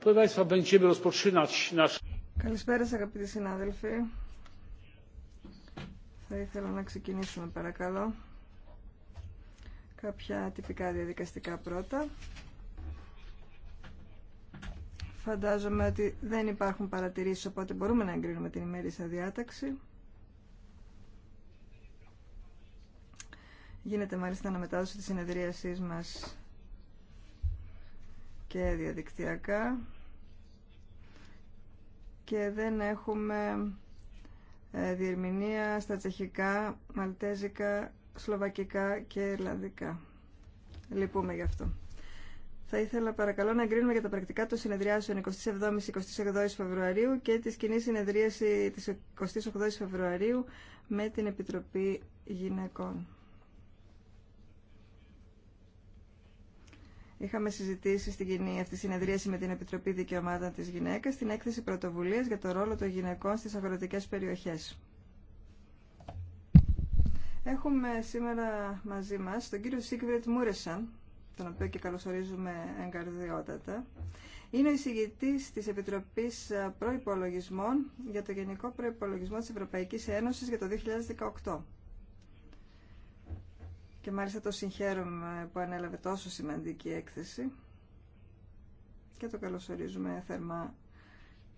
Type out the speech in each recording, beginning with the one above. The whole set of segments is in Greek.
Καλησπέρα σας αγαπητοί συνάδελφοι. Θα ήθελα να ξεκινήσουμε παρακαλώ. Κάποια τυπικά διαδικαστικά πρώτα. Φαντάζομαι ότι δεν υπάρχουν παρατηρήσεις, οπότε μπορούμε να εγκρίνουμε την ημέρησα διάταξη. Γίνεται μάλιστα αναμετάδοση της συνεδρίασής μας και διαδικτυακά και δεν έχουμε ε, διερμηνία στα τσεχικά, μαλτέζικα, σλοβακικά και ιρλανδικά. Λυπούμε γι' αυτό. Θα ήθελα παρακαλώ να εγκρίνουμε για τα πρακτικά των συνεδριάσεων 27η 27-28 Φεβρουαρίου και τη κοινή συνεδρίαση της 28 Φεβρουαρίου με την Επιτροπή Γυναικών. Είχαμε συζητήσει στην κοινή αυτή συνεδρίαση με την Επιτροπή Δικαιωμάτων της Γυναίκας την έκθεση πρωτοβουλίας για το ρόλο των γυναικών στις αγροτικές περιοχές. Έχουμε σήμερα μαζί μας τον κύριο Σίγκβριτ Μούρεσαν, τον οποίο και καλωσορίζουμε εγκαρδιότατα. Είναι ο εισηγητής της Επιτροπής Προϋπολογισμών για το Γενικό Προϋπολογισμό της Ευρωπαϊκής Ένωσης για το 2018 και μάλιστα το συγχαίρομαι που ανέλαβε τόσο σημαντική έκθεση και το καλωσορίζουμε θερμά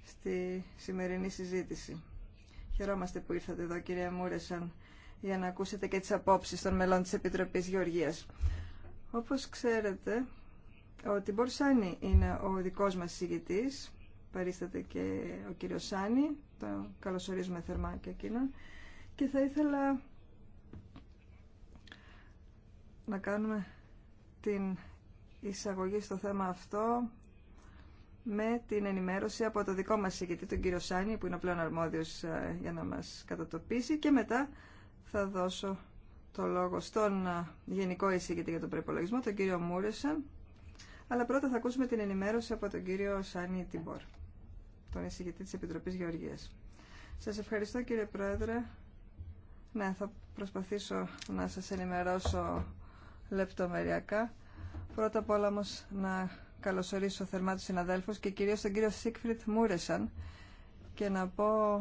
στη σημερινή συζήτηση. Χαιρόμαστε που ήρθατε εδώ κυρία Μούρεσαν για να ακούσετε και τις απόψεις των μελών της Επιτροπής Γεωργίας. Όπως ξέρετε, ο Τιμπορ Σάνι είναι ο δικός μας συγητής, παρίσταται και ο κύριος Σάνι, Το καλωσορίζουμε θερμά και εκείνον, και θα ήθελα να κάνουμε την εισαγωγή στο θέμα αυτό με την ενημέρωση από το δικό μας συγκεκριτή, τον κύριο Σάνι, που είναι ο πλέον αρμόδιος ε, για να μας κατατοπίσει και μετά θα δώσω το λόγο στον ε, Γενικό Εισηγητή για τον Προπολογισμό, τον κύριο Μούρεσαν. Αλλά πρώτα θα ακούσουμε την ενημέρωση από τον κύριο Σάνι Τιμπορ, τον Εισηγητή της Επιτροπής Γεωργίας. Σας ευχαριστώ κύριε Πρόεδρε. Ναι, θα προσπαθήσω να σας ενημερώσω λεπτομεριακά. Πρώτα απ' όλα όμως να καλωσορίσω θερμά τους συναδέλφους και κυρίως τον κύριο Σίκφριτ Μούρεσαν και να πω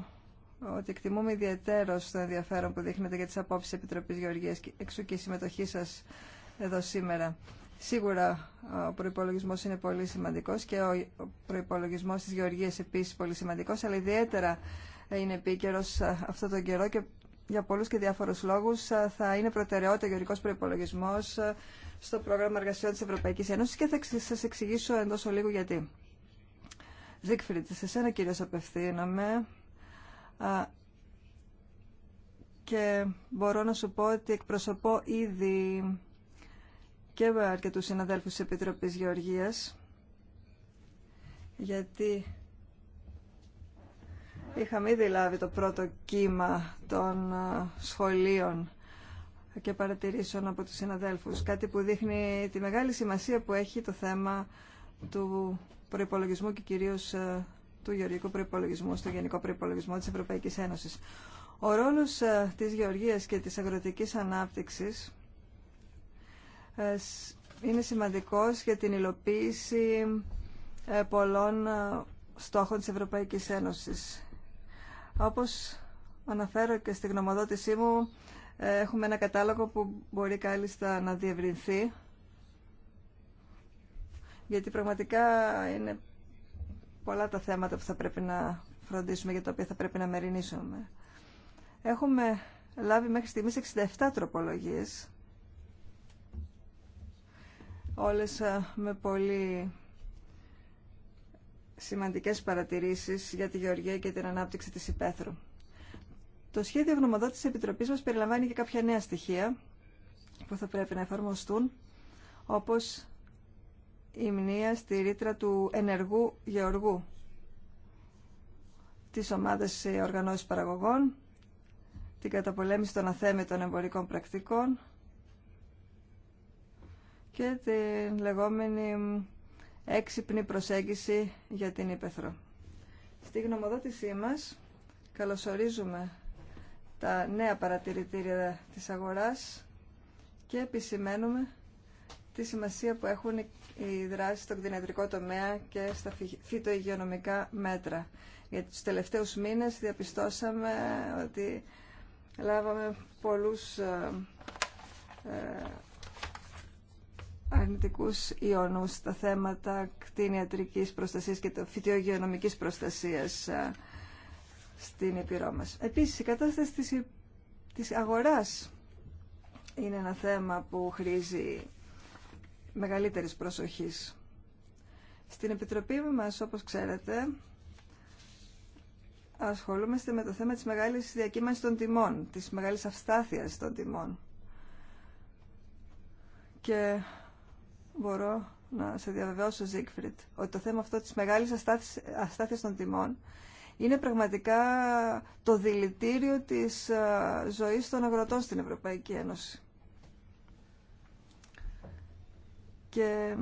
ότι εκτιμούμε ιδιαίτερο το ενδιαφέρον που δείχνετε για τις απόψεις Επιτροπής Γεωργίας εξού και η συμμετοχή σας εδώ σήμερα. Σίγουρα ο προπολογισμό είναι πολύ σημαντικό και ο προπολογισμό τη Γεωργία επίση πολύ σημαντικό, αλλά ιδιαίτερα είναι επίκαιρο αυτό τον καιρό και για πολλούς και διάφορους λόγους ε, θα είναι προτεραιότητα ο γεωρικός προϋπολογισμός ε, στο πρόγραμμα εργασιών της Ευρωπαϊκής Ένωσης και θα σας εξηγήσω εντός ολίγου γιατί. Ζίκφριντ, σε σένα κυρίως απευθύνομαι ε, και μπορώ να σου πω ότι εκπροσωπώ ήδη και αρκετούς συναδέλφους της Επιτροπής Γεωργίας γιατί Είχαμε ήδη λάβει το πρώτο κύμα των ε, σχολείων και παρατηρήσεων από τους συναδέλφους. Κάτι που δείχνει τη μεγάλη σημασία που έχει το θέμα του προϋπολογισμού και κυρίως ε, του γεωργικού προϋπολογισμού στο γενικό προϋπολογισμό της Ευρωπαϊκής Ένωσης. Ο ρόλος ε, της γεωργίας και της αγροτικής ανάπτυξης είναι σημαντικός για την υλοποίηση πολλών στόχων της Ευρωπαϊκής Ένωσης. Όπως αναφέρω και στη γνωμοδότησή μου, ε, έχουμε ένα κατάλογο που μπορεί κάλλιστα να διευρυνθεί, γιατί πραγματικά είναι πολλά τα θέματα που θα πρέπει να φροντίσουμε, για τα οποία θα πρέπει να μερινήσουμε. Έχουμε λάβει μέχρι στιγμής 67 τροπολογίες, όλες ε, με πολύ σημαντικές παρατηρήσεις για τη γεωργία και την ανάπτυξη της υπαίθρου. Το σχέδιο γνωμοδότησης Επιτροπής μας περιλαμβάνει και κάποια νέα στοιχεία που θα πρέπει να εφαρμοστούν, όπως η μνήα στη ρήτρα του ενεργού γεωργού της ομάδας οργανώσεις παραγωγών, την καταπολέμηση των αθέμετων εμπορικών πρακτικών και την λεγόμενη έξυπνη προσέγγιση για την Ήπεθρο. Στη γνωμοδότησή μας καλωσορίζουμε τα νέα παρατηρητήρια της αγοράς και επισημαίνουμε τη σημασία που έχουν οι δράσεις στον κτηνιατρικό τομέα και στα φυτοϊγειονομικά μέτρα. Γιατί τους τελευταίους μήνες διαπιστώσαμε ότι λάβαμε πολλούς ε, ε, αρνητικούς ιονούς στα θέματα κτηνιατρικής προστασίας και το φυτιογειονομικής προστασίας ε, στην Επίρό μας. Επίσης, η κατάσταση της, της αγοράς είναι ένα θέμα που χρήζει μεγαλύτερης προσοχής. Στην Επιτροπή μας, όπως ξέρετε, ασχολούμαστε με το θέμα της μεγάλης διακύμανσης των τιμών, της μεγάλης αυστάθειας των τιμών. Και μπορώ να σε διαβεβαιώσω, Ζίγκφριτ, ότι το θέμα αυτό της μεγάλης αστάθειας των τιμών είναι πραγματικά το δηλητήριο της ε, ζωής των αγροτών στην Ευρωπαϊκή Ένωση. Και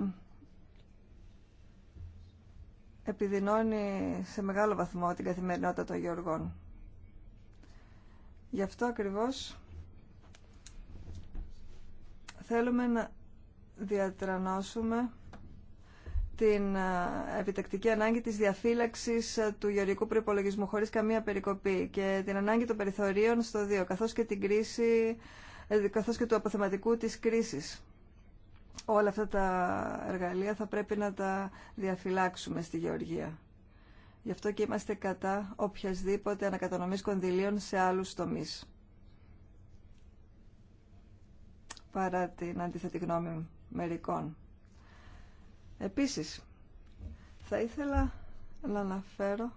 επιδεινώνει σε μεγάλο βαθμό την καθημερινότητα των γεωργών. Γι' αυτό ακριβώς θέλουμε να διατρανώσουμε την ε, επιτακτική ανάγκη της διαφύλαξης ε, του γεωργικού προϋπολογισμού χωρίς καμία περικοπή και την ανάγκη των περιθωρίων στο 2, καθώς και, την κρίση, ε, καθώς και του αποθεματικού της κρίσης. Όλα αυτά τα εργαλεία θα πρέπει να τα διαφυλάξουμε στη γεωργία. Γι' αυτό και είμαστε κατά οποιασδήποτε ανακατανομής κονδυλίων σε άλλους τομείς. Παρά την αντίθετη γνώμη μου μερικών. Επίσης, θα ήθελα να αναφέρω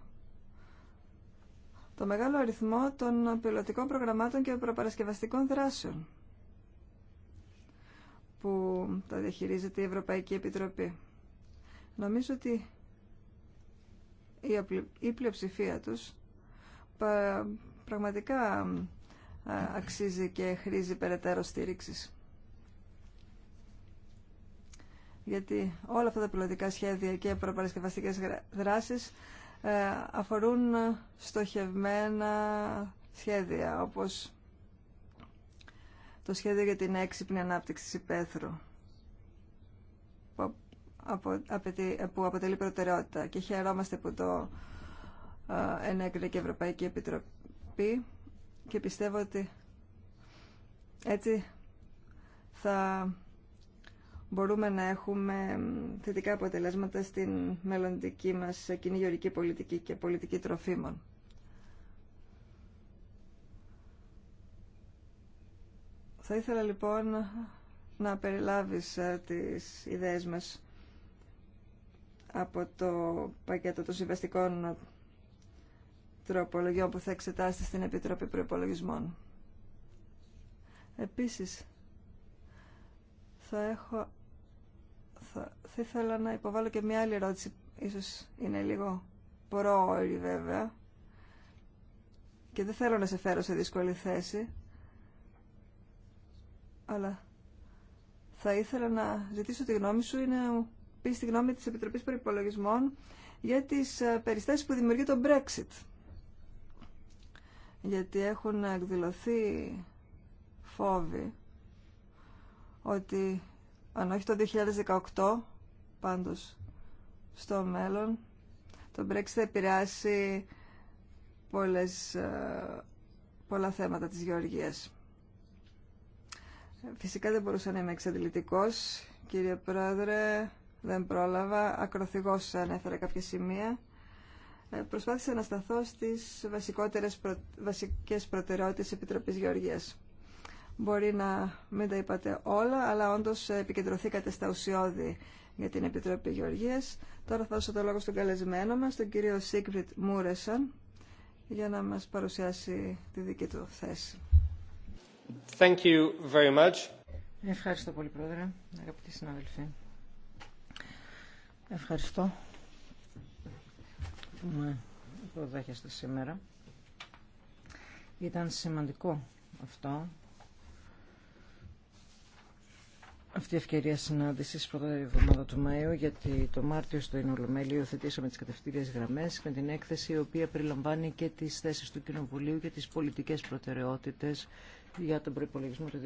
το μεγάλο αριθμό των πιλωτικών προγραμμάτων και προπαρασκευαστικών δράσεων που τα διαχειρίζεται η Ευρωπαϊκή Επιτροπή. Νομίζω ότι η πλειοψηφία τους πραγματικά αξίζει και χρήζει περαιτέρω στήριξης γιατί όλα αυτά τα πιλωτικά σχέδια και προπαρασκευαστικές δράσεις ε, αφορούν στοχευμένα σχέδια, όπως το σχέδιο για την έξυπνη ανάπτυξη της υπαίθρου, που ε, αποτελεί προτεραιότητα και χαιρόμαστε που το ε, ενέκρινε και η Ευρωπαϊκή Επιτροπή και πιστεύω ότι έτσι θα μπορούμε να έχουμε θετικά αποτελέσματα στην μελλοντική μας κοινή γεωρική πολιτική και πολιτική τροφίμων. Θα ήθελα λοιπόν να περιλάβεις ε, τις ιδέες μας από το πακέτο των συμβαστικών τροπολογιών που θα εξετάσει στην Επιτροπή Προϋπολογισμών. Επίσης, θα έχω θα, θα ήθελα να υποβάλω και μια άλλη ερώτηση. Ίσως είναι λίγο πρόωρη βέβαια. Και δεν θέλω να σε φέρω σε δύσκολη θέση. Αλλά θα ήθελα να ζητήσω τη γνώμη σου ή να πεις τη γνώμη της Επιτροπής Προϋπολογισμών για τις ε, περιστάσεις που δημιουργεί το Brexit. Γιατί έχουν εκδηλωθεί φόβοι ότι αν όχι το 2018, πάντως στο μέλλον, το Brexit θα επηρεάσει πολλές, ε, πολλά θέματα της γεωργίας. Φυσικά δεν μπορούσα να είμαι εξαντλητικός, κύριε Πρόεδρε, δεν πρόλαβα, ακροθυγώς ανέφερα κάποια σημεία. Ε, προσπάθησα να σταθώ στις βασικότερες βασικές προτεραιότητες Επιτροπής Γεωργίας. Μπορεί να μην τα είπατε όλα, αλλά όντως επικεντρωθήκατε στα ουσιώδη για την Επιτροπή Γεωργίας. Τώρα θα δώσω το λόγο στον καλεσμένο μας, τον κύριο Σίγκριτ Μούρεσαν, για να μας παρουσιάσει τη δική του θέση. Thank you very much. Ευχαριστώ πολύ, Πρόεδρε, αγαπητοί συνάδελφοι. Ευχαριστώ που με υποδέχεστε σήμερα. Ήταν σημαντικό αυτό αυτή η ευκαιρία συνάντηση το εβδομάδα του Μαΐου, γιατί το Μάρτιο στο Ινολομέλιο υιοθετήσαμε τι κατευθυντήριε γραμμέ με την έκθεση η οποία περιλαμβάνει και τι θέσει του Κοινοβουλίου για τι πολιτικέ προτεραιότητε για τον προπολογισμό του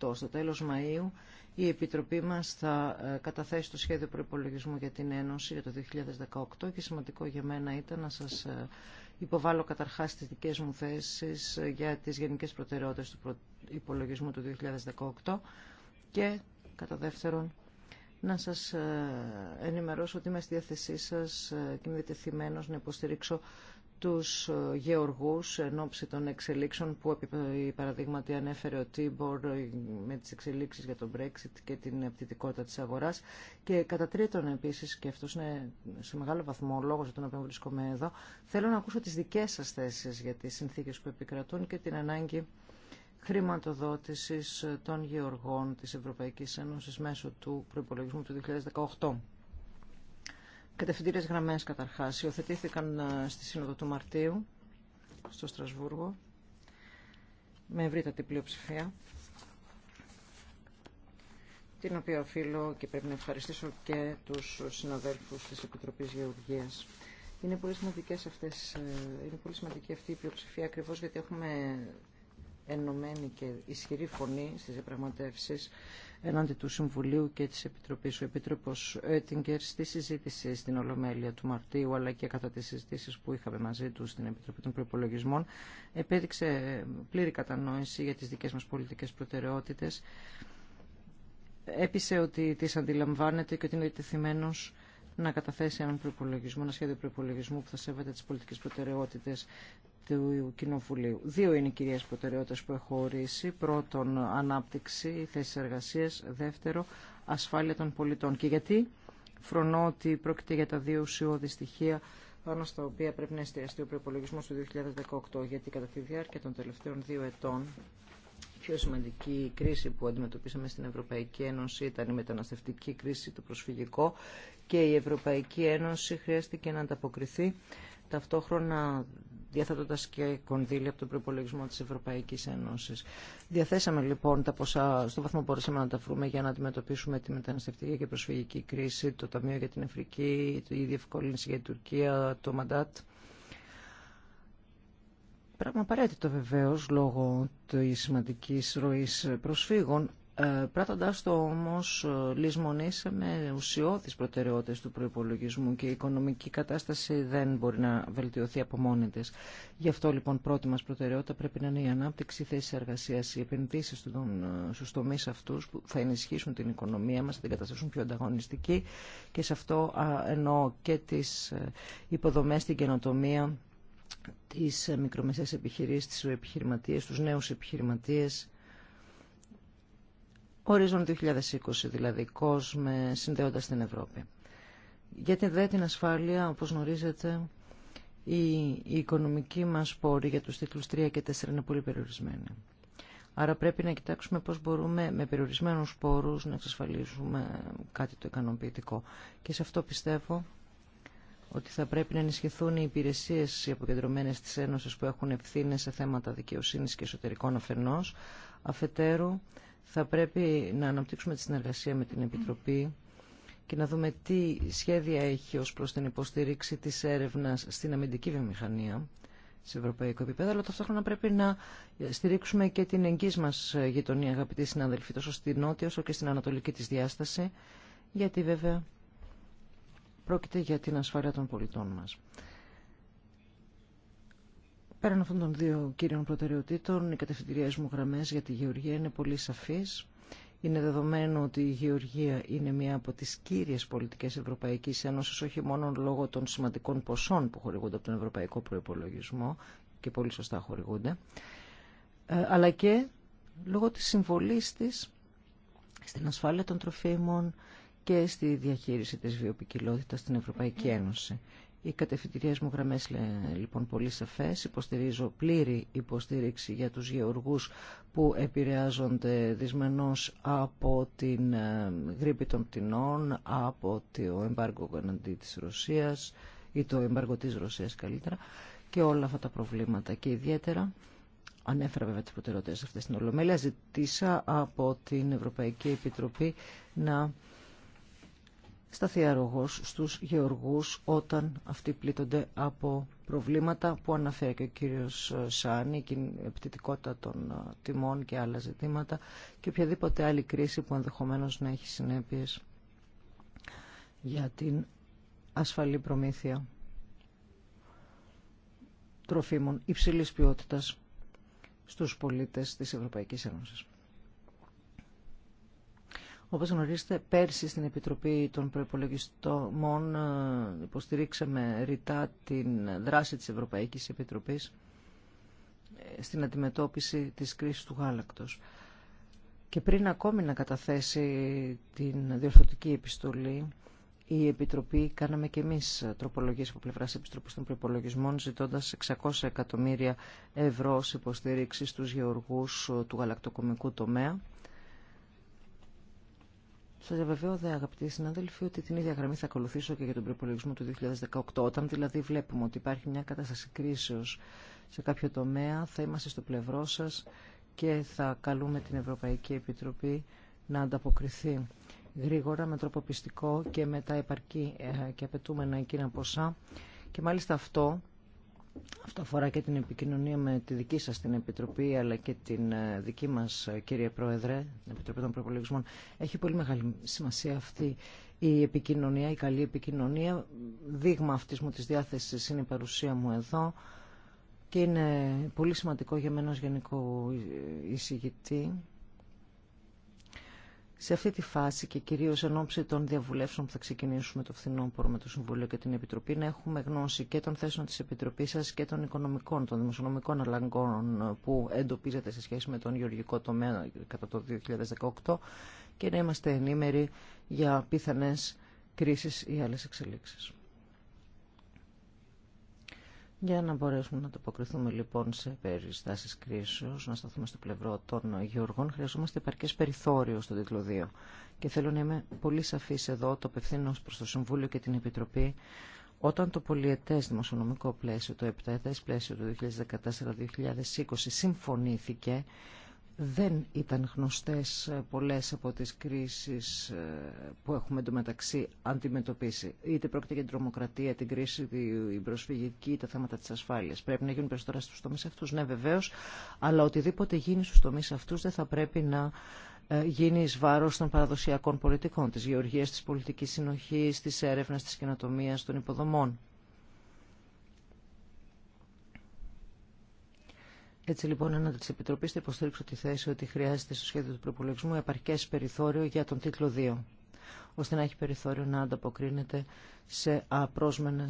2018. Στο τέλο Μαΐου η Επιτροπή μα θα ε, καταθέσει το σχέδιο προπολογισμού για την Ένωση για το 2018 και σημαντικό για μένα ήταν να σα ε, υποβάλλω καταρχά τι δικέ μου θέσει ε, για τι γενικέ προτεραιότητε του υπολογισμού του 2018 και κατά δεύτερον να σας ε, ενημερώσω ότι είμαι στη διάθεσή σας ε, και είμαι να υποστηρίξω τους ε, γεωργούς εν ώψη των εξελίξεων που επί παραδείγματι ανέφερε ο Τίμπορ με τις εξελίξεις για τον Brexit και την απτητικότητα της αγοράς και κατά τρίτον επίσης και αυτός είναι σε μεγάλο βαθμό ο λόγος για τον οποίο βρίσκομαι εδώ θέλω να ακούσω τις δικές σας θέσεις για τις συνθήκες που επικρατούν και την ανάγκη χρηματοδότησης των γεωργών της Ευρωπαϊκής Ένωσης μέσω του προϋπολογισμού του 2018. Κατευθυντήρες γραμμές καταρχάς υιοθετήθηκαν ε, στη Σύνοδο του Μαρτίου στο Στρασβούργο με ευρύτατη πλειοψηφία την οποία οφείλω και πρέπει να ευχαριστήσω και τους συναδέλφους της Επιτροπής Γεωργίας. Είναι πολύ, ε, είναι πολύ σημαντική αυτή η πλειοψηφία ακριβώς γιατί έχουμε ενωμένη και ισχυρή φωνή στις διαπραγματεύσεις εναντί του Συμβουλίου και της Επιτροπής. Ο Επίτροπος Έτιγκερ στη συζήτηση στην Ολομέλεια του Μαρτίου αλλά και κατά τις συζητήσεις που είχαμε μαζί του στην Επιτροπή των Προπολογισμών επέδειξε πλήρη κατανόηση για τις δικές μας πολιτικές προτεραιότητες. Έπεισε ότι τις αντιλαμβάνεται και ότι είναι επιτεθειμένος να καταθέσει έναν προπολογισμό, ένα σχέδιο προπολογισμού που θα σέβεται τι πολιτικέ προτεραιότητε του Κοινοβουλίου. Δύο είναι οι κυρίες προτεραιότητες που έχω ορίσει. Πρώτον, ανάπτυξη, θέσει εργασίας. Δεύτερο, ασφάλεια των πολιτών. Και γιατί φρονώ ότι πρόκειται για τα δύο ουσιώδη στοιχεία πάνω στα οποία πρέπει να εστιαστεί ο προπολογισμό του 2018, γιατί κατά τη διάρκεια των τελευταίων δύο ετών η πιο σημαντική κρίση που αντιμετωπίσαμε στην Ευρωπαϊκή Ένωση ήταν η μεταναστευτική κρίση, το προσφυγικό και η Ευρωπαϊκή Ένωση χρειάστηκε να ανταποκριθεί ταυτόχρονα Διάθετοντα και κονδύλια από τον προπολογισμό της Ευρωπαϊκής Ένωση. Διαθέσαμε λοιπόν τα ποσά, στο βαθμό που μπορούσαμε να τα βρούμε για να αντιμετωπίσουμε τη μεταναστευτική και προσφυγική κρίση, το Ταμείο για την Αφρική, η διευκόλυνση για την Τουρκία, το Μαντάτ. Πράγμα απαραίτητο βεβαίω λόγω τη σημαντική ροή προσφύγων, ε, Πράτοντα το όμως ε, λησμονήσαμε ουσιώδεις προτεραιότητες του προϋπολογισμού και η οικονομική κατάσταση δεν μπορεί να βελτιωθεί από μόνη της. Γι' αυτό λοιπόν πρώτη μα προτεραιότητα πρέπει να είναι η ανάπτυξη θέση εργασίας, οι επενδύσεις ε, στους τομείς αυτούς που θα ενισχύσουν την οικονομία μας, θα την καταστήσουν πιο ανταγωνιστική και σε αυτό εννοώ και τις υποδομές, στην καινοτομία, τις μικρομεσαίες επιχειρήσεις, τις επιχειρηματίες, τους νέους επιχειρηματίες, Ορίζον 2020, δηλαδή κόσμε συνδέοντας την Ευρώπη. Για την δε την ασφάλεια, όπως γνωρίζετε, η, η οικονομική μας πόρη για τους τίτλους 3 και 4 είναι πολύ περιορισμένη. Άρα πρέπει να κοιτάξουμε πώς μπορούμε με περιορισμένους πόρους να εξασφαλίσουμε κάτι το ικανοποιητικό. Και σε αυτό πιστεύω ότι θα πρέπει να ενισχυθούν οι υπηρεσίες οι αποκεντρωμένες της Ένωσης που έχουν ευθύνε σε θέματα δικαιοσύνης και εσωτερικών αφενός, αφετέρου θα πρέπει να αναπτύξουμε τη συνεργασία με την Επιτροπή και να δούμε τι σχέδια έχει ως προς την υποστήριξη της έρευνας στην αμυντική βιομηχανία σε ευρωπαϊκό επίπεδο, αλλά ταυτόχρονα πρέπει να στηρίξουμε και την εγγύη μα γειτονία, αγαπητοί συνάδελφοι, τόσο στη νότια όσο και στην ανατολική τη διάσταση, γιατί βέβαια πρόκειται για την ασφάλεια των πολιτών μας. Πέραν αυτών των δύο κύριων προτεραιοτήτων, οι κατευθυντηρίες μου γραμμές για τη γεωργία είναι πολύ σαφείς. Είναι δεδομένο ότι η γεωργία είναι μία από τις κύριες πολιτικές Ευρωπαϊκής Ένωσης, όχι μόνο λόγω των σημαντικών ποσών που χορηγούνται από τον Ευρωπαϊκό Προϋπολογισμό και πολύ σωστά χορηγούνται, ε, αλλά και λόγω της συμβολής της στην ασφάλεια των τροφίμων και στη διαχείριση της βιοποικιλότητας στην Ευρωπαϊκή Ένωση. Οι κατευθυντηριέ μου γραμμές λοιπόν πολύ σαφέ. Υποστηρίζω πλήρη υποστήριξη για τους γεωργούς που επηρεάζονται δυσμενώς από την ε, γρήπη των πτηνών, από το εμπάργκο εναντί της Ρωσίας ή το εμπάργκο της Ρωσίας καλύτερα και όλα αυτά τα προβλήματα και ιδιαίτερα ανέφερα βέβαια τι προτεραιότητε αυτές στην Ολομέλεια, ζητήσα από την Ευρωπαϊκή Επιτροπή να σταθιαρογός στους γεωργούς όταν αυτοί πλήττονται από προβλήματα που αναφέρει και ο κύριος ε, Σάνη, η επιτητικότητα των ε, τιμών και άλλα ζητήματα και οποιαδήποτε άλλη κρίση που ενδεχομένως να έχει συνέπειες για την ασφαλή προμήθεια τροφίμων υψηλής ποιότητας στους πολίτες της Ευρωπαϊκής Ένωσης. Όπω γνωρίζετε, πέρσι στην Επιτροπή των Προπολογιστών ε, υποστηρίξαμε ρητά την δράση τη Ευρωπαϊκή Επιτροπή ε, στην αντιμετώπιση της κρίση του γάλακτο. Και πριν ακόμη να καταθέσει την διορθωτική επιστολή, η Επιτροπή κάναμε και εμεί τροπολογίε από πλευράς Επιτροπή των Προπολογισμών ζητώντα 600 εκατομμύρια ευρώ υποστήριξη στους γεωργού ε, του γαλακτοκομικού τομέα Σα διαβεβαιώ, δε αγαπητοί συνάδελφοι, ότι την ίδια γραμμή θα ακολουθήσω και για τον προπολογισμό του 2018. Όταν δηλαδή βλέπουμε ότι υπάρχει μια κατάσταση κρίσεω σε κάποιο τομέα, θα είμαστε στο πλευρό σα και θα καλούμε την Ευρωπαϊκή Επιτροπή να ανταποκριθεί γρήγορα, με τρόπο πιστικό και με τα επαρκή ε, και απαιτούμενα εκείνα ποσά. Και μάλιστα αυτό αυτό αφορά και την επικοινωνία με τη δική σας την Επιτροπή αλλά και την ε, δική μας ε, κύριε Πρόεδρε, την Επιτροπή των Προπολογισμών. Έχει πολύ μεγάλη σημασία αυτή η επικοινωνία, η καλή επικοινωνία. Δείγμα αυτής μου της διάθεσης είναι η παρουσία μου εδώ και είναι πολύ σημαντικό για μένα ως γενικό ε, εισηγητή σε αυτή τη φάση και κυρίω εν ώψη των διαβουλεύσεων που θα ξεκινήσουμε το φθινόπωρο με το Συμβούλιο και την Επιτροπή, να έχουμε γνώση και των θέσεων τη Επιτροπή σα και των οικονομικών, των δημοσιονομικών αλλαγών που εντοπίζεται σε σχέση με τον γεωργικό τομέα κατά το 2018 και να είμαστε ενήμεροι για πιθανέ κρίσει ή άλλε εξελίξει. Για να μπορέσουμε να ανταποκριθούμε λοιπόν σε περιστάσεις κρίσεως, να σταθούμε στο πλευρό των γεωργών, χρειαζόμαστε επαρκές περιθώριο στον τίτλο 2. Και θέλω να είμαι πολύ σαφής εδώ, το απευθύνω προς το Συμβούλιο και την Επιτροπή, όταν το πολιετές δημοσιονομικό πλαίσιο, το επταετές πλαίσιο του 2014-2020 συμφωνήθηκε, δεν ήταν γνωστές ε, πολλές από τις κρίσεις ε, που έχουμε εντωμεταξύ αντιμετωπίσει. Είτε πρόκειται για την τρομοκρατία, την κρίση, την προσφυγική, τα θέματα της ασφάλειας. Πρέπει να γίνουν περισσότερα στους τομείς αυτούς, ναι βεβαίως, αλλά οτιδήποτε γίνει στους τομείς αυτούς δεν θα πρέπει να ε, γίνει εις βάρος των παραδοσιακών πολιτικών, της γεωργίας, της πολιτικής συνοχής, της έρευνας, της καινοτομίας, των υποδομών. Έτσι λοιπόν, έναντι τη Επιτροπή θα υποστήριξω τη θέση ότι χρειάζεται στο σχέδιο του προπολογισμού επαρκέ περιθώριο για τον τίτλο 2, ώστε να έχει περιθώριο να ανταποκρίνεται σε απρόσμενε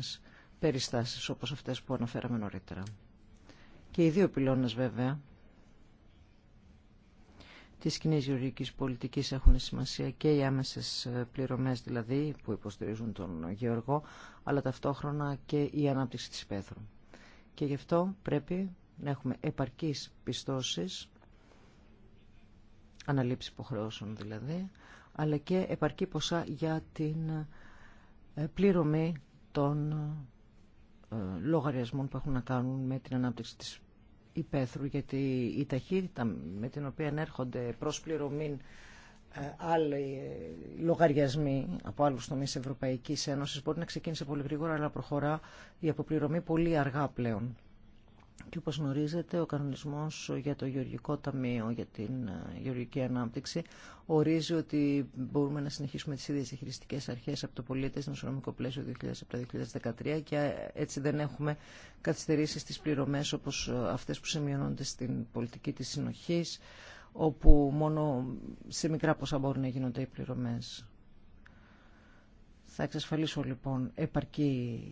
περιστάσει όπω αυτέ που αναφέραμε νωρίτερα. Και οι δύο πυλώνε βέβαια τη κοινή γεωργική πολιτική έχουν σημασία και οι άμεσε πληρωμέ, δηλαδή που υποστηρίζουν τον γεωργό αλλά ταυτόχρονα και η ανάπτυξη τη υπαίθρου. Και γι' αυτό πρέπει να έχουμε επαρκείς πιστώσεις, αναλήψη υποχρεώσεων δηλαδή, αλλά και επαρκή ποσά για την ε, πληρωμή των ε, λογαριασμών που έχουν να κάνουν με την ανάπτυξη της υπαίθρου, γιατί η ταχύτητα με την οποία έρχονται προς πληρωμή ε, άλλοι λογαριασμοί από άλλους τομείς Ευρωπαϊκής Ένωσης μπορεί να ξεκίνησε πολύ γρήγορα, αλλά προχωρά η αποπληρωμή πολύ αργά πλέον. Και όπως γνωρίζετε, ο κανονισμός για το Γεωργικό Ταμείο, για την ε, Γεωργική Ανάπτυξη, ορίζει ότι μπορούμε να συνεχίσουμε τις ίδιες διαχειριστικές αρχές από το πολίτες στο νομικό πλαίσιο 2007-2013 και έτσι δεν έχουμε καθυστερήσεις στις πληρωμές όπως ε, αυτές που σημειώνονται στην πολιτική της συνοχής, όπου μόνο σε μικρά ποσά μπορούν να γίνονται οι πληρωμές. Θα εξασφαλίσω λοιπόν επαρκή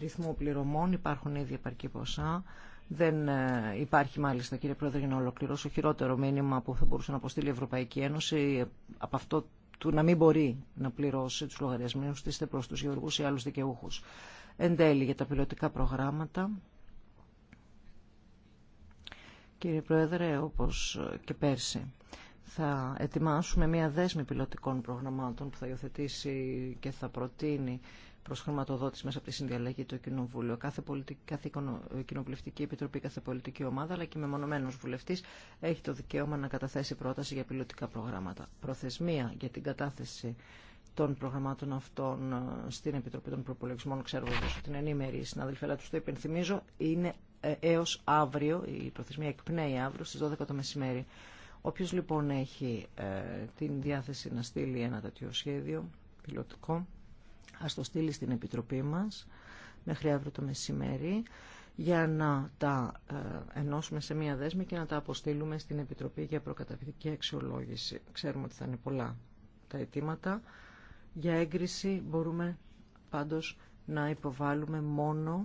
ρυθμό πληρωμών, υπάρχουν ήδη επαρκή ποσά. Δεν ε, υπάρχει μάλιστα, κύριε Πρόεδρε, για να ολοκληρώσω χειρότερο μήνυμα που θα μπορούσε να αποστείλει η Ευρωπαϊκή Ένωση από αυτό του να μην μπορεί να πληρώσει τους λογαριασμούς τη είτε προς τους γεωργούς ή άλλους δικαιούχου. Εν τέλει για τα πιλωτικά προγράμματα. Κύριε Πρόεδρε, όπως και πέρσι, θα ετοιμάσουμε μία δέσμη πιλωτικών προγραμμάτων που θα υιοθετήσει και θα προτείνει προς χρηματοδότηση μέσα από τη συνδιαλλαγή του Κοινοβούλιο. Κάθε, πολιτική, κάθε κοινοβουλευτική επιτροπή, κάθε πολιτική ομάδα, αλλά και με μεμονωμένος βουλευτής, έχει το δικαίωμα να καταθέσει πρόταση για πιλωτικά προγράμματα. Προθεσμία για την κατάθεση των προγραμμάτων αυτών ε, στην Επιτροπή των Προπολογισμών, ξέρω ότι την ενήμερη συναδελφέ, αλλά το υπενθυμίζω, είναι ε, έως αύριο, η προθεσμία εκπνέει αύριο στι 12 το μεσημέρι. Όποιο λοιπόν έχει ε, την διάθεση να στείλει ένα τέτοιο σχέδιο πιλωτικό, ας το στείλει στην Επιτροπή μας μέχρι αύριο το μεσημέρι για να τα ε, ενώσουμε σε μία δέσμη και να τα αποστείλουμε στην Επιτροπή για προκαταπληκτική αξιολόγηση. Ξέρουμε ότι θα είναι πολλά τα αιτήματα. Για έγκριση μπορούμε πάντως να υποβάλουμε μόνο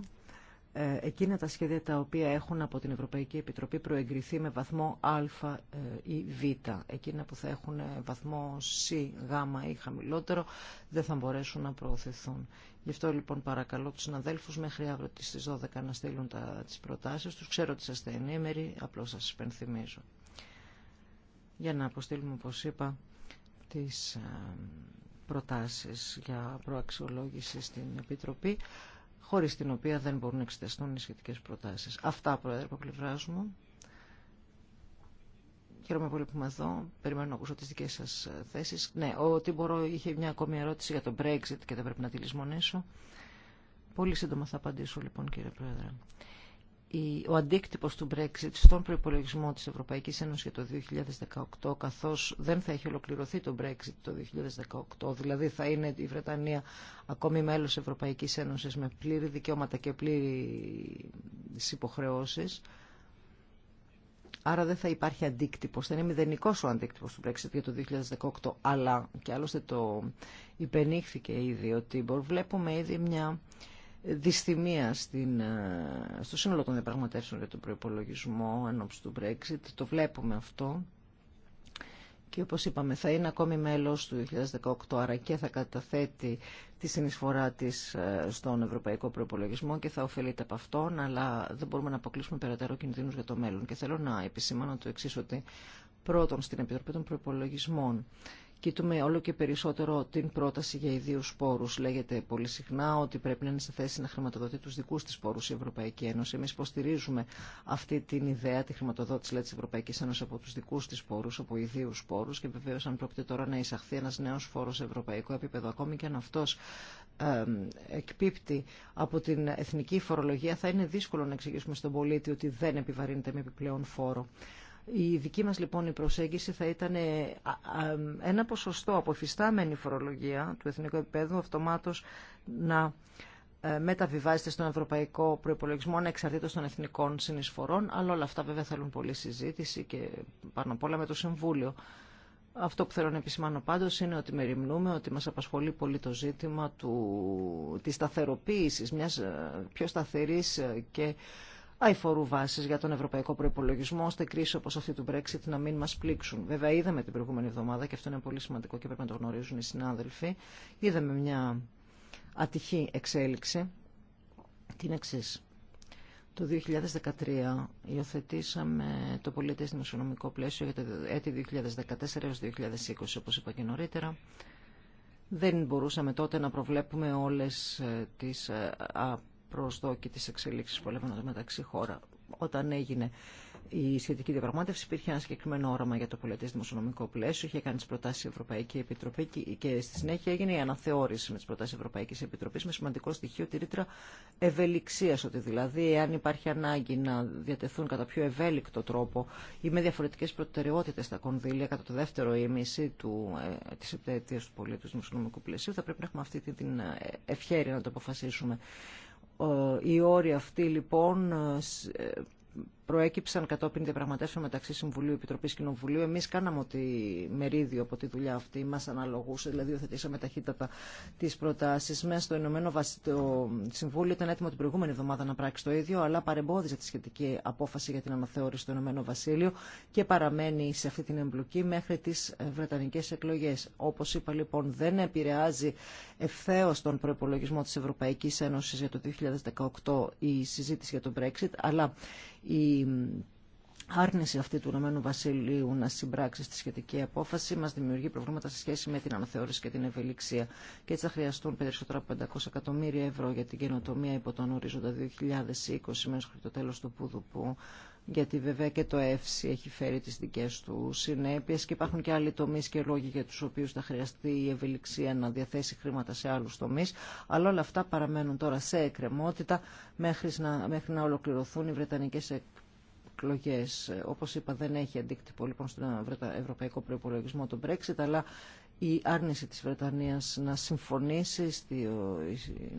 ε, εκείνα τα σχέδια τα οποία έχουν από την Ευρωπαϊκή Επιτροπή προεγκριθεί με βαθμό α ε, ή β. Εκείνα που θα έχουν ε, βαθμό σ, γ ή χαμηλότερο δεν θα μπορέσουν να προωθηθούν. Γι' αυτό λοιπόν παρακαλώ τους συναδέλφους μέχρι αύριο τις 12 να στείλουν τα, τις προτάσεις τους. Ξέρω ότι είστε ενήμεροι, απλώς σας υπενθυμίζω. Για να αποστείλουμε, όπως είπα, τις προτάσεις για προαξιολόγηση στην Επιτροπή χωρίς την οποία δεν μπορούν να εξεταστούν οι σχετικές προτάσεις. Αυτά, Πρόεδρε, από πλευρά μου. Χαίρομαι πολύ που είμαι εδώ. Περιμένω να ακούσω τις δικές σας θέσεις. Ναι, ο μπορώ είχε μια ακόμη ερώτηση για το Brexit και δεν πρέπει να τη λησμονήσω. Πολύ σύντομα θα απαντήσω, λοιπόν, κύριε Πρόεδρε ο αντίκτυπος του Brexit στον προϋπολογισμό της Ευρωπαϊκής Ένωσης για το 2018 καθώς δεν θα έχει ολοκληρωθεί το Brexit το 2018 δηλαδή θα είναι η Βρετανία ακόμη μέλος Ευρωπαϊκής Ένωσης με πλήρη δικαιώματα και πλήρη υποχρεώσεις Άρα δεν θα υπάρχει αντίκτυπος, θα είναι μηδενικός ο αντίκτυπος του Brexit για το 2018, αλλά και άλλωστε το υπενήχθηκε ήδη ότι βλέπουμε ήδη μια δυστημία στην, ε, στο σύνολο των διαπραγματεύσεων για τον προϋπολογισμό ώψη του Brexit. Το βλέπουμε αυτό. Και όπως είπαμε θα είναι ακόμη μέλος του 2018, άρα και θα καταθέτει τη συνεισφορά της ε, στον ευρωπαϊκό προπολογισμό και θα ωφελείται από αυτόν, αλλά δεν μπορούμε να αποκλείσουμε περαιτέρω κινδύνους για το μέλλον. Και θέλω να επισημάνω το εξής ότι πρώτον στην Επιτροπή των Προπολογισμών κοιτούμε όλο και περισσότερο την πρόταση για ιδίου πόρου. Λέγεται πολύ συχνά ότι πρέπει να είναι σε θέση να χρηματοδοτεί του δικού τη πόρου η Ευρωπαϊκή Ένωση. Εμεί υποστηρίζουμε αυτή την ιδέα, τη χρηματοδότηση τη Ευρωπαϊκή Ένωση από του δικού τη πόρου, από ιδίου πόρου και βεβαίω αν πρόκειται τώρα να εισαχθεί ένα νέο φόρο σε ευρωπαϊκό επίπεδο, ακόμη και αν αυτό εκπίπτει από την εθνική φορολογία, θα είναι δύσκολο να εξηγήσουμε στον πολίτη ότι δεν επιβαρύνεται με επιπλέον φόρο. Η δική μας λοιπόν η προσέγγιση θα ήταν ε, ένα ποσοστό από φορολογία του εθνικού επίπεδου αυτομάτως να ε, μεταβιβάζεται στον ευρωπαϊκό προπολογισμό ανεξαρτήτως των εθνικών συνεισφορών, αλλά όλα αυτά βέβαια θέλουν πολλή συζήτηση και πάνω απ' όλα με το Συμβούλιο. Αυτό που θέλω να επισημάνω πάντως είναι ότι μεριμνούμε ότι μας απασχολεί πολύ το ζήτημα του, της σταθεροποίησης, μιας ε, πιο σταθερής και αηφορού βάσει για τον ευρωπαϊκό προπολογισμό, ώστε κρίσει όπω αυτή του Brexit να μην μα πλήξουν. Βέβαια, είδαμε την προηγούμενη εβδομάδα, και αυτό είναι πολύ σημαντικό και πρέπει να το γνωρίζουν οι συνάδελφοι, είδαμε μια ατυχή εξέλιξη. Την εξή. Το 2013 υιοθετήσαμε το πολιτιστικό οικονομικό πλαίσιο για το έτη 2014 έως 2020, όπως είπα και νωρίτερα. Δεν μπορούσαμε τότε να προβλέπουμε όλες ε, τις ε, προσδόκει τις εξελίξεις που έλεγαν μεταξύ χώρα. Όταν έγινε η σχετική διαπραγμάτευση υπήρχε ένα συγκεκριμένο όραμα για το πολιτή δημοσιονομικό πλαίσιο, είχε κάνει τι προτάσει η Ευρωπαϊκή Επιτροπή και στη συνέχεια έγινε η αναθεώρηση με τι προτάσεις Ευρωπαϊκή Επιτροπή με σημαντικό στοιχείο τη ρήτρα ευελιξία. ότι δηλαδή εάν υπάρχει ανάγκη να διατεθούν κατά πιο ευέλικτο τρόπο ή με διαφορετικέ προτεραιότητε τα κονδύλια κατά το δεύτερο ήμιση του, ε, της του πολιτή δημοσιονομικού πλαισίου θα πρέπει να έχουμε αυτή την ε, ευχαίρεια να το αποφασίσουμε η ε, όροι αυτή λοιπόν ε, προέκυψαν κατόπιν διαπραγματεύσεων μεταξύ Συμβουλίου, Επιτροπής, Κοινοβουλίου. Εμεί κάναμε ότι μερίδιο από τη δουλειά αυτή μα αναλογούσε, δηλαδή οθετήσαμε ταχύτατα τι προτάσει Μέσα στο Ηνωμένο Βασίλειο Συμβούλιο ήταν έτοιμο την προηγούμενη εβδομάδα να πράξει το ίδιο, αλλά παρεμπόδιζε τη σχετική απόφαση για την αναθεώρηση του Ηνωμένο Βασίλειο και παραμένει σε αυτή την εμπλοκή μέχρι τι βρετανικέ εκλογέ. Όπω είπα λοιπόν, δεν επηρεάζει ευθέω τον προπολογισμό τη Ευρωπαϊκή Ένωση για το 2018 η συζήτηση για τον Brexit, αλλά η η άρνηση αυτή του Ηνωμένου Βασιλείου να συμπράξει στη σχετική απόφαση μα δημιουργεί προβλήματα σε σχέση με την αναθεώρηση και την ευελιξία. Και έτσι θα χρειαστούν περισσότερα από 500 εκατομμύρια ευρώ για την καινοτομία υπό τον ορίζοντα 2020 μέχρι το τέλο του Πουδουπού γιατί βέβαια και το ΕΦΣΥ έχει φέρει τι δικέ του συνέπειε και υπάρχουν και άλλοι τομεί και λόγοι για του οποίου θα χρειαστεί η ευελιξία να διαθέσει χρήματα σε άλλου τομεί. αλλά όλα αυτά παραμένουν τώρα σε εκκρεμότητα μέχρι να, μέχρι να ολοκληρωθούν οι Βρετανικές εκλογέ. Όπω είπα, δεν έχει αντίκτυπο λοιπόν στον ευρωπαϊκό προπολογισμό το Brexit, αλλά η άρνηση της Βρετανίας να συμφωνήσει στην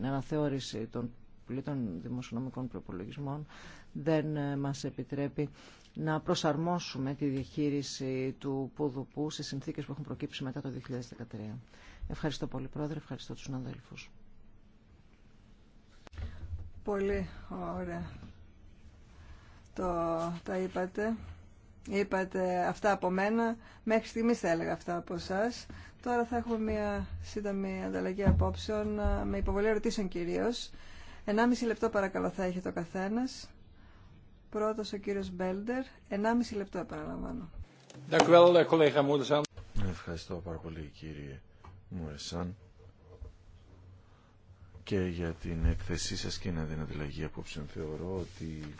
αναθεώρηση των πλήτων δημοσιονομικών προπολογισμών δεν ε, μας επιτρέπει να προσαρμόσουμε τη διαχείριση του ποδοπού σε συνθήκες που έχουν προκύψει μετά το 2013. Ευχαριστώ πολύ, Πρόεδρε. Ευχαριστώ του συναδέλφου. Πολύ το, τα είπατε. Είπατε αυτά από μένα. Μέχρι στιγμής θα έλεγα αυτά από εσά. Τώρα θα έχουμε μια σύντομη ανταλλαγή απόψεων με υποβολή ερωτήσεων κυρίω. 1,5 λεπτό παρακαλώ θα έχει το καθένα. Πρώτος ο κύριος Μπέλντερ. 1,5 λεπτό επαναλαμβάνω. Eh, Ευχαριστώ πάρα πολύ κύριε Μουρεσάν και για την εκθεσή σας και την ανταλλαγή απόψεων. Θεωρώ ότι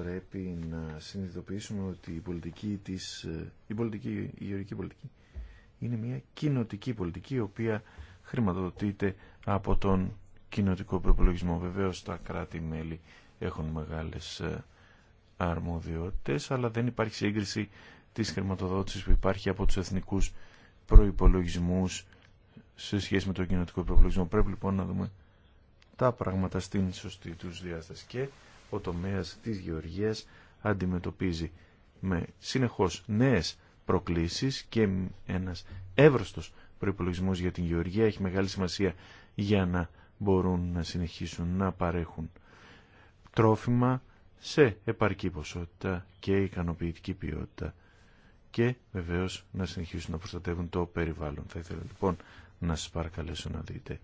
πρέπει να συνειδητοποιήσουμε ότι η πολιτική της, ε, η πολιτική, η γεωρική πολιτική είναι μια κοινοτική πολιτική η οποία χρηματοδοτείται από τον κοινοτικό προπολογισμό. Βεβαίως τα κράτη-μέλη έχουν μεγάλες ε, αρμοδιότητες, αλλά δεν υπάρχει σύγκριση της χρηματοδότησης που υπάρχει από τους εθνικούς προϋπολογισμούς σε σχέση με τον κοινοτικό προπολογισμό. Πρέπει λοιπόν να δούμε τα πράγματα στην σωστή τους διάσταση. Και ο τομέας της γεωργίας αντιμετωπίζει με συνεχώς νέες προκλήσεις και ένας εύρωστος προϋπολογισμός για την γεωργία έχει μεγάλη σημασία για να μπορούν να συνεχίσουν να παρέχουν τρόφιμα σε επαρκή ποσότητα και ικανοποιητική ποιότητα και βεβαίως να συνεχίσουν να προστατεύουν το περιβάλλον. Θα ήθελα λοιπόν να σας παρακαλέσω να δείτε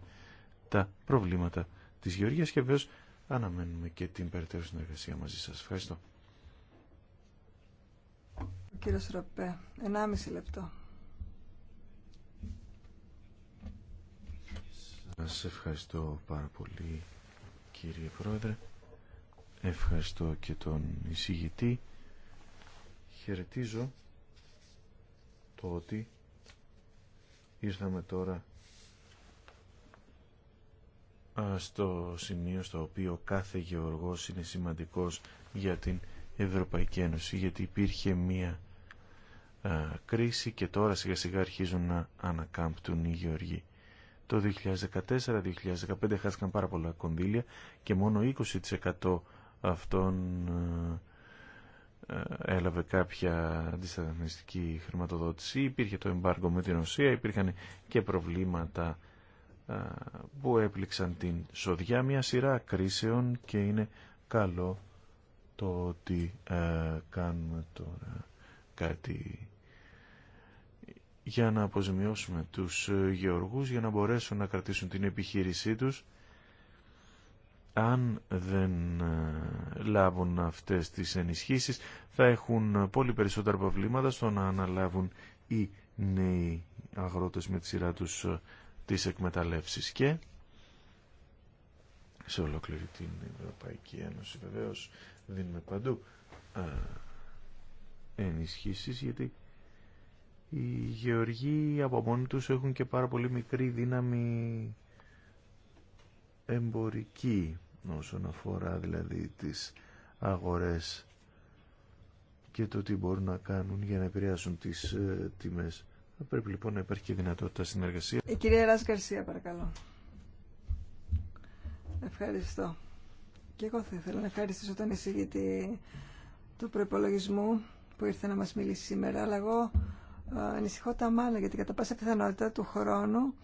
τα προβλήματα της γεωργίας και βεβαίως αναμένουμε και την περαιτέρω συνεργασία μαζί σας. Ευχαριστώ. Κύριε κύριος Ροπέ, 1,5 λεπτό. Σας ευχαριστώ πάρα πολύ κύριε Πρόεδρε. Ευχαριστώ και τον εισηγητή. Χαιρετίζω το ότι ήρθαμε τώρα στο σημείο στο οποίο κάθε γεωργός είναι σημαντικός για την Ευρωπαϊκή Ένωση γιατί υπήρχε μία κρίση και τώρα σιγά σιγά αρχίζουν να ανακάμπτουν οι γεωργοί. Το 2014-2015 χάθηκαν πάρα πολλά κονδύλια και μόνο 20% αυτών έλαβε κάποια αντισταθμιστική χρηματοδότηση. Υπήρχε το εμπάργκο με την Ρωσία, υπήρχαν και προβλήματα που έπληξαν την σοδιά μια σειρά κρίσεων και είναι καλό το ότι κάνουμε τώρα κάτι για να αποζημιώσουμε τους ε, γεωργούς για να μπορέσουν να κρατήσουν την επιχείρησή τους αν δεν ε, λάβουν αυτές τις ενισχύσεις θα έχουν πολύ περισσότερα προβλήματα στο να αναλάβουν οι νέοι αγρότες με τη σειρά τους ε, τις εκμεταλλεύσεις και σε ολόκληρη την Ευρωπαϊκή Ένωση βεβαίως δίνουμε παντού α, ε, ενισχύσεις γιατί οι γεωργοί από μόνοι τους έχουν και πάρα πολύ μικρή δύναμη εμπορική όσον αφορά δηλαδή τις αγορές και το τι μπορούν να κάνουν για να επηρεάσουν τις ε, τιμές θα πρέπει λοιπόν να υπάρχει και δυνατότητα συνεργασία. Η κυρία Ράς Γκαρσία, παρακαλώ. Ευχαριστώ. Και εγώ θα ήθελα να ευχαριστήσω τον εισηγητή του προπολογισμού που ήρθε να μας μιλήσει σήμερα, αλλά εγώ ε, ανησυχώ τα μάλλα, γιατί κατά πάσα πιθανότητα του χρόνου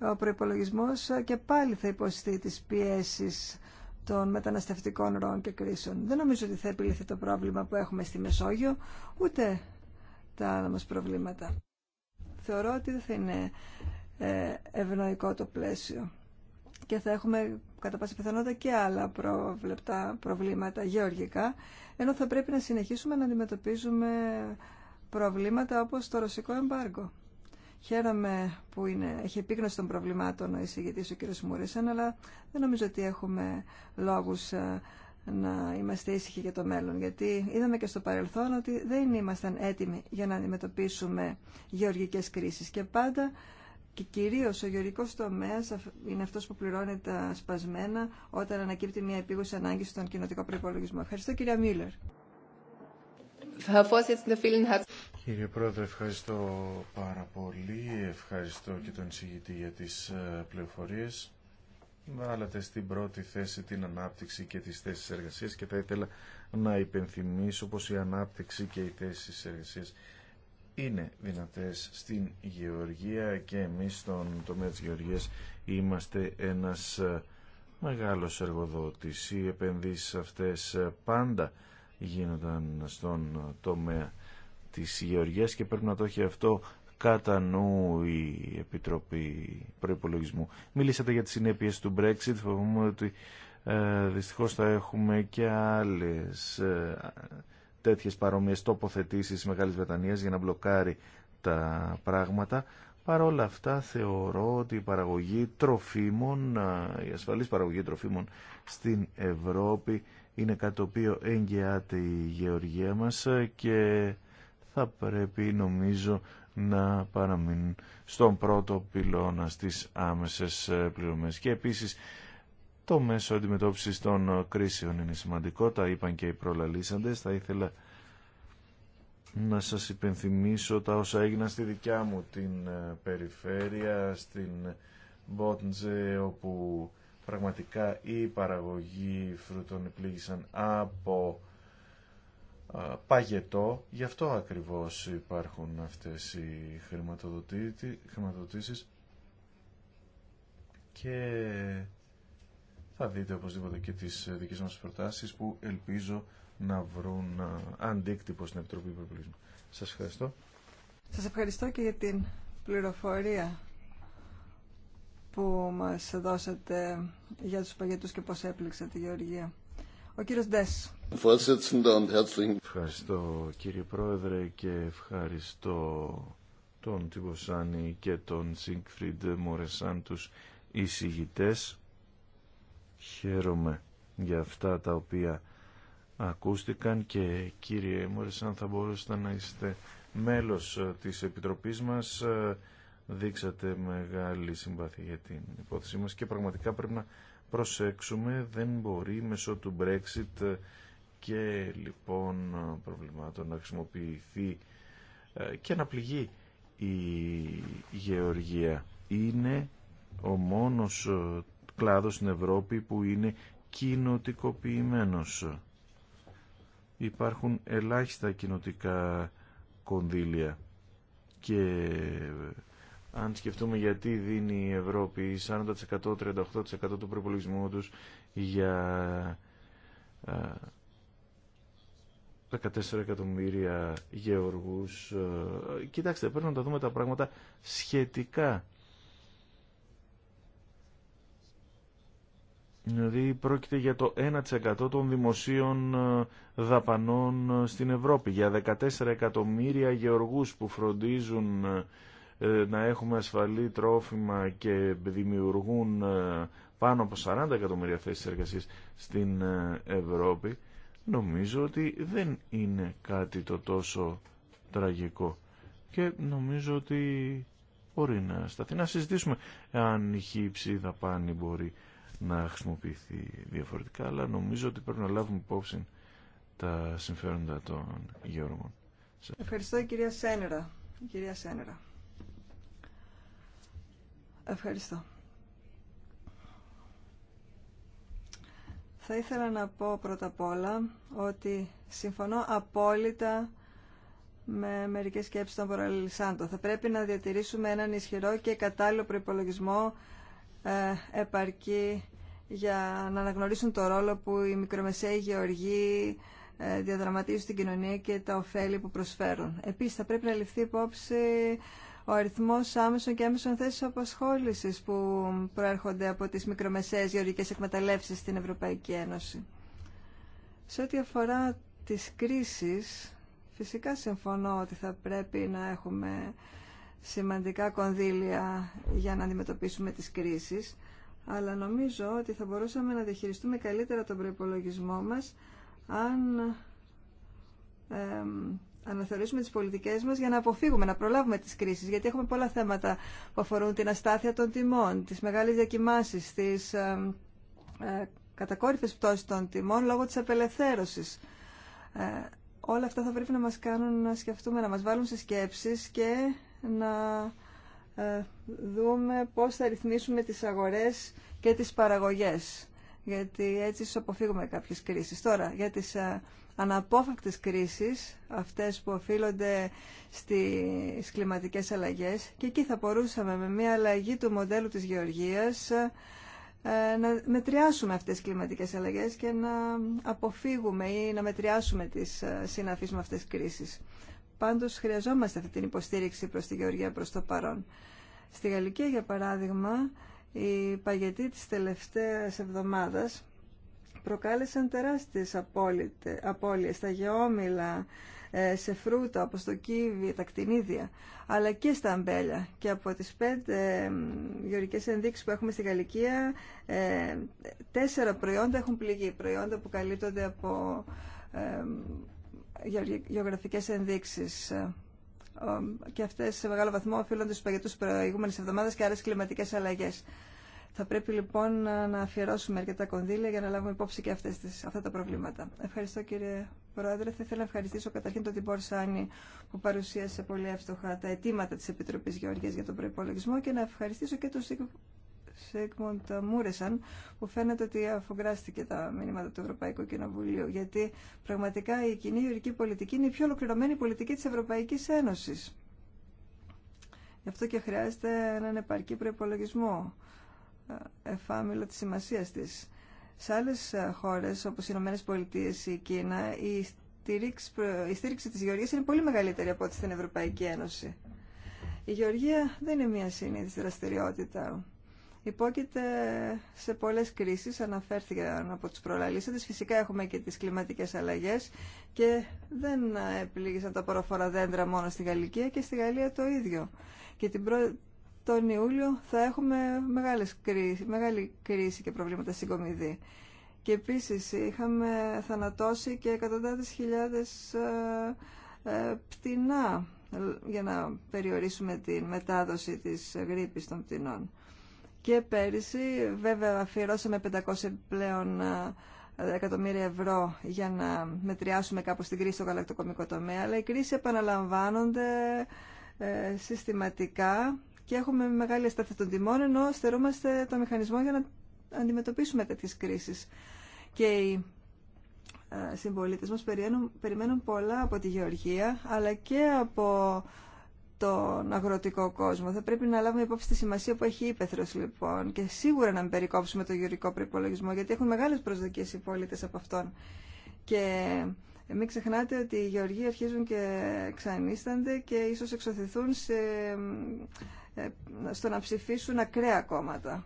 ε, ο προπολογισμό ε, και πάλι θα υποστεί τις πιέσεις των μεταναστευτικών ροών και κρίσεων. Δεν νομίζω ότι θα επιληθεί το πρόβλημα που έχουμε στη Μεσόγειο, ούτε τα άλλα μας προβλήματα θεωρώ ότι δεν θα είναι ε, ευνοϊκό το πλαίσιο και θα έχουμε κατά πάσα πιθανότητα και άλλα προβλεπτά προβλήματα γεωργικά, ενώ θα πρέπει να συνεχίσουμε να αντιμετωπίζουμε προβλήματα όπως το ρωσικό εμπάργκο. Χαίρομαι που είναι, έχει επίγνωση των προβλημάτων ο εισηγητής ο κ. Μούρισαν, αλλά δεν νομίζω ότι έχουμε λόγους ε, να είμαστε ήσυχοι για το μέλλον, γιατί είδαμε και στο παρελθόν ότι δεν ήμασταν έτοιμοι για να αντιμετωπίσουμε γεωργικές κρίσεις και πάντα και κυρίως ο γεωργικός τομέας είναι αυτός που πληρώνει τα σπασμένα όταν ανακύπτει μια επίγουσα ανάγκη στον κοινοτικό προϋπολογισμό. Ευχαριστώ κυρία Μίλλερ. Κύριε Πρόεδρε, ευχαριστώ πάρα πολύ. Ευχαριστώ και τον εισηγητή για τις ε, πληροφορίες. Βάλατε στην πρώτη θέση την ανάπτυξη και τις θέσεις εργασίας και θα ήθελα να υπενθυμίσω πως η ανάπτυξη και οι θέσεις εργασίας είναι δυνατές στην γεωργία και εμείς στον τομέα της γεωργίας είμαστε ένας ε, μεγάλος εργοδότης. Οι επενδύσεις αυτές ε, πάντα γίνονταν στον τομέα της γεωργίας και πρέπει να το έχει αυτό κατά νου η Επιτροπή Προϋπολογισμού. Μιλήσατε για τις συνέπειες του Brexit, φοβούμαι ότι ε, δυστυχώς θα έχουμε και άλλες ε, τέτοιες παρόμοιες τοποθετήσεις Μεγάλης Βρετανίας για να μπλοκάρει τα πράγματα. Παρ' όλα αυτά θεωρώ ότι η παραγωγή τροφίμων, ε, η ασφαλής παραγωγή τροφίμων στην Ευρώπη είναι κάτι το οποίο εγκαιάται η γεωργία μας και θα πρέπει νομίζω να παραμείνουν στον πρώτο πυλώνα στις άμεσες ε, πληρωμές. Και επίσης το μέσο αντιμετώπισης των ε, κρίσεων είναι σημαντικό, τα είπαν και οι προλαλήσαντες. Θα ήθελα να σας υπενθυμίσω τα όσα έγιναν στη δικιά μου την ε, περιφέρεια, στην Μπότντζε, όπου πραγματικά οι παραγωγοί φρούτων επλήγησαν από παγετό. Γι' αυτό ακριβώς υπάρχουν αυτές οι χρηματοδοτήσεις και θα δείτε οπωσδήποτε και τις δικές μας προτάσεις που ελπίζω να βρουν αντίκτυπο στην Επιτροπή Υπερπολισμού. Σας ευχαριστώ. Σας ευχαριστώ και για την πληροφορία που μας δώσατε για τους παγετούς και πώς έπληξε τη Γεωργία. Ο κύριος Ντες. Ευχαριστώ κύριε Πρόεδρε και ευχαριστώ τον Τιμποσάνη και τον Σίγκφριντ Μορεσάν τους εισηγητές. Χαίρομαι για αυτά τα οποία ακούστηκαν και κύριε Μορεσάν θα μπορούσατε να είστε μέλος ε, της Επιτροπής μας. Ε, δείξατε μεγάλη συμπάθεια για την υπόθεσή μας και πραγματικά πρέπει να προσέξουμε δεν μπορεί μέσω του Brexit και λοιπόν προβλημάτων να χρησιμοποιηθεί ε, και να πληγεί η γεωργία. Είναι ο μόνος ε, κλάδος στην Ευρώπη που είναι κοινοτικοποιημένος. Υπάρχουν ελάχιστα κοινοτικά κονδύλια και αν σκεφτούμε γιατί δίνει η Ευρώπη 40%-38% του προπολογισμού τους για 14 εκατομμύρια γεωργούς. Κοιτάξτε, πρέπει να τα δούμε τα πράγματα σχετικά. Δηλαδή πρόκειται για το 1% των δημοσίων δαπανών στην Ευρώπη, για 14 εκατομμύρια γεωργούς που φροντίζουν ε, να έχουμε ασφαλή τρόφιμα και δημιουργούν ε, πάνω από 40 εκατομμύρια θέσεις εργασίας στην ε, Ευρώπη, νομίζω ότι δεν είναι κάτι το τόσο τραγικό. Και νομίζω ότι μπορεί να σταθεί να συζητήσουμε αν η χύψη δαπάνη μπορεί να χρησιμοποιηθεί διαφορετικά, αλλά νομίζω ότι πρέπει να λάβουμε υπόψη τα συμφέροντα των γεωργών. Ευχαριστώ κυρία Σένερα. Κυρία Σένερα. Ευχαριστώ. Θα ήθελα να πω πρώτα απ' όλα ότι συμφωνώ απόλυτα με μερικές σκέψεις των παραλληλισάντων. Θα πρέπει να διατηρήσουμε έναν ισχυρό και κατάλληλο προϋπολογισμό ε, επαρκή για να αναγνωρίσουν το ρόλο που οι μικρομεσαίοι γεωργοί ε, διαδραματίζουν στην κοινωνία και τα ωφέλη που προσφέρουν. Επίσης θα πρέπει να ληφθεί υπόψη ο αριθμός άμεσων και άμεσων θέσεων απασχόλησης που προέρχονται από τις μικρομεσαίες γεωργικές εκμεταλλεύσεις στην Ευρωπαϊκή Ένωση. Σε ό,τι αφορά τις κρίσεις, φυσικά συμφωνώ ότι θα πρέπει να έχουμε σημαντικά κονδύλια για να αντιμετωπίσουμε τις κρίσεις, αλλά νομίζω ότι θα μπορούσαμε να διαχειριστούμε καλύτερα τον προϋπολογισμό μας αναθεωρήσουμε τις πολιτικές μας για να αποφύγουμε, να προλάβουμε τις κρίσεις, γιατί έχουμε πολλά θέματα που αφορούν την αστάθεια των τιμών, τις μεγάλες διακοιμάσεις, τις ε, ε, κατακόρυφες πτώσεις των τιμών λόγω της απελευθέρωσης. Ε, όλα αυτά θα πρέπει να μας κάνουν να σκεφτούμε, να μας βάλουν σε σκέψεις και να ε, δούμε πώς θα ρυθμίσουμε τις αγορές και τις παραγωγές γιατί έτσι αποφύγουμε κάποιες κρίσεις. Τώρα, για τις ε, αναπόφακτες κρίσεις, αυτές που οφείλονται στις κλιματικές αλλαγές και εκεί θα μπορούσαμε με μια αλλαγή του μοντέλου της γεωργίας ε, να μετριάσουμε αυτές τις κλιματικές αλλαγές και να αποφύγουμε ή να μετριάσουμε τις ε, συναφείς με αυτές τις κρίσεις. Πάντως χρειαζόμαστε αυτή την υποστήριξη προς τη γεωργία προς το παρόν. Στη Γαλλική, για παράδειγμα, η παγετή της τελευταίας εβδομάδας προκάλεσαν τεράστιες απώλειες στα γεώμηλα, ε, σε φρούτα όπως το κίβι, τα κτηνίδια, αλλά και στα αμπέλια. Και από τις πέντε γεωρικές ενδείξεις που έχουμε στη Γαλλικία, ε, τέσσερα προϊόντα έχουν πληγεί, προϊόντα που καλύπτονται από γεωγραφικές ενδείξεις ε, και αυτές σε μεγάλο βαθμό οφείλονται στους παγετούς προηγούμενες εβδομάδες και άλλες κλιματικές αλλαγές. Θα πρέπει λοιπόν να αφιερώσουμε αρκετά κονδύλια για να λάβουμε υπόψη και αυτές τις, αυτά τα προβλήματα. Ευχαριστώ κύριε Πρόεδρε. Θα ήθελα να ευχαριστήσω καταρχήν τον Τιμπόρ Σάνι που παρουσίασε πολύ εύστοχα τα αιτήματα της Επιτροπής Γεωργίας για τον προϋπολογισμό και να ευχαριστήσω και τον Σίγμοντ Μούρεσαν που φαίνεται ότι αφογκράστηκε τα μηνύματα του Ευρωπαϊκού Κοινοβουλίου γιατί πραγματικά η κοινή γεωργική πολιτική είναι η πιο ολοκληρωμένη πολιτική της Ευρωπαϊκής Ένωσης. Γι' αυτό και χρειάζεται έναν επαρκή προπολογισμό εφάμιλο της σημασίας της. Σε άλλες ε, χώρες όπως οι Ηνωμένες Πολιτείες ή η Κίνα η στήριξη, η στήριξη της γεωργίας είναι πολύ μεγαλύτερη από ό,τι στην Ευρωπαϊκή Ένωση. Η γεωργία δεν είναι μια συνήθις δραστηριότητα. Υπόκειται σε πολλές κρίσεις, αναφέρθηκαν από τους προλαλήσαντες. Φυσικά έχουμε και τις κλιματικές αλλαγές και δεν επλήγησαν τα προφορά δέντρα μόνο στη Γαλλική και στη Γαλλία το ίδιο. Και την τον Ιούλιο θα έχουμε μεγάλες κρίση, μεγάλη κρίση και προβλήματα στην Και επίσης είχαμε θανατώσει και εκατοντάδες χιλιάδες ε, ε, πτηνά ε, για να περιορίσουμε τη μετάδοση της γρήπης των πτηνών. Και πέρυσι βέβαια αφιερώσαμε 500 πλέον εκατομμύρια ευρώ για να μετριάσουμε κάπως την κρίση στο γαλακτοκομικό τομέα, αλλά οι κρίσεις επαναλαμβάνονται συστηματικά και έχουμε μεγάλη αστάθεια των τιμών, ενώ στερούμαστε το μηχανισμό για να αντιμετωπίσουμε τέτοιε κρίσει. Και οι ε, συμπολίτε μα περιμένουν πολλά από τη γεωργία, αλλά και από τον αγροτικό κόσμο. Θα πρέπει να λάβουμε υπόψη τη σημασία που έχει η ύπεθρο λοιπόν και σίγουρα να μην περικόψουμε το γεωργικό προπολογισμό γιατί έχουν μεγάλε προσδοκίε οι πολίτε από αυτόν. Και μην ξεχνάτε ότι οι γεωργοί αρχίζουν και ξανίστανται και ίσω εξωθηθούν σε ε, στο να ψηφίσουν ακραία κόμματα.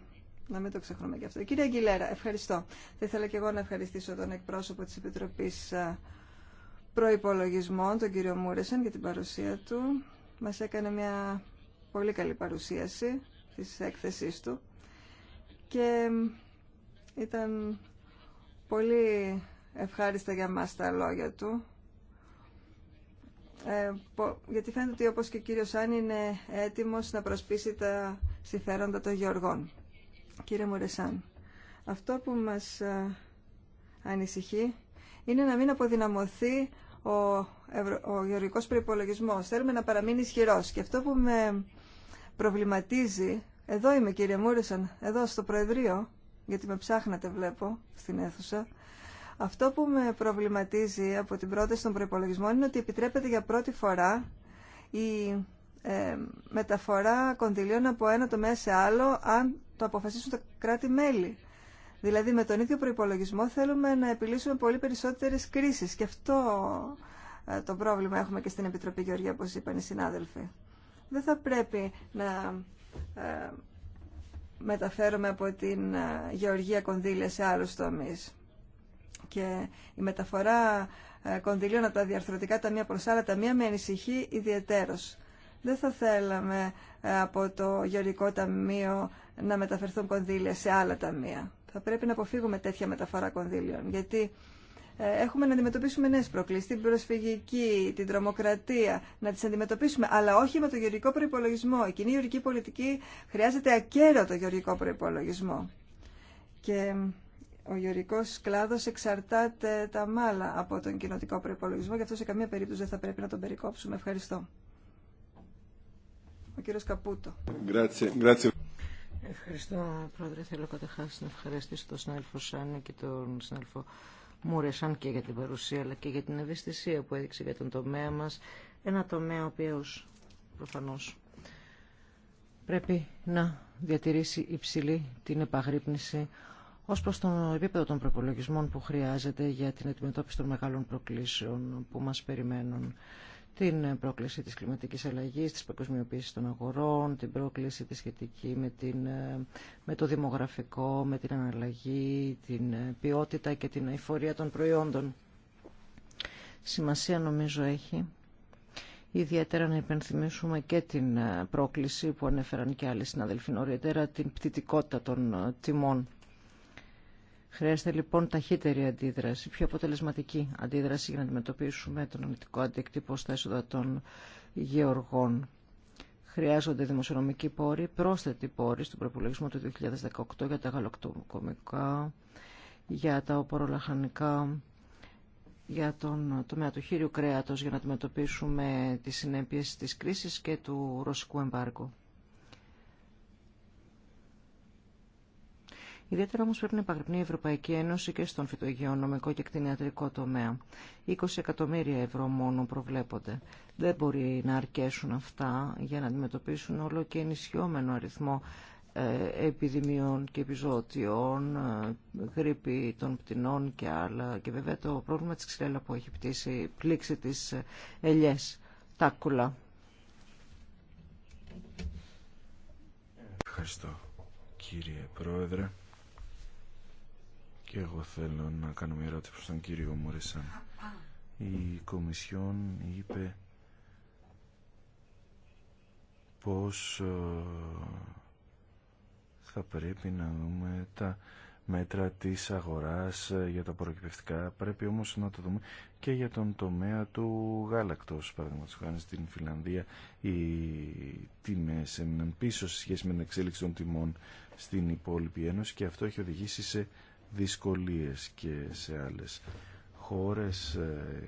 Να μην το ξεχνούμε και αυτό. Κύριε Αγγιλέρα, ευχαριστώ. Θα ήθελα και εγώ να ευχαριστήσω τον εκπρόσωπο της Επιτροπής ε, Προϋπολογισμών, τον κύριο Μούρεσεν, για την παρουσία του. Μας έκανε μια πολύ καλή παρουσίαση της έκθεσής του και ε, ήταν πολύ ευχάριστα για μας τα λόγια του ε, γιατί φαίνεται ότι όπως και ο κύριος Σάν είναι έτοιμος να προσπίσει τα συμφέροντα των γεωργών. Κύριε Μουρεσάν, αυτό που μας ε, ανησυχεί είναι να μην αποδυναμωθεί ο, ο γεωργικός Θέλουμε να παραμείνει ισχυρό. Και αυτό που με προβληματίζει, εδώ είμαι κύριε Μούρεσαν, εδώ στο Προεδρείο, γιατί με ψάχνατε βλέπω στην αίθουσα, αυτό που με προβληματίζει από την πρόταση των προπολογισμών είναι ότι επιτρέπεται για πρώτη φορά η ε, μεταφορά κονδυλίων από ένα τομέα σε άλλο αν το αποφασίσουν τα κράτη-μέλη. Δηλαδή με τον ίδιο προϋπολογισμό θέλουμε να επιλύσουμε πολύ περισσότερες κρίσεις και αυτό ε, το πρόβλημα έχουμε και στην Επιτροπή Γεωργία όπως είπαν οι συνάδελφοι. Δεν θα πρέπει να ε, μεταφέρουμε από την Γεωργία κονδύλια σε άλλους τομείς. Και η μεταφορά ε, κονδυλίων από τα διαρθρωτικά ταμεία προς άλλα ταμεία με ανησυχεί ιδιαιτέρως. Δεν θα θέλαμε ε, από το γεωργικό ταμείο να μεταφερθούν κονδύλια σε άλλα ταμεία. Θα πρέπει να αποφύγουμε τέτοια μεταφορά κονδύλιων, γιατί ε, έχουμε να αντιμετωπίσουμε νέες προκλήσεις, την προσφυγική, την τρομοκρατία, να τις αντιμετωπίσουμε, αλλά όχι με το γεωργικό προϋπολογισμό. Η κοινή γεωργική πολιτική χρειάζεται ακέραιο το γεωργικό προϋπολογισμό. Και ο γεωρικό Κλάδο εξαρτάται τα μάλα από τον κοινοτικό προπολογισμό. γι' αυτό σε καμία περίπτωση δεν θα πρέπει να τον περικόψουμε. Ευχαριστώ. Ο κύριο Καπούτο. Ευχαριστώ, Πρόεδρε. Θέλω καταρχά να ευχαριστήσω τον συνάδελφο Σάνι και τον συνάδελφο Μούρεσαν και για την παρουσία αλλά και για την ευαισθησία που έδειξε για τον τομέα μα, Ένα τομέα ο οποίο προφανώ πρέπει να διατηρήσει υψηλή την επαγρύπνηση Ω προ το επίπεδο των προπολογισμών που χρειάζεται για την αντιμετώπιση των μεγάλων προκλήσεων που μα περιμένουν την πρόκληση τη κλιματική αλλαγή, τη παγκοσμιοποίηση των αγορών, την πρόκληση τη σχετική με, την, ε, με το δημογραφικό, με την αναλλαγή, την ε, ποιότητα και την αηφορία των προϊόντων. Σημασία νομίζω έχει ιδιαίτερα να υπενθυμίσουμε και την ε, πρόκληση που ανέφεραν και άλλοι συναδελφοί νωρίτερα, την πτυτικότητα των τιμών Χρειάζεται λοιπόν ταχύτερη αντίδραση, πιο αποτελεσματική αντίδραση για να αντιμετωπίσουμε τον αμυντικό αντίκτυπο στα έσοδα των γεωργών. Χρειάζονται δημοσιονομικοί πόροι, πρόσθετοι πόροι στον προπολογισμό του 2018 για τα γαλοκτομικά, για τα οπορολαχανικά, για τον τομέα του χείριου κρέατος για να αντιμετωπίσουμε τις συνέπειες της κρίσης και του ρωσικού εμπάργου. Ιδιαίτερα όμω πρέπει να υπαγρυπνεί η Ευρωπαϊκή Ένωση και στον φυτογειονομικό και κτηνιατρικό τομέα. 20 εκατομμύρια ευρώ μόνο προβλέπονται. Δεν μπορεί να αρκέσουν αυτά για να αντιμετωπίσουν όλο και ενισχυόμενο αριθμό ε, επιδημιών και επιζώτιων, ε, γρήπη των πτηνών και άλλα. Και βέβαια το πρόβλημα της ξυλέλα που έχει πτήσει, πλήξη της ε, ελιές, τάκουλα. Ευχαριστώ κύριε Πρόεδρε. Και εγώ θέλω να κάνω μια ερώτηση προς τον κύριο Μουρεσάν. Η Κομισιόν είπε πως ε, θα πρέπει να δούμε τα μέτρα της αγοράς ε, για τα προκυπευτικά. Πρέπει όμως να το δούμε και για τον τομέα του γάλακτος. Παραδείγματος χάρη στην Φιλανδία οι τιμές έμειναν πίσω σε σχέση με την εξέλιξη των τιμών στην υπόλοιπη Ένωση και αυτό έχει οδηγήσει σε δυσκολίες και σε άλλες χώρες ε,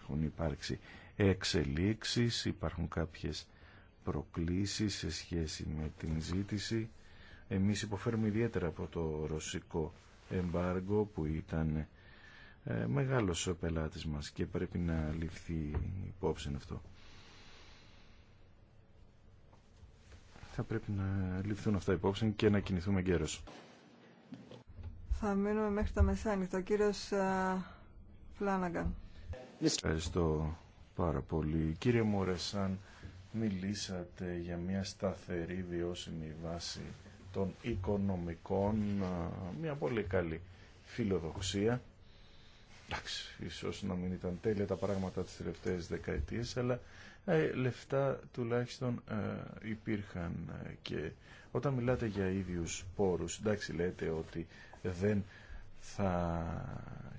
έχουν υπάρξει εξελίξεις, υπάρχουν κάποιες προκλήσεις σε σχέση με την ζήτηση. Εμείς υποφέρουμε ιδιαίτερα από το ρωσικό εμπάργο που ήταν ε, μεγάλος ο πελάτης μας και πρέπει να ληφθεί υπόψη αυτό. Θα πρέπει να ληφθούν αυτά υπόψη και να κινηθούμε γέρος. Θα μείνουμε μέχρι τα μεσάνυχτα. κύριος Φλάναγκαν. Ευχαριστώ πάρα πολύ. Κύριε Μουρεσάν, μιλήσατε για μια σταθερή βιώσιμη βάση των οικονομικών, μια πολύ καλή φιλοδοξία. Εντάξει, ίσως να μην ήταν τέλεια τα πράγματα τις τελευταίες δεκαετίες, αλλά ε, λεφτά τουλάχιστον ε, υπήρχαν ε, και όταν μιλάτε για ίδιους πόρους, εντάξει λέτε ότι δεν θα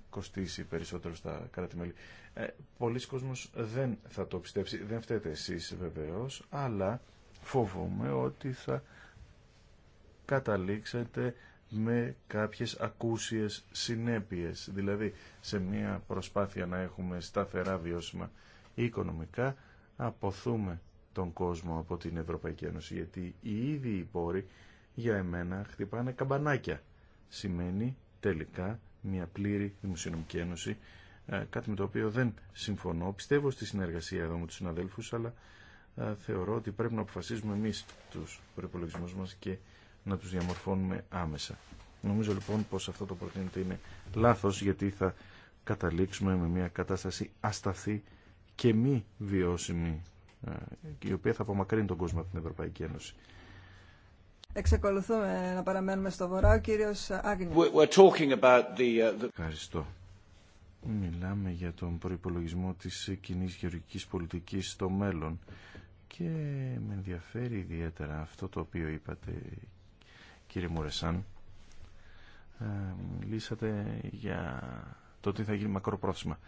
κοστίσει περισσότερο στα κράτη-μέλη. Ε, πολλοί κόσμος δεν θα το πιστέψει, δεν φταίτε εσείς βεβαίως, αλλά φοβούμε ότι θα καταλήξετε με κάποιες ακούσιες συνέπειες. Δηλαδή, σε μια προσπάθεια να έχουμε σταθερά βιώσιμα οικονομικά, αποθούμε τον κόσμο από την Ευρωπαϊκή Ένωση, γιατί οι ίδιοι οι πόροι για εμένα χτυπάνε καμπανάκια σημαίνει τελικά μια πλήρη δημοσιονομική ένωση, ε, κάτι με το οποίο δεν συμφωνώ. Πιστεύω στη συνεργασία εδώ με τους συναδέλφους, αλλά ε, θεωρώ ότι πρέπει να αποφασίζουμε εμείς τους προπολογισμού μας και να τους διαμορφώνουμε άμεσα. Νομίζω λοιπόν πως αυτό το προτείνεται είναι λάθος, γιατί θα καταλήξουμε με μια κατάσταση ασταθή και μη βιώσιμη, ε, η οποία θα απομακρύνει τον κόσμο από την Ευρωπαϊκή Ένωση. Εξακολουθούμε να παραμένουμε στο βορρά. Ο κύριος Άγνιο. Uh, Ευχαριστώ. Μιλάμε για τον προϋπολογισμό της κοινή γεωργικής πολιτικής στο μέλλον και με ενδιαφέρει ιδιαίτερα αυτό το οποίο είπατε κύριε Μουρεσάν. Ε, μιλήσατε για το τι θα γίνει μακροπρόθεσμα.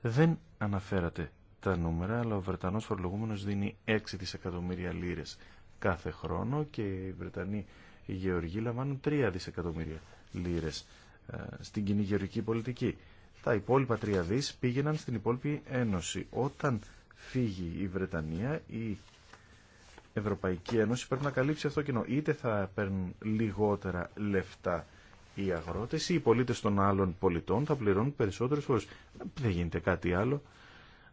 Δεν αναφέρατε τα νούμερα, αλλά ο Βρετανός φορολογούμενος δίνει 6 δισεκατομμύρια λίρες κάθε χρόνο και οι Βρετανοί οι γεωργοί λαμβάνουν 3 δισεκατομμύρια λίρες ε, στην κοινή γεωργική πολιτική. Τα υπόλοιπα 3 δις πήγαιναν στην υπόλοιπη Ένωση. Όταν φύγει η Βρετανία, η Ευρωπαϊκή Ένωση πρέπει να καλύψει αυτό το κοινό. Είτε θα παίρνουν λιγότερα λεφτά οι αγρότες ή οι πολίτες των άλλων πολιτών θα πληρώνουν περισσότερες φορές. Δεν γίνεται κάτι άλλο.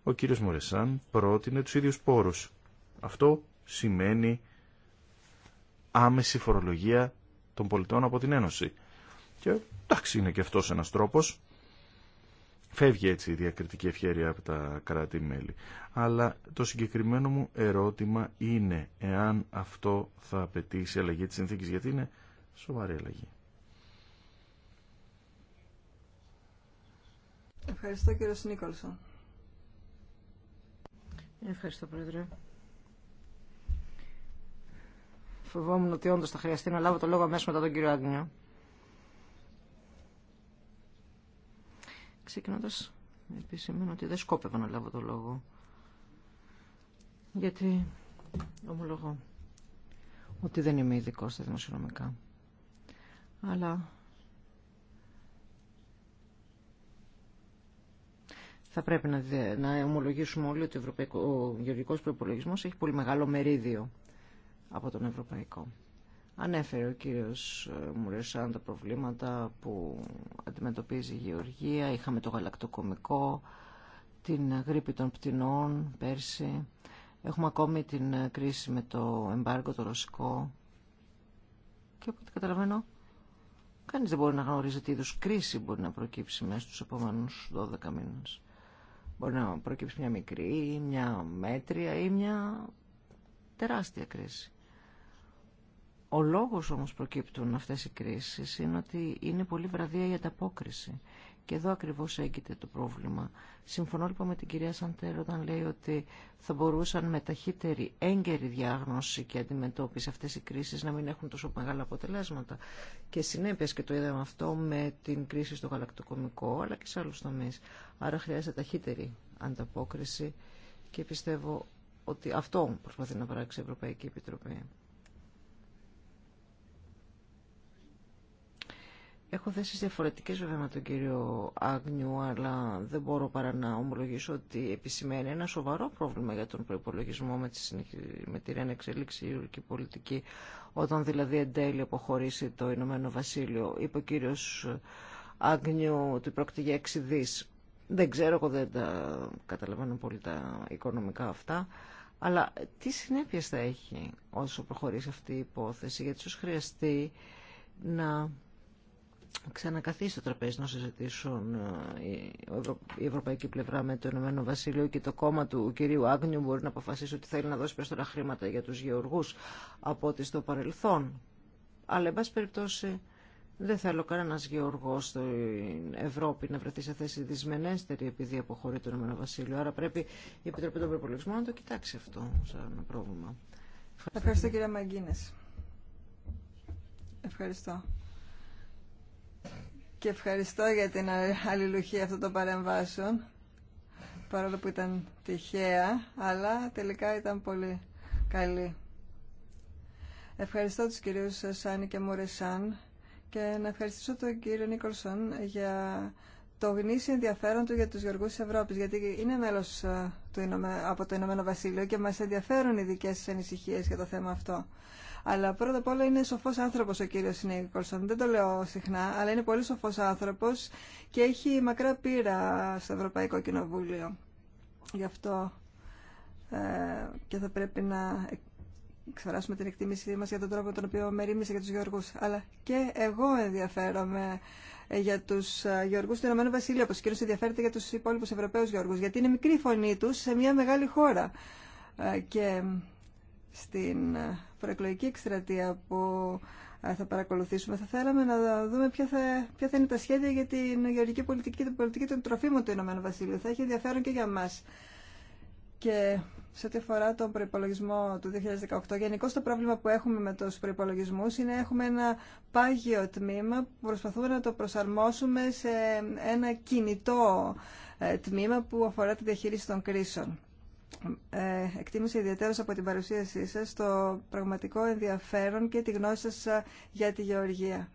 Ο κύριος Μορεσάν πρότεινε του ίδιου πόρου. Αυτό σημαίνει άμεση φορολογία των πολιτών από την Ένωση. Και εντάξει είναι και αυτός ένας τρόπος. Φεύγει έτσι η διακριτική ευχαίρεια από τα κράτη-μέλη. Αλλά το συγκεκριμένο μου ερώτημα είναι εάν αυτό θα απαιτήσει αλλαγή της συνθήκης, γιατί είναι σοβαρή αλλαγή. Ευχαριστώ κύριο Νίκολσον. Ευχαριστώ πρόεδρε. Φοβόμουν ότι όντω θα χρειαστεί να λάβω το λόγο αμέσω μετά τον κύριο Άγνιο. Ξεκινώντα, επισημαίνω ότι δεν σκόπευα να λάβω το λόγο. Γιατί ομολογώ ότι δεν είμαι ειδικό στα δημοσιονομικά. Αλλά θα πρέπει να, να ομολογήσουμε όλοι ότι ο ο Γεωργικός Προπολογισμό έχει πολύ μεγάλο μερίδιο από τον Ευρωπαϊκό. Ανέφερε ο κύριος ε, Μουρεσάν τα προβλήματα που αντιμετωπίζει η Γεωργία. Είχαμε το γαλακτοκομικό, την γρήπη των πτηνών πέρσι. Έχουμε ακόμη την ε, κρίση με το εμπάργο το ρωσικό. Και από ό,τι καταλαβαίνω, κανείς δεν μπορεί να γνωρίζει τι είδους κρίση μπορεί να προκύψει μέσα στους επόμενους 12 μήνες. Μπορεί να προκύψει μια μικρή, μια μέτρια ή μια τεράστια κρίση. Ο λόγος όμως προκύπτουν αυτές οι κρίσεις είναι ότι είναι πολύ βραδία η ανταπόκριση. Και εδώ ακριβώς έγκυται το πρόβλημα. Συμφωνώ λοιπόν με την κυρία Σαντέρ όταν λέει ότι θα μπορούσαν με ταχύτερη έγκαιρη διάγνωση και αντιμετώπιση αυτές οι κρίσεις να μην έχουν τόσο μεγάλα αποτελέσματα. Και συνέπειες και το είδαμε αυτό με την κρίση στο γαλακτοκομικό αλλά και σε άλλους τομείς. Άρα χρειάζεται ταχύτερη ανταπόκριση και πιστεύω ότι αυτό προσπαθεί να παράξει η Ευρωπαϊκή Επιτροπή. Έχω θέσει διαφορετικέ βέβαια με τον κύριο Άγνιου, αλλά δεν μπορώ παρά να ομολογήσω ότι επισημαίνει ένα σοβαρό πρόβλημα για τον προπολογισμό με, με τη ρένα εξελίξη η πολιτική, όταν δηλαδή εν τέλει αποχωρήσει το Ηνωμένο Βασίλειο. Είπε ο κύριο Άγνιου ότι πρόκειται για 6 δι. Δεν ξέρω, εγώ δεν τα καταλαβαίνω πολύ τα οικονομικά αυτά. Αλλά τι συνέπειε θα έχει όσο προχωρήσει αυτή η υπόθεση, γιατί σου χρειαστεί να ξανακαθίσει στο τραπέζι να συζητήσουν ε, η ευρωπαϊκή πλευρά με το Ηνωμένο Βασίλειο και το κόμμα του κυρίου Άγνιου μπορεί να αποφασίσει ότι θέλει να δώσει περισσότερα χρήματα για τους γεωργούς από ό,τι στο παρελθόν. Αλλά, εν πάση περιπτώσει, δεν θέλω κανένα γεωργό στην Ευρώπη να βρεθεί σε θέση δυσμενέστερη επειδή αποχωρεί το Ηνωμένο Βασίλειο. Άρα πρέπει η Επιτροπή των Προπολογισμών να το κοιτάξει αυτό σαν πρόβλημα. Ευχαριστώ, κύριε Μαγκίνες. Ευχαριστώ και ευχαριστώ για την αλληλουχία αυτών των παρεμβάσεων παρόλο που ήταν τυχαία αλλά τελικά ήταν πολύ καλή. Ευχαριστώ τους κυρίους Σάνι και Μουρεσάν και να ευχαριστήσω τον κύριο Νίκολσον για το γνήσιο ενδιαφέρον του για τους γεωργούς της Ευρώπης γιατί είναι μέλος ε, του, από το Ηνωμένο Βασίλειο και μας ενδιαφέρουν οι δικές ανησυχίες για το θέμα αυτό. Αλλά πρώτα απ' όλα είναι σοφός άνθρωπος ο κύριος Νίκολσον. Δεν το λέω συχνά, αλλά είναι πολύ σοφός άνθρωπος και έχει μακρά πείρα στο Ευρωπαϊκό Κοινοβούλιο. Γι' αυτό ε, και θα πρέπει να εξεράσουμε την εκτίμησή μας για τον τρόπο τον οποίο ρίμισε για τους Γιώργους. Αλλά και εγώ ενδιαφέρομαι ε, για του ε, γεωργού του Ηνωμένου Βασιλείου, όπω ο κύριο ενδιαφέρεται για του υπόλοιπου Ευρωπαίου γεωργού, γιατί είναι μικρή φωνή του σε μια μεγάλη χώρα. Ε, και στην ε, προεκλογική εκστρατεία που ε, θα παρακολουθήσουμε, θα θέλαμε να δούμε ποια θα, ποια θα είναι τα σχέδια για την γεωργική πολιτική και την πολιτική των τροφίμων του Ηνωμένου Βασίλειου. Θα έχει ενδιαφέρον και για εμά. Και σε ό,τι αφορά τον προπολογισμό του 2018, γενικώ το πρόβλημα που έχουμε με του προπολογισμού είναι έχουμε ένα πάγιο τμήμα που προσπαθούμε να το προσαρμόσουμε σε ένα κινητό ε, τμήμα που αφορά τη διαχείριση των κρίσεων. Ε, εκτίμησα ιδιαίτερα από την παρουσίασή σας το πραγματικό ενδιαφέρον και τη γνώση σας ε, για τη γεωργία.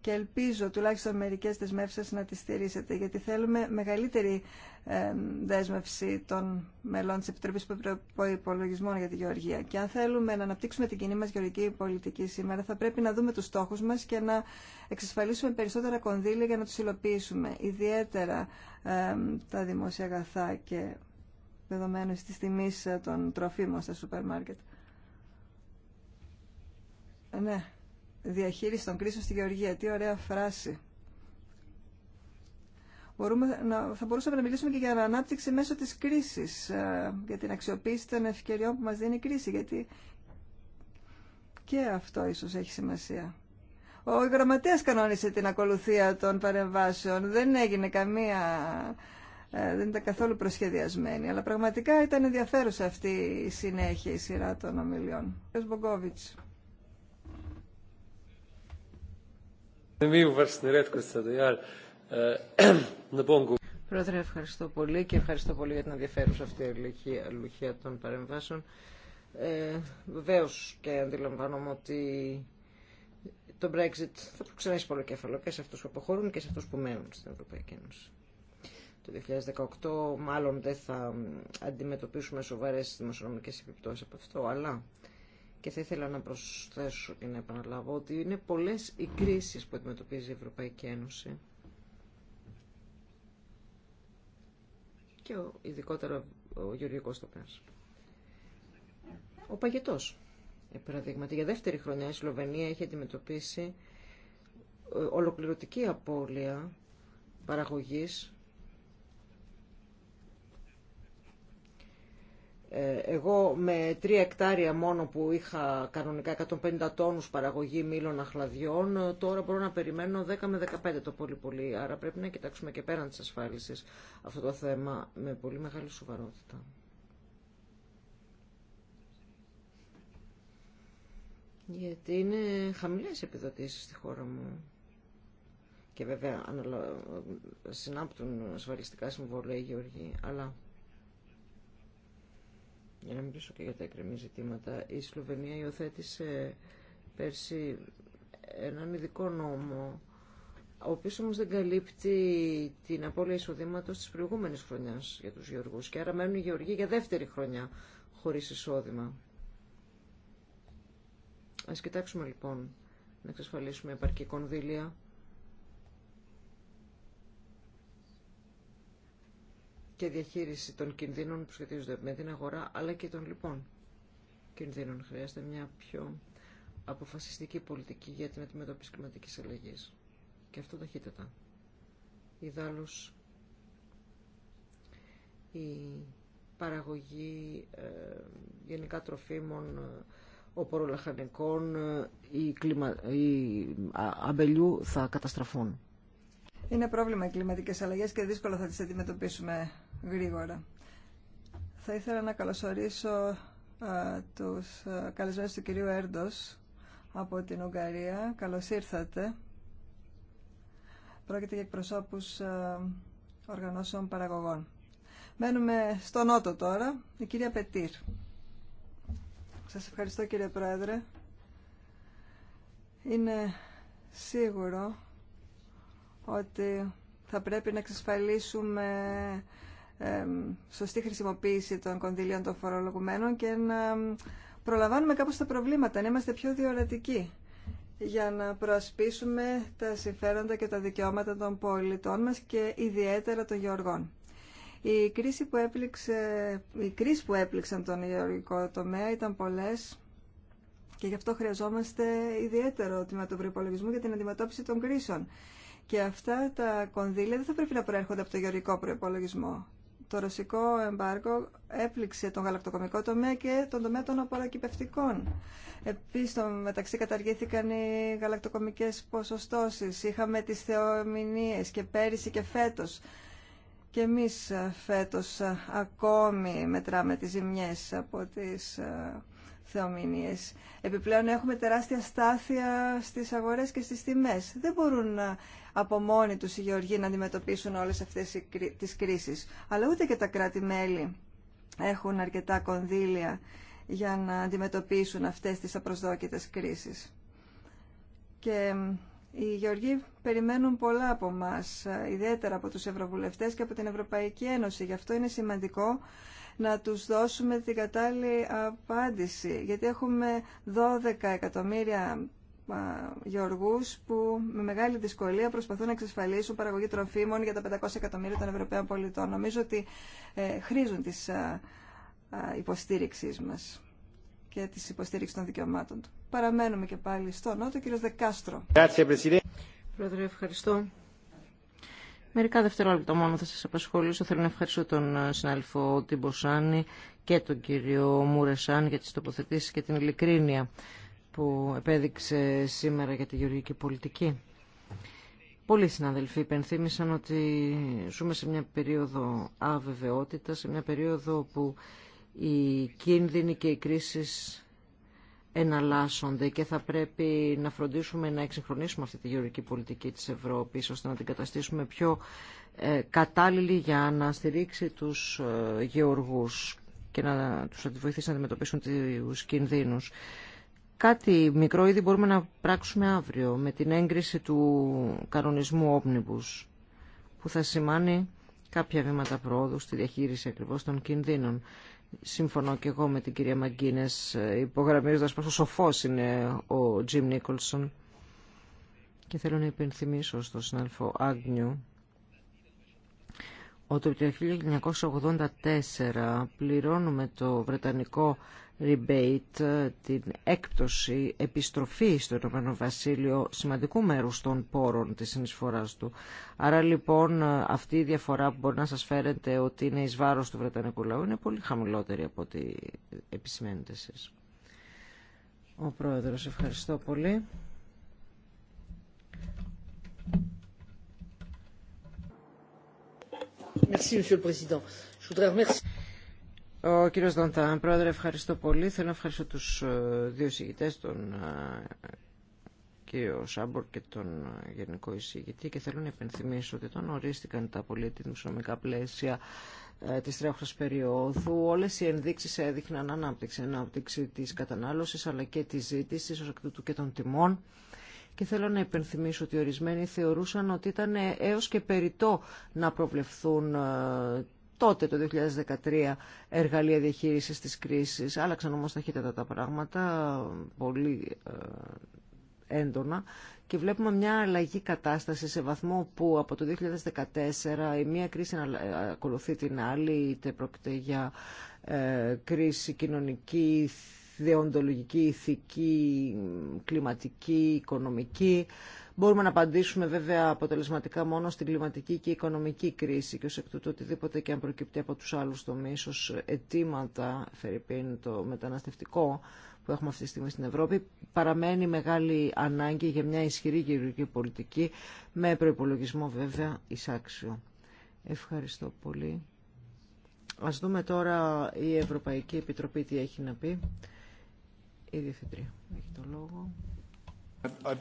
Και ελπίζω τουλάχιστον μερικές δεσμεύσεις να τις στηρίσετε, γιατί θέλουμε μεγαλύτερη ε, δέσμευση των μελών της Επιτροπής Προϋπολογισμών για τη Γεωργία. Και αν θέλουμε να αναπτύξουμε την κοινή μας γεωργική πολιτική σήμερα, θα πρέπει να δούμε τους στόχους μας και να εξασφαλίσουμε περισσότερα κονδύλια για να τους υλοποιήσουμε, ιδιαίτερα τα δημόσια αγαθά και δεδομένου της τιμή ε, των τροφίμων στα σούπερ μάρκετ. Ε, ναι, διαχείριση των κρίσεων στη Γεωργία. Τι ωραία φράση. να, θα μπορούσαμε να μιλήσουμε και για ανάπτυξη μέσω της κρίσης, ε, για την αξιοποίηση των ευκαιριών που μας δίνει η κρίση, γιατί και αυτό ίσως έχει σημασία. Ο γραμματέας κανόνισε την ακολουθία των παρεμβάσεων. Δεν έγινε καμία ε, δεν ήταν καθόλου προσχεδιασμένη. Αλλά πραγματικά ήταν ενδιαφέρουσα αυτή η συνέχεια, η σειρά των ομιλιών. Μπογκόβιτς. Πρόεδρε, ευχαριστώ πολύ και ευχαριστώ πολύ για την ενδιαφέρουσα αυτή η αλουχία των παρεμβάσεων. Ε, Βεβαίω και αντιλαμβάνομαι ότι το Brexit θα προξενήσει κεφαλό και σε αυτούς που αποχωρούν και σε αυτούς που μένουν στην Ευρωπαϊκή Ένωση το 2018 μάλλον δεν θα αντιμετωπίσουμε σοβαρές δημοσιονομικές επιπτώσεις από αυτό, αλλά και θα ήθελα να προσθέσω και να επαναλάβω ότι είναι πολλές οι κρίσεις που αντιμετωπίζει η Ευρωπαϊκή Ένωση και ο, ειδικότερα ο γεωργικός Τοπέα. Ο παγετός, παραδείγματι, για δεύτερη χρονιά η Σλοβενία έχει αντιμετωπίσει ε, ολοκληρωτική απώλεια παραγωγής Ε, εγώ με τρία εκτάρια μόνο που είχα κανονικά 150 τόνους παραγωγή μήλων αχλαδιών, τώρα μπορώ να περιμένω 10 με 15 το πολύ πολύ. Άρα πρέπει να κοιτάξουμε και πέραν της ασφάλισης αυτό το θέμα με πολύ μεγάλη σοβαρότητα. Γιατί είναι χαμηλές επιδοτήσεις στη χώρα μου. Και βέβαια συνάπτουν ασφαλιστικά συμβόλαια οι Γεωργοί, αλλά για να μιλήσω και για τα εκκρεμή ζητήματα, η Σλοβενία υιοθέτησε πέρσι έναν ειδικό νόμο, ο οποίο όμω δεν καλύπτει την απώλεια εισοδήματος τη προηγούμενη χρονιά για τους γεωργού και άρα μένουν οι γεωργοί για δεύτερη χρονιά χωρί εισόδημα. Ας κοιτάξουμε λοιπόν να εξασφαλίσουμε επαρκή κονδύλια και διαχείριση των κινδύνων που σχετίζονται με την αγορά αλλά και των λοιπόν κινδύνων. Χρειάζεται μια πιο αποφασιστική πολιτική για την αντιμετώπιση κλιματική αλλαγής. Και αυτό ταχύτατα. Ιδάλλως η παραγωγή ε, γενικά τροφίμων ε, ο πορολαχανικών, ή, ε, κλίμα, η αμπελιού θα καταστραφούν. Είναι πρόβλημα οι κλιματικέ αλλαγέ και δύσκολο θα τι αντιμετωπίσουμε γρήγορα. Θα ήθελα να καλωσορίσω α, ε, τους ε, καλεσμένους του κυρίου Έρντος από την Ουγγαρία. Καλώς ήρθατε. Πρόκειται για εκπροσώπου ε, οργανώσεων παραγωγών. Μένουμε στο Νότο τώρα, η κυρία Πετήρ. Σας ευχαριστώ κύριε Πρόεδρε. Είναι σίγουρο ότι θα πρέπει να εξασφαλίσουμε σωστή χρησιμοποίηση των κονδυλίων των φορολογουμένων και να προλαμβάνουμε κάπως τα προβλήματα, να είμαστε πιο διορατικοί για να προασπίσουμε τα συμφέροντα και τα δικαιώματα των πολιτών μας και ιδιαίτερα των γεωργών. Η κρίση που έπληξε, η κρίση που έπληξαν τον γεωργικό τομέα ήταν πολλές και γι' αυτό χρειαζόμαστε ιδιαίτερο τμήμα του προπολογισμού για την αντιμετώπιση των κρίσεων. Και αυτά τα κονδύλια δεν θα πρέπει να προέρχονται από το γεωργικό προπολογισμό. Το ρωσικό εμπάργκο έπληξε τον γαλακτοκομικό τομέα και τον τομέα των απορακυπευτικών. Επίση, μεταξύ καταργήθηκαν οι γαλακτοκομικές ποσοστώσει. Είχαμε τι θεομηνίες και πέρυσι και φέτος. Και εμεί φέτος ακόμη μετράμε τι ζημιέ από τι θεομηνίες. Επιπλέον έχουμε τεράστια στάθεια στις αγορές και στις τιμές. Δεν μπορούν από μόνοι τους οι γεωργοί να αντιμετωπίσουν όλες αυτές τις κρίσεις. Αλλά ούτε και τα κράτη-μέλη έχουν αρκετά κονδύλια για να αντιμετωπίσουν αυτές τις απροσδόκητες κρίσεις. Και οι γεωργοί περιμένουν πολλά από εμά, ιδιαίτερα από τους Ευρωβουλευτές και από την Ευρωπαϊκή Ένωση. Γι' αυτό είναι σημαντικό να τους δώσουμε την κατάλληλη απάντηση, γιατί έχουμε 12 εκατομμύρια γεωργού που με μεγάλη δυσκολία προσπαθούν να εξασφαλίσουν παραγωγή τροφίμων για τα 500 εκατομμύρια των Ευρωπαίων πολιτών. Νομίζω ότι ε, χρήζουν τη ε, ε, υποστήριξή μα και τη υποστήριξη των δικαιωμάτων του. Παραμένουμε και πάλι στο Νότο, κύριο Δεκάστρο. Πρόεδρε, ευχαριστώ. Μερικά δευτερόλεπτα μόνο θα σας απασχολήσω. Θέλω να ευχαριστώ τον συνάδελφο Τιμποσάνη και τον κύριο Μουρεσάν για τι τοποθετήσει και την ειλικρίνεια που επέδειξε σήμερα για τη γεωργική πολιτική. Πολλοί συναδελφοί υπενθύμησαν ότι ζούμε σε μια περίοδο αβεβαιότητα, σε μια περίοδο που οι κίνδυνοι και οι κρίσεις εναλλάσσονται και θα πρέπει να φροντίσουμε να εξυγχρονίσουμε αυτή τη γεωργική πολιτική της Ευρώπης ώστε να την καταστήσουμε πιο ε, κατάλληλη για να στηρίξει τους ε, γεωργούς και να τους αντιβοηθήσει να αντιμετωπίσουν τους κινδύνους. Κάτι μικρό ήδη μπορούμε να πράξουμε αύριο με την έγκριση του κανονισμού Omnibus που θα σημάνει κάποια βήματα πρόοδου στη διαχείριση ακριβώς των κινδύνων. Σύμφωνα και εγώ με την κυρία Μαγκίνες υπογραμμίζοντας πόσο σοφός είναι ο Τζιμ Νίκολσον και θέλω να υπενθυμίσω στον συνάδελφο Άγνιου ότι το 1984 πληρώνουμε το Βρετανικό rebate, ε, την έκπτωση, επιστροφή στο Ηνωμένο Βασίλειο σημαντικού μέρου των πόρων της συνεισφορά του. Άρα λοιπόν ε, αυτή η διαφορά που μπορεί να σας φέρετε ότι είναι εις βάρος του Βρετανικού λαού είναι πολύ χαμηλότερη από ό,τι επισημαίνετε εσείς. Ο Πρόεδρος, ευχαριστώ πολύ. Merci, Monsieur le Président. Je voudrais remercier... Ο κύριος Δαντάν, πρόεδρε, ευχαριστώ πολύ. Θέλω να ευχαριστώ τους ε, δύο συγητές, τον ε, κύριο Σάμπορ και τον ε, Γενικό Εισηγητή και θέλω να υπενθυμίσω ότι όταν ορίστηκαν τα πολύτιμη νομικά πλαίσια της τρέχουσας περίοδου. Όλες οι ενδείξεις έδειχναν ανάπτυξη, ανάπτυξη της κατανάλωσης αλλά και της ζήτησης ω εκ τούτου και των τιμών. Και θέλω να υπενθυμίσω ότι ορισμένοι θεωρούσαν ότι ήταν έως και περιττό να προβλεφθούν τότε το 2013 εργαλεία διαχείρισης της κρίσης. Άλλαξαν όμως ταχύτατα τα πράγματα, πολύ ε, έντονα και βλέπουμε μια αλλαγή κατάσταση σε βαθμό που από το 2014 η μία κρίση ε, ακολουθεί την άλλη, είτε πρόκειται για ε, κρίση κοινωνική, δεοντολογική, ηθική, κλιματική, οικονομική. Μπορούμε να απαντήσουμε βέβαια αποτελεσματικά μόνο στην κλιματική και οικονομική κρίση και ως εκ τούτου οτιδήποτε και αν προκύπτει από τους άλλους τομείς ως αιτήματα, Φερρυπίν, το μεταναστευτικό που έχουμε αυτή τη στιγμή στην Ευρώπη, παραμένει μεγάλη ανάγκη για μια ισχυρή γεωργική πολιτική με προπολογισμό βέβαια εισάξιο. Ευχαριστώ πολύ. Ας δούμε τώρα η Ευρωπαϊκή Επιτροπή τι έχει να πει. Η Διευθυντρία έχει το λόγο. Uh,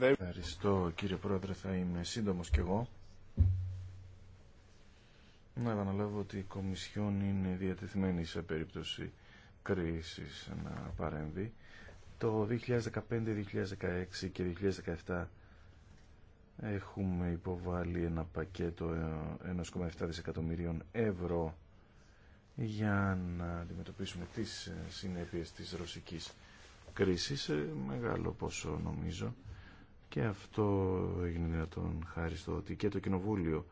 Ευχαριστώ κύριε Πρόεδρε, θα είμαι σύντομος κι εγώ. Να επαναλάβω ότι η Κομισιόν είναι διατεθειμένη σε περίπτωση κρίσης να παρέμβει. Το 2015, 2016 και 2017 έχουμε υποβάλει ένα πακέτο 1,7 ε, δισεκατομμυρίων ευρώ για να αντιμετωπίσουμε τις ε, συνέπειες της ρωσικής κρίση σε μεγάλο ποσό νομίζω και αυτό έγινε δυνατόν χάρη στο ότι και το Κοινοβούλιο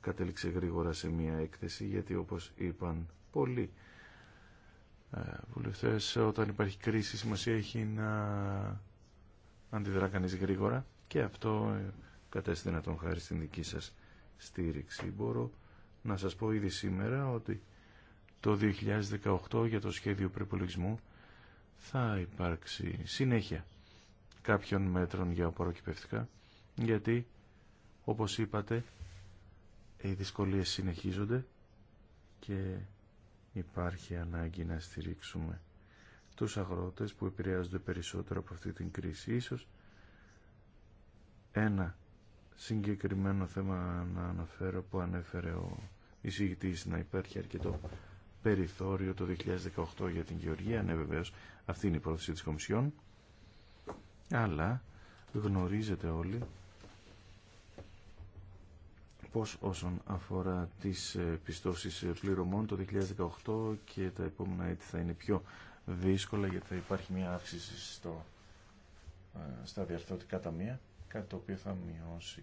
κατέληξε γρήγορα σε μια έκθεση γιατί όπως είπαν πολλοί ε, βουλευτές όταν υπάρχει κρίση σημασία έχει να αντιδρά κανείς γρήγορα και αυτό ε, κατέστη δυνατόν χάρη στην δική σας στήριξη. Μπορώ να σας πω ήδη σήμερα ότι το 2018 για το σχέδιο προπολογισμού θα υπάρξει συνέχεια κάποιων μέτρων για οπωροκυπευτικά γιατί όπως είπατε οι δυσκολίες συνεχίζονται και υπάρχει ανάγκη να στηρίξουμε τους αγρότες που επηρεάζονται περισσότερο από αυτή την κρίση. Ίσως ένα συγκεκριμένο θέμα να αναφέρω που ανέφερε ο εισηγητής να υπάρχει αρκετό περιθώριο το 2018 για την Γεωργία. Ναι, βεβαίω αυτή είναι η πρόθεση της Κομισιόν. Αλλά γνωρίζετε όλοι πως όσον αφορά τις ε, πιστώσεις ε, πληρωμών το 2018 και τα επόμενα έτη θα είναι πιο δύσκολα γιατί θα υπάρχει μια αύξηση στο, ε, στα διαρθρωτικά ταμεία κάτι το οποίο θα μειώσει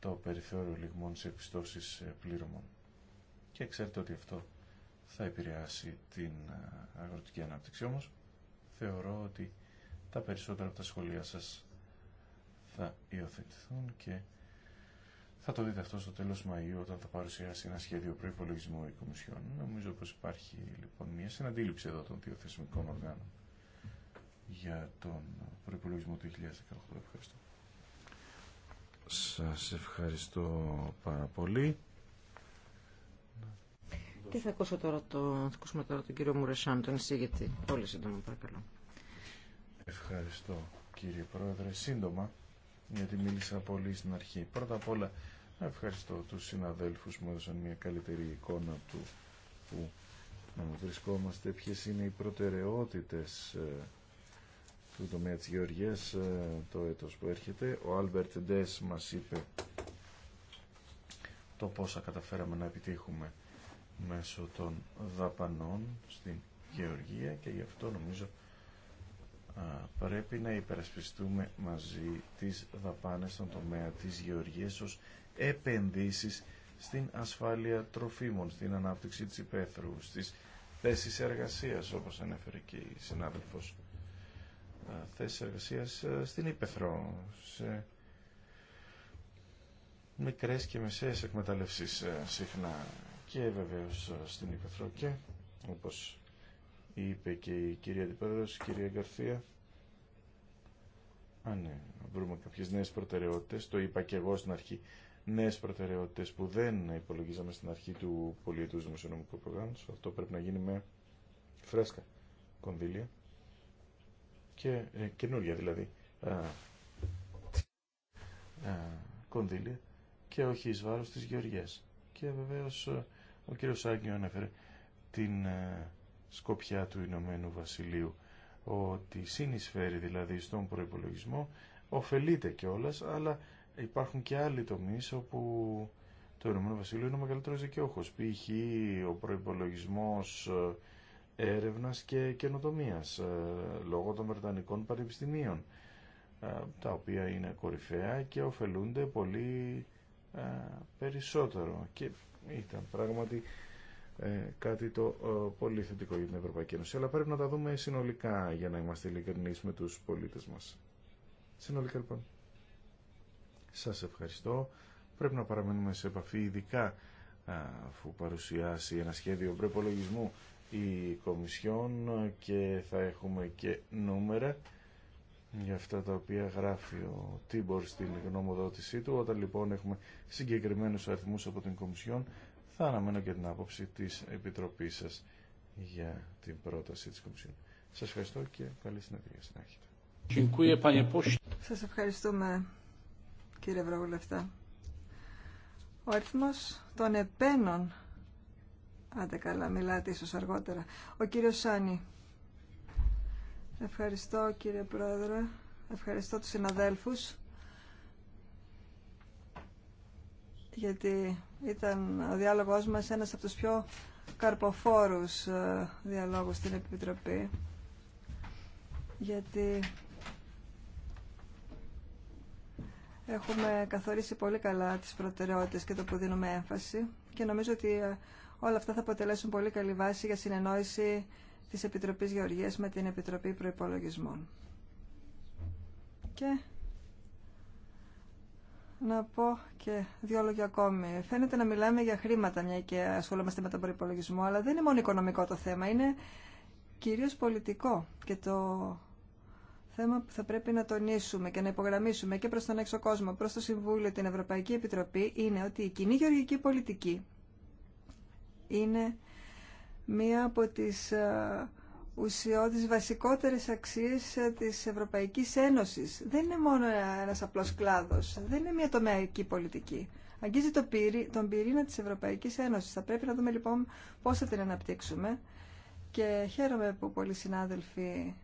το περιθώριο λιγμών σε πιστώσεις πληρωμών. Και ξέρετε ότι αυτό θα επηρεάσει την ε, αγροτική ανάπτυξη. Όμως θεωρώ ότι τα περισσότερα από τα σχολεία σας θα υιοθετηθούν και θα το δείτε αυτό στο τέλος Μαΐου όταν θα παρουσιάσει ένα σχέδιο προϋπολογισμού η Κομισιόν. Νομίζω πως υπάρχει λοιπόν μια συναντήληψη εδώ των δύο θεσμικών οργάνων για τον προϋπολογισμό του 2018. Ευχαριστώ. Σας ευχαριστώ πάρα πολύ. Τι θα ακούσω τώρα το, θα ακούσουμε τώρα τον κύριο Μουρεσάν, τον εισηγητή. Πολύ σύντομα, παρακαλώ. Ευχαριστώ κύριε Πρόεδρε. Σύντομα, γιατί μίλησα πολύ στην αρχή. Πρώτα απ' όλα, ευχαριστώ τους συναδέλφους που μου έδωσαν μια καλύτερη εικόνα του που βρισκόμαστε, ποιες είναι οι προτεραιότητες ε, του τομέα της Γεωργίας ε, το έτος που έρχεται. Ο Άλμπερτ Ντές μας είπε το πόσα καταφέραμε να επιτύχουμε μέσω των δαπανών στην Γεωργία και γι' αυτό νομίζω πρέπει να υπερασπιστούμε μαζί τις δαπάνες στον τομέα της γεωργίας ως επενδύσεις στην ασφάλεια τροφίμων, στην ανάπτυξη της υπαίθρου, στις θέσεις εργασίας όπως ανέφερε και η συνάδελφος θέσεις εργασίας στην υπαίθρο σε μικρές και μεσαίες εκμεταλλεύσεις συχνά και βεβαίω ε, στην Υπεθρό όπω όπως είπε και η κυρία Αντιπρόεδρος, η κυρία Γκαρθία Α, ναι, βρούμε κάποιες νέες προτεραιότητες, το είπα και εγώ στην αρχή, νέες προτεραιότητες που δεν υπολογίζαμε στην αρχή του πολιετού δημοσιονομικού προγράμματος. Αυτό πρέπει να γίνει με φρέσκα κονδύλια και ε, καινούργια δηλαδή α, ε, α, ε, κονδύλια και όχι εις βάρος της Και βεβαίω ο κύριος Σάγκιο ανέφερε την ε, σκοπιά του Ηνωμένου Βασιλείου ότι συνεισφέρει δηλαδή στον προϋπολογισμό ωφελείται κιόλα, αλλά υπάρχουν και άλλοι τομείς όπου το Ηνωμένο Βασίλειο είναι ο μεγαλύτερος δικαιώχος π.χ. ο προϋπολογισμός ε, έρευνας και καινοτομίας ε, λόγω των Βρετανικών Πανεπιστημίων τα οποία είναι κορυφαία και ωφελούνται πολύ περισσότερο και ήταν πράγματι ε, κάτι το ε, πολύ θετικό για την Ευρωπαϊκή Ένωση. Αλλά πρέπει να τα δούμε συνολικά για να είμαστε ειλικρινεί με τους πολίτες μας. Συνολικά λοιπόν. Σας ευχαριστώ. Πρέπει να παραμένουμε σε επαφή ειδικά αφού παρουσιάσει ένα σχέδιο προπολογισμού η Κομισιόν και θα έχουμε και νούμερα για αυτά τα οποία γράφει ο Τίμπορ στην γνωμοδότησή του. Όταν λοιπόν έχουμε συγκεκριμένους αριθμούς από την Κομισιόν, θα αναμένω και την άποψη της Επιτροπής σας για την πρόταση της Κομισιόν. Σας ευχαριστώ και καλή συνεδρία Σα Σας ευχαριστούμε κύριε Ευρωβουλευτά. Ο αριθμός των επένων, άντε καλά μιλάτε ίσως αργότερα, ο κύριος Σάνι. Ευχαριστώ κύριε Πρόεδρε. Ευχαριστώ τους συναδέλφους γιατί ήταν ο διάλογός μας ένας από τους πιο καρποφόρους ε, διαλόγους στην Επιτροπή γιατί έχουμε καθορίσει πολύ καλά τις προτεραιότητες και το που δίνουμε έμφαση και νομίζω ότι ε, όλα αυτά θα αποτελέσουν πολύ καλή βάση για συνεννόηση της Επιτροπής Γεωργίας με την Επιτροπή Προϋπολογισμών. Και να πω και δύο λόγια ακόμη. Φαίνεται να μιλάμε για χρήματα, μια και ασχολούμαστε με τον προπολογισμό, αλλά δεν είναι μόνο οικονομικό το θέμα, είναι κυρίως πολιτικό. Και το θέμα που θα πρέπει να τονίσουμε και να υπογραμμίσουμε και προς τον έξω κόσμο, προς το Συμβούλιο, την Ευρωπαϊκή Επιτροπή, είναι ότι η κοινή γεωργική πολιτική είναι μία από τις ε, ουσιώδεις βασικότερες αξίες ε, της Ευρωπαϊκής Ένωσης. Δεν είναι μόνο ένας απλός κλάδος, δεν είναι μια τομεακή πολιτική. Αγγίζει το πύρι, τον πυρήνα της Ευρωπαϊκής Ένωσης. Θα πρέπει να δούμε λοιπόν πώς θα την αναπτύξουμε. Και χαίρομαι που πολλοί συνάδελφοι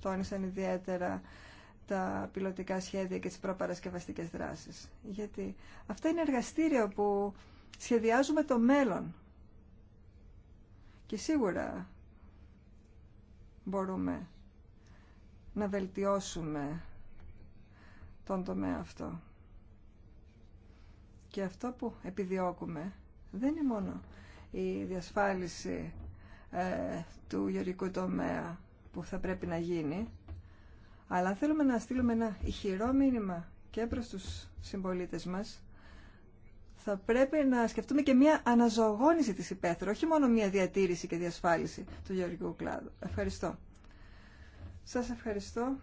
τόνισαν ιδιαίτερα τα πιλωτικά σχέδια και τις προπαρασκευαστικές δράσεις. Γιατί αυτά είναι εργαστήρια που σχεδιάζουμε το μέλλον. Και σίγουρα μπορούμε να βελτιώσουμε τον τομέα αυτό. Και αυτό που επιδιώκουμε δεν είναι μόνο η διασφάλιση ε, του γεωργικού τομέα που θα πρέπει να γίνει, αλλά θέλουμε να στείλουμε ένα ηχηρό μήνυμα και προς τους συμπολίτες μας θα πρέπει να σκεφτούμε και μια αναζωογόνηση της υπαίθρου, όχι μόνο μια διατήρηση και διασφάλιση του γεωργικού κλάδου. Ευχαριστώ. Σας ευχαριστώ.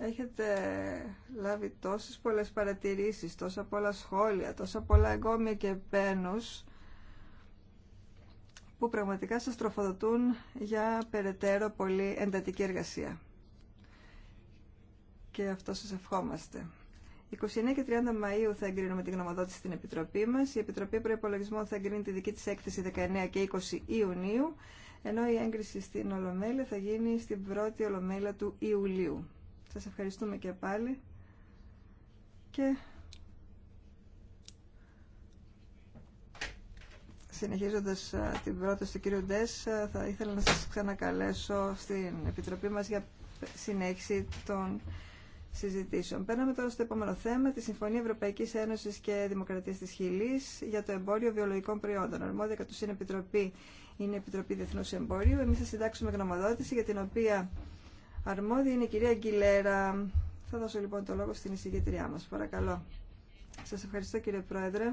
Έχετε λάβει τόσες πολλές παρατηρήσεις, τόσα πολλά σχόλια, τόσα πολλά εγκόμια και πένους που πραγματικά σας τροφοδοτούν για περαιτέρω πολύ εντατική εργασία. Και αυτό σας ευχόμαστε. 29 και 30 Μαΐου θα εγκρίνουμε την γνωμοδότηση στην Επιτροπή μας. Η Επιτροπή Προϋπολογισμών θα εγκρίνει τη δική της έκθεση 19 και 20 Ιουνίου, ενώ η έγκριση στην Ολομέλεια θα γίνει στην πρώτη Ολομέλεια του Ιουλίου. Σας ευχαριστούμε και πάλι. Και συνεχίζοντας την πρόταση του κύριου Ντές, θα ήθελα να σας ξανακαλέσω στην Επιτροπή μας για συνέχιση των συζητήσεων. τώρα στο επόμενο θέμα, τη Συμφωνία Ευρωπαϊκή Ένωση και Δημοκρατία τη Χιλή για το εμπόριο βιολογικών προϊόντων. Αρμόδια κατ' ουσίαν επιτροπή είναι η Επιτροπή Διεθνού Εμπορίου. Εμεί θα συντάξουμε γνωμοδότηση για την οποία αρμόδια είναι η κυρία Γκιλέρα. Θα δώσω λοιπόν το λόγο στην εισηγήτριά μα. Παρακαλώ. Σα ευχαριστώ κύριε Πρόεδρε.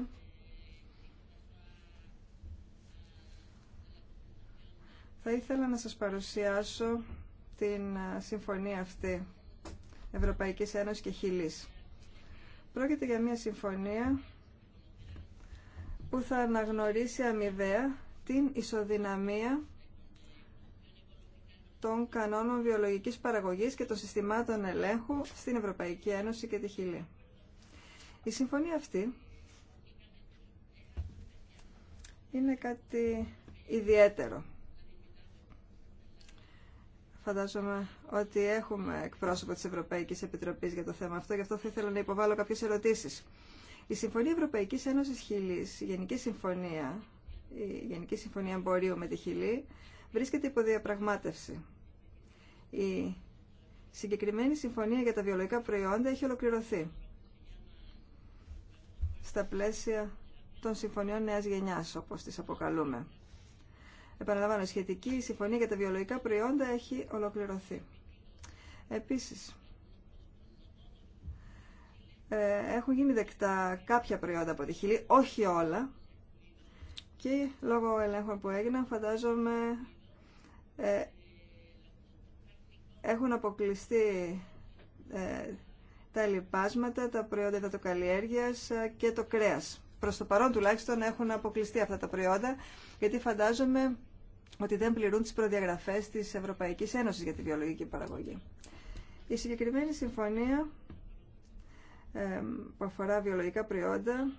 Θα ήθελα να σας παρουσιάσω την ε, συμφωνία αυτή Ευρωπαϊκής Ένωσης και Χιλής. Πρόκειται για μια συμφωνία που θα αναγνωρίσει αμοιβαία την ισοδυναμία των κανόνων βιολογικής παραγωγής και των συστημάτων ελέγχου στην Ευρωπαϊκή Ένωση και τη Χιλή. Η συμφωνία αυτή είναι κάτι ιδιαίτερο Φαντάζομαι ότι έχουμε εκπρόσωπο της Ευρωπαϊκής Επιτροπής για το θέμα αυτό, γι' αυτό θα ήθελα να υποβάλω κάποιες ερωτήσεις. Η Συμφωνία Ευρωπαϊκής Ένωσης Χιλής, η Γενική Συμφωνία, η Γενική Συμφωνία Εμπορίου με τη Χιλή, βρίσκεται υπό διαπραγμάτευση. Η συγκεκριμένη συμφωνία για τα βιολογικά προϊόντα έχει ολοκληρωθεί στα πλαίσια των συμφωνιών νέας γενιάς, όπως τις αποκαλούμε. Επαναλαμβάνω, σχετική συμφωνία για τα βιολογικά προϊόντα έχει ολοκληρωθεί. Επίσης, ε, έχουν γίνει δεκτά κάποια προϊόντα από τη Χιλή, όχι όλα. Και λόγω ελέγχων που έγιναν, φαντάζομαι ε, έχουν αποκλειστεί ε, τα λοιπάσματα, τα προϊόντα υδατοκαλλιέργειας ε, και το κρέας. Προς το παρόν τουλάχιστον έχουν αποκλειστεί αυτά τα προϊόντα, γιατί φαντάζομαι ότι δεν πληρούν τις προδιαγραφές της Ευρωπαϊκής Ένωσης για τη βιολογική παραγωγή. Η συγκεκριμένη συμφωνία ε, που αφορά βιολογικά προϊόντα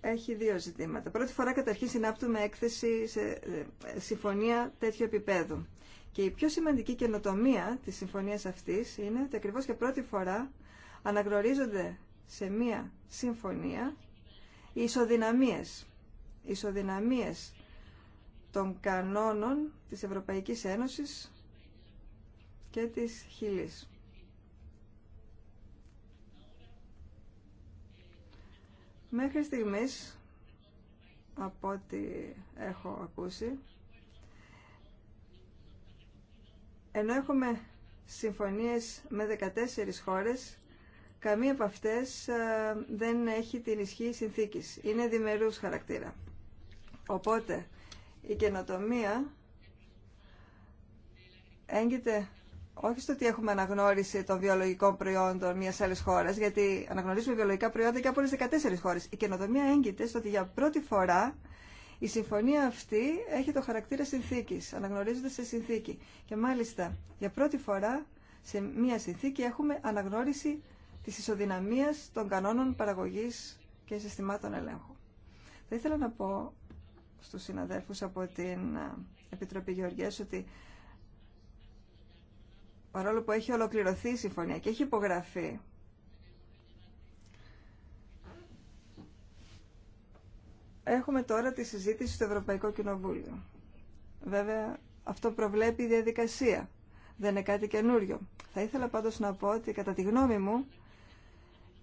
έχει δύο ζητήματα. Πρώτη φορά καταρχήν συνάπτουμε έκθεση σε ε, συμφωνία τέτοιου επίπεδου. Και η πιο σημαντική καινοτομία της συμφωνίας αυτής είναι ότι ακριβώς και πρώτη φορά αναγνωρίζονται σε μία συμφωνία οι ισοδυναμίες. ισοδυναμίες των κανόνων της Ευρωπαϊκής Ένωσης και της Χιλής. Μέχρι στιγμής, από ό,τι έχω ακούσει, ενώ έχουμε συμφωνίες με 14 χώρες, καμία από αυτές ε, δεν έχει την ισχύ συνθήκης. Είναι διμερούς χαρακτήρα. Οπότε, η καινοτομία έγκυται όχι στο ότι έχουμε αναγνώριση των βιολογικών προϊόντων μια άλλη χώρα, γιατί αναγνωρίζουμε βιολογικά προϊόντα και από όλε 14 χώρε. Η καινοτομία έγκυται στο ότι για πρώτη φορά η συμφωνία αυτή έχει το χαρακτήρα συνθήκη. Αναγνωρίζεται σε συνθήκη. Και μάλιστα για πρώτη φορά σε μια συνθήκη έχουμε αναγνώριση τη ισοδυναμία των κανόνων παραγωγή και συστημάτων ελέγχου. Θα ήθελα να πω στους συναδέλφους από την ε, Επιτροπή Γεωργίας ότι παρόλο που έχει ολοκληρωθεί η συμφωνία και έχει υπογραφεί έχουμε τώρα τη συζήτηση στο Ευρωπαϊκό Κοινοβούλιο. Βέβαια, αυτό προβλέπει η διαδικασία. Δεν είναι κάτι καινούριο. Θα ήθελα πάντως να πω ότι κατά τη γνώμη μου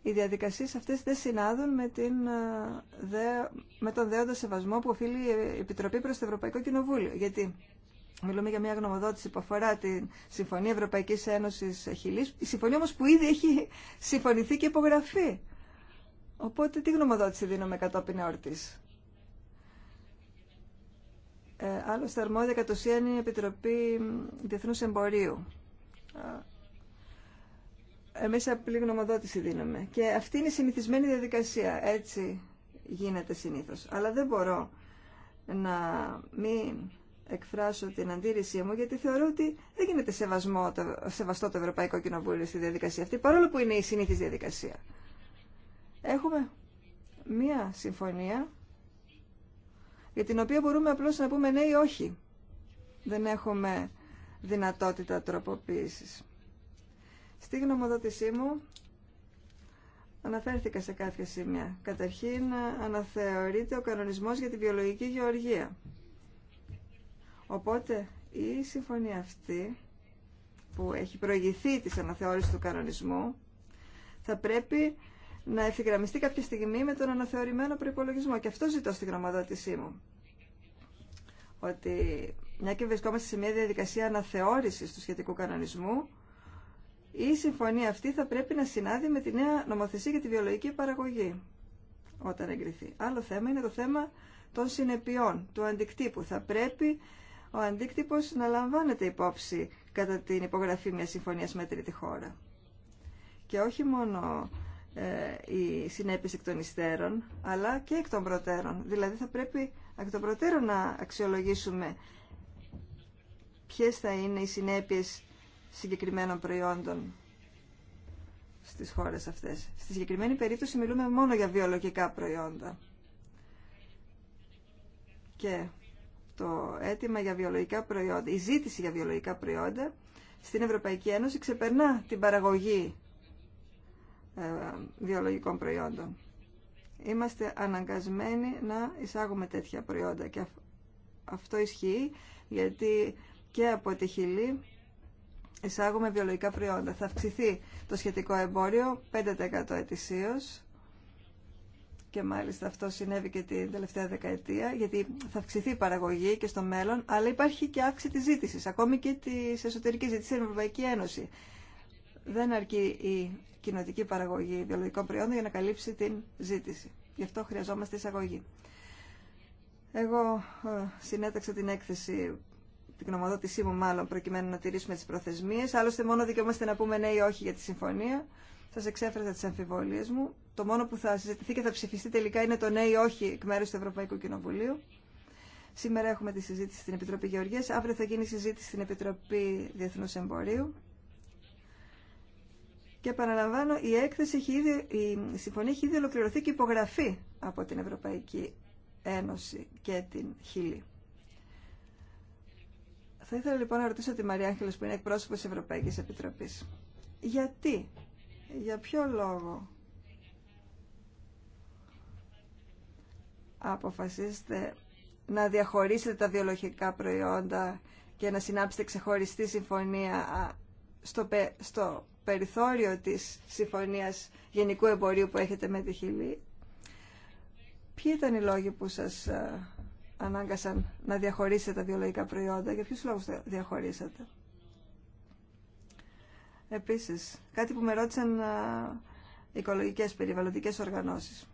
οι διαδικασίες αυτές δεν συνάδουν με, την, ε, με τον δέοντα σεβασμό που οφείλει η Επιτροπή προς το Ευρωπαϊκό Κοινοβούλιο. Γιατί μιλούμε για μια γνωμοδότηση που αφορά την Συμφωνία Ευρωπαϊκής Ένωσης Χιλής, η συμφωνία όμως που ήδη έχει συμφωνηθεί και υπογραφεί. Οπότε τι γνωμοδότηση δίνουμε κατόπιν εορτής. Ε, άλλωστε αρμόδια κατ' ουσίαν είναι η Επιτροπή Διεθνούς Εμπορίου εμείς απλή γνωμοδότηση δίνουμε. Και αυτή είναι η συνηθισμένη διαδικασία. Έτσι γίνεται συνήθως. Αλλά δεν μπορώ να μην εκφράσω την αντίρρησή μου, γιατί θεωρώ ότι δεν γίνεται σεβασμό, σεβαστό το Ευρωπαϊκό Κοινοβούλιο στη διαδικασία αυτή, παρόλο που είναι η συνήθις διαδικασία. Έχουμε μία συμφωνία για την οποία μπορούμε απλώς να πούμε ναι ή όχι. Δεν έχουμε δυνατότητα τροποποίησης. Στη γνωμοδότησή μου αναφέρθηκα σε κάποια σημεία. Καταρχήν αναθεωρείται ο κανονισμός για τη βιολογική γεωργία. Οπότε η συμφωνία αυτή που έχει προηγηθεί της αναθεώρησης του κανονισμού θα πρέπει να ευθυγραμμιστεί κάποια στιγμή με τον αναθεωρημένο προπολογισμό. Και αυτό ζητώ στη γνωμοδότησή μου. Ότι μια και βρισκόμαστε σε μια διαδικασία αναθεώρησης του σχετικού κανονισμού, η συμφωνία αυτή θα πρέπει να συνάδει με τη νέα νομοθεσία για τη βιολογική παραγωγή όταν εγκριθεί. Άλλο θέμα είναι το θέμα των συνεπειών, του αντικτύπου. Θα πρέπει ο αντίκτυπος να λαμβάνεται υπόψη κατά την υπογραφή μιας συμφωνίας με τρίτη χώρα. Και όχι μόνο ε, οι συνέπειες εκ των υστέρων, αλλά και εκ των προτέρων. Δηλαδή θα πρέπει εκ των προτέρων να αξιολογήσουμε ποιες θα είναι οι συνέπειες συγκεκριμένων προϊόντων στις χώρες αυτές. Στη συγκεκριμένη περίπτωση μιλούμε μόνο για βιολογικά προϊόντα. Και το αίτημα για βιολογικά προϊόντα, η ζήτηση για βιολογικά προϊόντα στην Ευρωπαϊκή Ένωση ξεπερνά την παραγωγή ε, βιολογικών προϊόντων. Είμαστε αναγκασμένοι να εισάγουμε τέτοια προϊόντα και αυτό ισχύει γιατί και από τη Χιλή εισάγουμε βιολογικά προϊόντα. Θα αυξηθεί το σχετικό εμπόριο 5% ετησίως και μάλιστα αυτό συνέβη και την τελευταία δεκαετία, γιατί θα αυξηθεί η παραγωγή και στο μέλλον, αλλά υπάρχει και αύξηση τη ζήτηση, ακόμη και τη εσωτερική ζήτηση στην Ευρωπαϊκή Ένωση. Δεν αρκεί η κοινοτική παραγωγή βιολογικών προϊόντων για να καλύψει την ζήτηση. Γι' αυτό χρειαζόμαστε εισαγωγή. Εγώ ε, συνέταξα την έκθεση την γνωμοδότησή μου μάλλον προκειμένου να τηρήσουμε τις προθεσμίες. Άλλωστε μόνο δικαιούμαστε να πούμε ναι ή όχι για τη συμφωνία. Σας εξέφρασα τις αμφιβολίες μου. Το μόνο που θα συζητηθεί και θα ψηφιστεί τελικά είναι το ναι ή όχι εκ μέρους του Ευρωπαϊκού Κοινοβουλίου. Σήμερα έχουμε τη συζήτηση στην Επιτροπή Γεωργίας. Αύριο θα γίνει η συζήτηση στην Επιτροπή Διεθνούς Εμπορίου. Και επαναλαμβάνω, η, έκθεση έχει ήδη, η συμφωνία έχει ήδη ολοκληρωθεί και επαναλαμβανω η εκθεση η συμφωνια από την Ευρωπαϊκή Ένωση και την Χίλη. Θα ήθελα λοιπόν να ρωτήσω τη Μαρία Άγγελος που είναι εκπρόσωπο τη Ευρωπαϊκή Επιτροπή. Γιατί, για ποιο λόγο αποφασίσετε να διαχωρίσετε τα βιολογικά προϊόντα και να συνάψετε ξεχωριστή συμφωνία στο, στο περιθώριο της συμφωνίας γενικού εμπορίου που έχετε με τη Χιλή. Ποιοι ήταν οι λόγοι που σας ανάγκασαν να διαχωρίσετε τα βιολογικά προϊόντα. Για ποιους λόγους τα διαχωρίσατε. Επίσης, κάτι που με ρώτησαν οικολογικές περιβαλλοντικές οργανώσεις.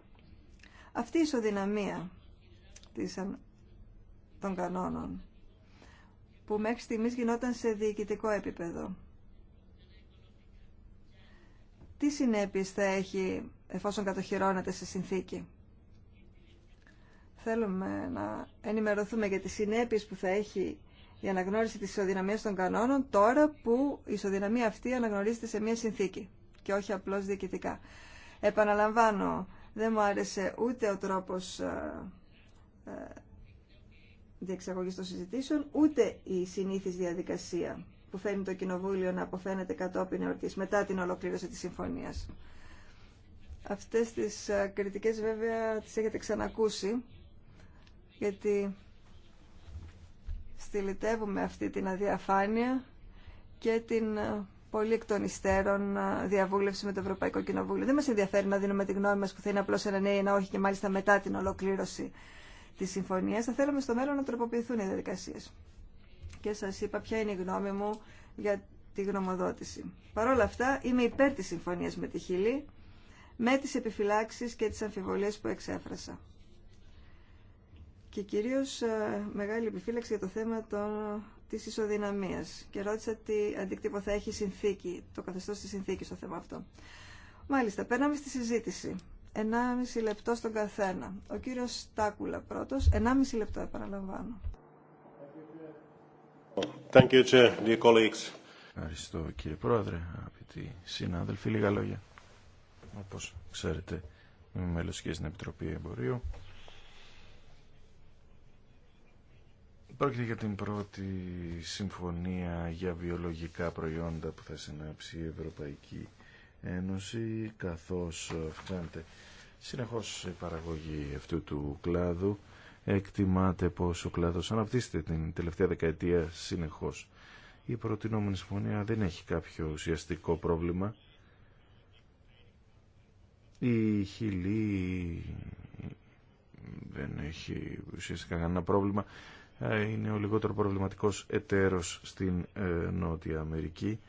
Αυτή η ισοδυναμία της, των κανόνων που μέχρι στιγμής γινόταν σε διοικητικό επίπεδο. Τι συνέπειες θα έχει εφόσον κατοχυρώνεται σε συνθήκη θέλουμε να ενημερωθούμε για τις συνέπειες που θα έχει η αναγνώριση της ισοδυναμίας των κανόνων τώρα που η ισοδυναμία αυτή αναγνωρίζεται σε μια συνθήκη και όχι απλώς διοικητικά. Επαναλαμβάνω, δεν μου άρεσε ούτε ο τρόπος ε, ε, διεξαγωγής των συζητήσεων, ούτε η συνήθις διαδικασία που φέρνει το Κοινοβούλιο να αποφαίνεται κατόπιν εορτής μετά την ολοκλήρωση της συμφωνίας. Αυτές τις ε, κριτικές βέβαια τις έχετε ξανακούσει γιατί στυλιτεύουμε αυτή την αδιαφάνεια και την ε, πολύ εκ των υστέρων ε, διαβούλευση με το Ευρωπαϊκό Κοινοβούλιο. Δεν μας ενδιαφέρει να δίνουμε τη γνώμη μας που θα είναι απλώς ένα ναι ή ένα όχι και μάλιστα μετά την ολοκλήρωση της συμφωνίας. Θα θέλουμε στο μέλλον να τροποποιηθούν οι διαδικασίες. Και σας είπα ποια είναι η γνώμη μου για τη γνωμοδότηση. Παρ' όλα αυτά είμαι υπέρ της συμφωνίας με τη Χιλή με τις επιφυλάξεις και τις αμφιβολίες που εξέφρασα και κυρίως ε, μεγάλη επιφύλαξη για το θέμα των, της ισοδυναμίας και ρώτησα τι αντίκτυπο θα έχει συνθήκη, το καθεστώς της συνθήκης στο θέμα αυτό. Μάλιστα, παίρναμε στη συζήτηση. 1,5 λεπτό στον καθένα. Ο κύριος Στάκουλα πρώτος, 1,5 λεπτό επαναλαμβάνω. Thank you, Chair, dear colleagues. Ευχαριστώ κύριε Πρόεδρε, αγαπητοί συνάδελφοι, λίγα λόγια. Όπως ξέρετε, είμαι μέλος και στην Επιτροπή Εμπορίου Πρόκειται για την πρώτη συμφωνία για βιολογικά προϊόντα που θα συνάψει η Ευρωπαϊκή Ένωση καθώς φτάνεται συνεχώς η παραγωγή αυτού του κλάδου εκτιμάται πως ο κλάδος αναπτύσσεται την τελευταία δεκαετία συνεχώς. Η προτινόμενη συμφωνία δεν έχει κάποιο ουσιαστικό πρόβλημα. Η χιλή δεν έχει ουσιαστικά κανένα πρόβλημα. Ε, είναι ο λιγότερο προβληματικός εταίρος στην ε, Νότια Αμερική.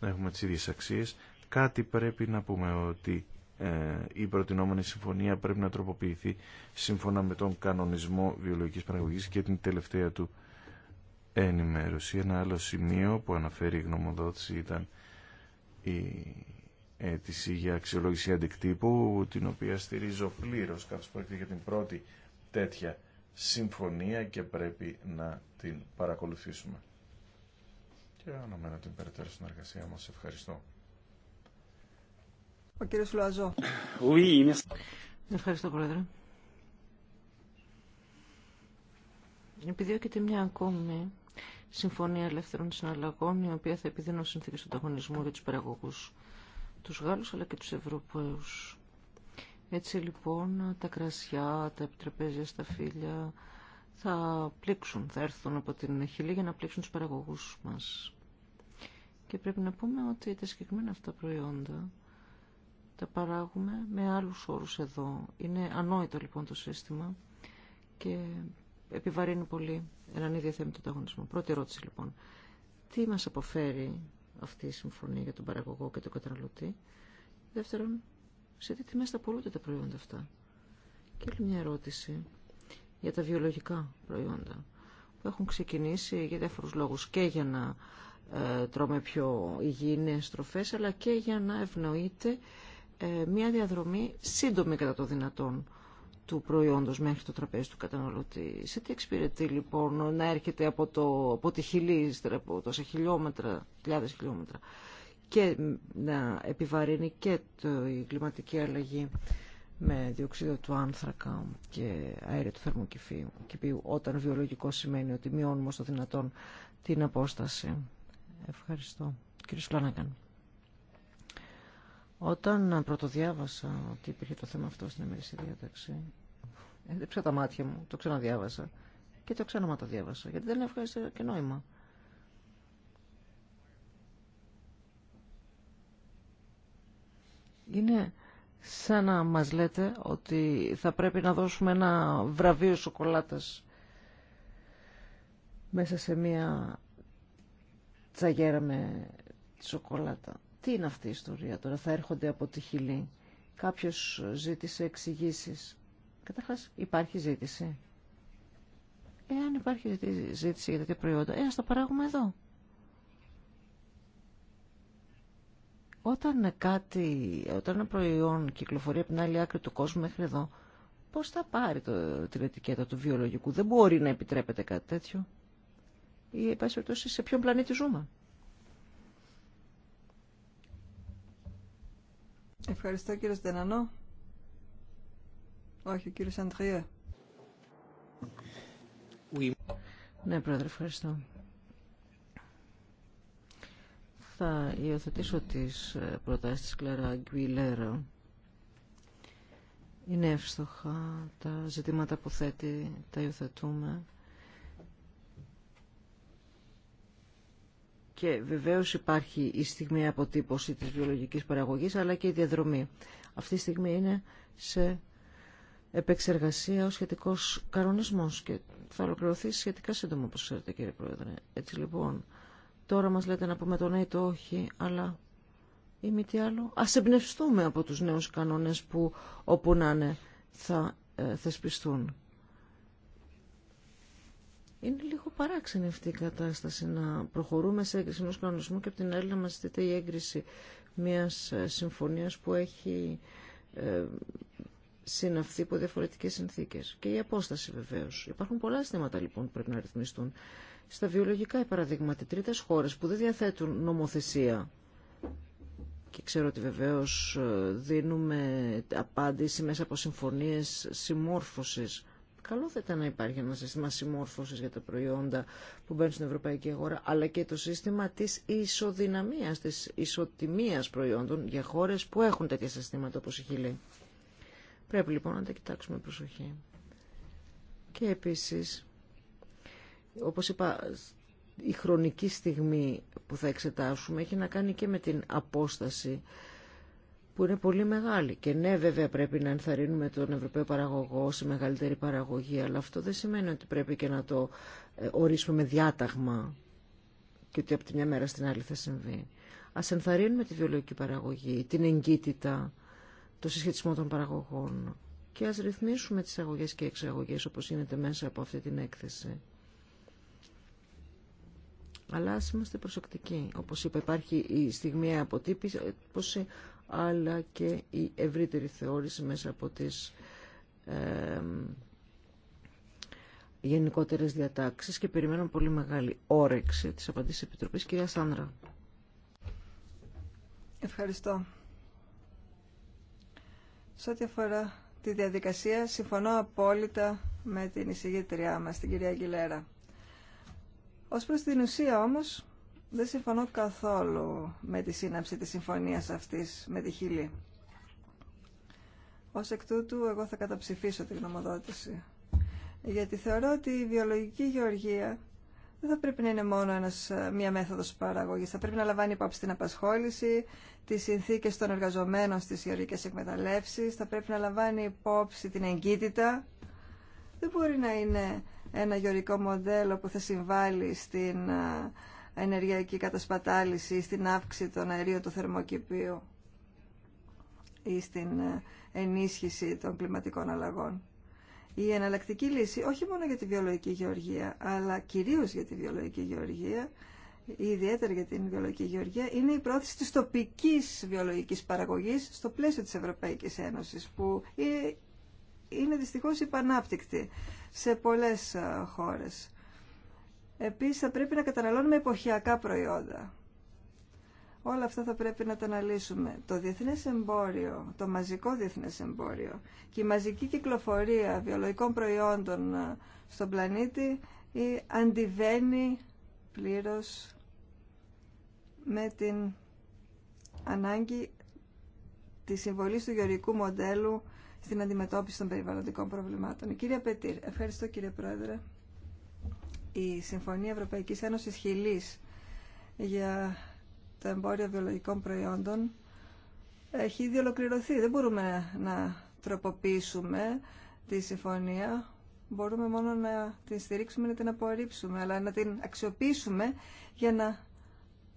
να Έχουμε τις ίδιες αξίες. Κάτι πρέπει να πούμε ότι ε, η προτινόμενη συμφωνία πρέπει να τροποποιηθεί σύμφωνα με τον κανονισμό βιολογικής παραγωγής και την τελευταία του ενημέρωση. Ένα άλλο σημείο που αναφέρει η γνωμοδότηση ήταν η αίτηση για αξιολόγηση αντικτύπου, την οποία στηρίζω πλήρως καθώς πρόκειται για την πρώτη τέτοια συμφωνία και πρέπει να την παρακολουθήσουμε. Και αναμένω την περαιτέρω συνεργασία μας. Ευχαριστώ. Ο κύριος Λουαζό. Ευχαριστώ, Πρόεδρε. Επιδιώκεται μια ακόμη συμφωνία ελεύθερων συναλλαγών, η οποία θα επιδεινώσει συνθήκες ανταγωνισμού για τους παραγωγούς, τους Γάλλους αλλά και τους Ευρωπαίους έτσι λοιπόν τα κρασιά, τα επιτραπέζια στα φίλια θα πλήξουν, θα έρθουν από την χειλή για να πλήξουν τους παραγωγούς μας. Και πρέπει να πούμε ότι τα συγκεκριμένα αυτά προϊόντα τα παράγουμε με άλλους όρους εδώ. Είναι ανόητο λοιπόν το σύστημα και επιβαρύνει πολύ έναν ίδιο θέμα του ανταγωνισμού. Πρώτη ερώτηση λοιπόν. Τι μας αποφέρει αυτή η συμφωνία για τον παραγωγό και τον καταναλωτή. Δεύτερον, σε τι τιμές θα πολλούνται τα προϊόντα αυτά. Και άλλη μια ερώτηση για τα βιολογικά προϊόντα που έχουν ξεκινήσει για διάφορους λόγους και για να ε, τρώμε πιο υγιεινές τροφές αλλά και για να ευνοείται ε, μια διαδρομή σύντομη κατά το δυνατόν του προϊόντος μέχρι το τραπέζι του καταναλωτή. Σε τι εξυπηρετεί λοιπόν να έρχεται από, το, από τη χιλή, από τόσα χιλιόμετρα, χιλιάδες χιλιόμετρα και να επιβαρύνει και το, η κλιματική αλλαγή με διοξείδιο του άνθρακα και αέριο του θερμοκηπίου, όταν βιολογικό σημαίνει ότι μειώνουμε όσο δυνατόν την απόσταση. Ευχαριστώ. Κύριε Σουλάνακαν. Όταν πρωτοδιάβασα ότι υπήρχε το θέμα αυτό στην εμερική διάταξη, έδειψα τα μάτια μου, το ξαναδιάβασα και το διάβασα. γιατί δεν ευχαριστώ και νόημα. Είναι σαν να μας λέτε ότι θα πρέπει να δώσουμε ένα βραβείο σοκολάτας μέσα σε μία τσαγέρα με σοκολάτα. Τι είναι αυτή η ιστορία τώρα, θα έρχονται από τη χιλή. Κάποιος ζήτησε εξηγήσει. Καταρχάς υπάρχει ζήτηση. Εάν υπάρχει ζήτηση για τέτοια προϊόντα, ε, ας τα παράγουμε εδώ. Όταν, κάτι, όταν ένα προϊόν κυκλοφορεί από την άλλη άκρη του κόσμου μέχρι εδώ, πώς θα πάρει το, την ετικέτα του βιολογικού. Δεν μπορεί να επιτρέπεται κάτι τέτοιο. Ή, πάση περιπτώσει, σε ποιον πλανήτη ζούμε. Ευχαριστώ κύριε Στενανό. Όχι, ο κύριος Oui. Ναι, πρόεδρε, ευχαριστώ θα υιοθετήσω τις ε, προτάσεις της Κλέρα Αγγουιλέρα. Είναι εύστοχα τα ζητήματα που θέτει, τα υιοθετούμε. Και βεβαίως υπάρχει η στιγμή αποτύπωση της βιολογικής παραγωγής, αλλά και η διαδρομή. Αυτή η στιγμή είναι σε επεξεργασία ο σχετικός κανονισμός και θα ολοκληρωθεί σχετικά σύντομα, όπως ξέρετε κύριε Πρόεδρε. Έτσι λοιπόν... Τώρα μας λέτε να πούμε το ναι ή το όχι, αλλά ή μη τι άλλο. Ας εμπνευστούμε από τους νέους κανόνες που όπου να είναι θα ε, θεσπιστούν. Είναι λίγο παράξενη αυτή η κατάσταση να προχωρούμε σε έγκριση ενός κανονισμού και από την άλλη να μας δείτε η έγκριση μιας ε, συμφωνίας που έχει ε, συναυθεί από διαφορετικές συνθήκες. Και η απόσταση βεβαίως. Υπάρχουν πολλά αισθήματα λοιπόν που πρέπει να ρυθμιστούν στα βιολογικά παραδείγματα τρίτες χώρες που δεν διαθέτουν νομοθεσία και ξέρω ότι βεβαίως ε, δίνουμε απάντηση μέσα από συμφωνίες συμμόρφωσης. Καλό θα ήταν να υπάρχει ένα σύστημα συμμόρφωσης για τα προϊόντα που μπαίνουν στην ευρωπαϊκή αγορά, αλλά και το σύστημα της ισοδυναμίας, τη ισοτιμία προϊόντων για χώρε που έχουν τέτοια συστήματα όπω η Χιλή. Πρέπει λοιπόν να τα κοιτάξουμε προσοχή. Και επίσης όπως είπα, η χρονική στιγμή που θα εξετάσουμε έχει να κάνει και με την απόσταση που είναι πολύ μεγάλη. Και ναι, βέβαια πρέπει να ενθαρρύνουμε τον Ευρωπαίο παραγωγό σε μεγαλύτερη παραγωγή, αλλά αυτό δεν σημαίνει ότι πρέπει και να το ε, ορίσουμε με διάταγμα και ότι από τη μια μέρα στην άλλη θα συμβεί. Ας ενθαρρύνουμε τη βιολογική παραγωγή, την εγκύτητα, το συσχετισμό των παραγωγών και ας ρυθμίσουμε τις αγωγές και εξαγωγές όπως γίνεται μέσα από αυτή την έκθεση. Αλλά ας είμαστε προσεκτικοί. Όπως είπα, υπάρχει η στιγμιαία αποτύπωση, αλλά και η ευρύτερη θεώρηση μέσα από τις ε, γενικότερες διατάξεις και περιμένω πολύ μεγάλη όρεξη της απαντήσεις Επιτροπής. Κυρία Σάνδρα. Ευχαριστώ. Σε ό,τι αφορά τη διαδικασία, συμφωνώ απόλυτα με την εισηγήτριά μας, την κυρία Αγγιλέρα. Ως προς την ουσία όμως δεν συμφωνώ καθόλου με τη σύναψη της συμφωνίας αυτής με τη Χιλή. Ως εκ τούτου εγώ θα καταψηφίσω τη γνωμοδότηση. Γιατί θεωρώ ότι η βιολογική γεωργία δεν θα πρέπει να είναι μόνο ένας, ε, μία μέθοδος παραγωγής. Θα πρέπει να λαμβάνει υπόψη την απασχόληση, τις συνθήκες των εργαζομένων στις γεωργικές εκμεταλλεύσεις, θα πρέπει να λαμβάνει υπόψη την εγκύτητα. Δεν μπορεί να είναι ένα γεωρικό μοντέλο που θα συμβάλλει στην ενεργειακή κατασπατάληση ή στην αύξηση των αερίων του θερμοκηπίου ή στην ενίσχυση των κλιματικών αλλαγών. Η εναλλακτική λύση, όχι μόνο για τη βιολογική γεωργία, αλλά κυρίως για τη βιολογική γεωργία, ιδιαίτερα για την βιολογική γεωργία, είναι η πρόθεση της τοπικής βιολογικής παραγωγής στο πλαίσιο της Ευρωπαϊκής Ένωσης, που ε, είναι δυστυχώς υπανάπτυκτη σε πολλές ε, χώρες. Επίσης θα πρέπει να καταναλώνουμε εποχιακά προϊόντα. Όλα αυτά θα πρέπει να τα αναλύσουμε. Το διεθνές εμπόριο, το μαζικό διεθνές εμπόριο και η μαζική κυκλοφορία βιολογικών προϊόντων ε, στον πλανήτη ή αντιβαίνει πλήρως με την ανάγκη της συμβολής του γεωργικού μοντέλου στην αντιμετώπιση των περιβαλλοντικών προβλημάτων. Κύριε κυρία Πετήρ, ευχαριστώ κύριε Πρόεδρε. Η Συμφωνία Ευρωπαϊκής Ένωσης Χιλής για το εμπόριο βιολογικών προϊόντων έχει ήδη ολοκληρωθεί. Δεν μπορούμε να τροποποιήσουμε τη συμφωνία. Μπορούμε μόνο να την στηρίξουμε, να την απορρίψουμε, αλλά να την αξιοποιήσουμε για να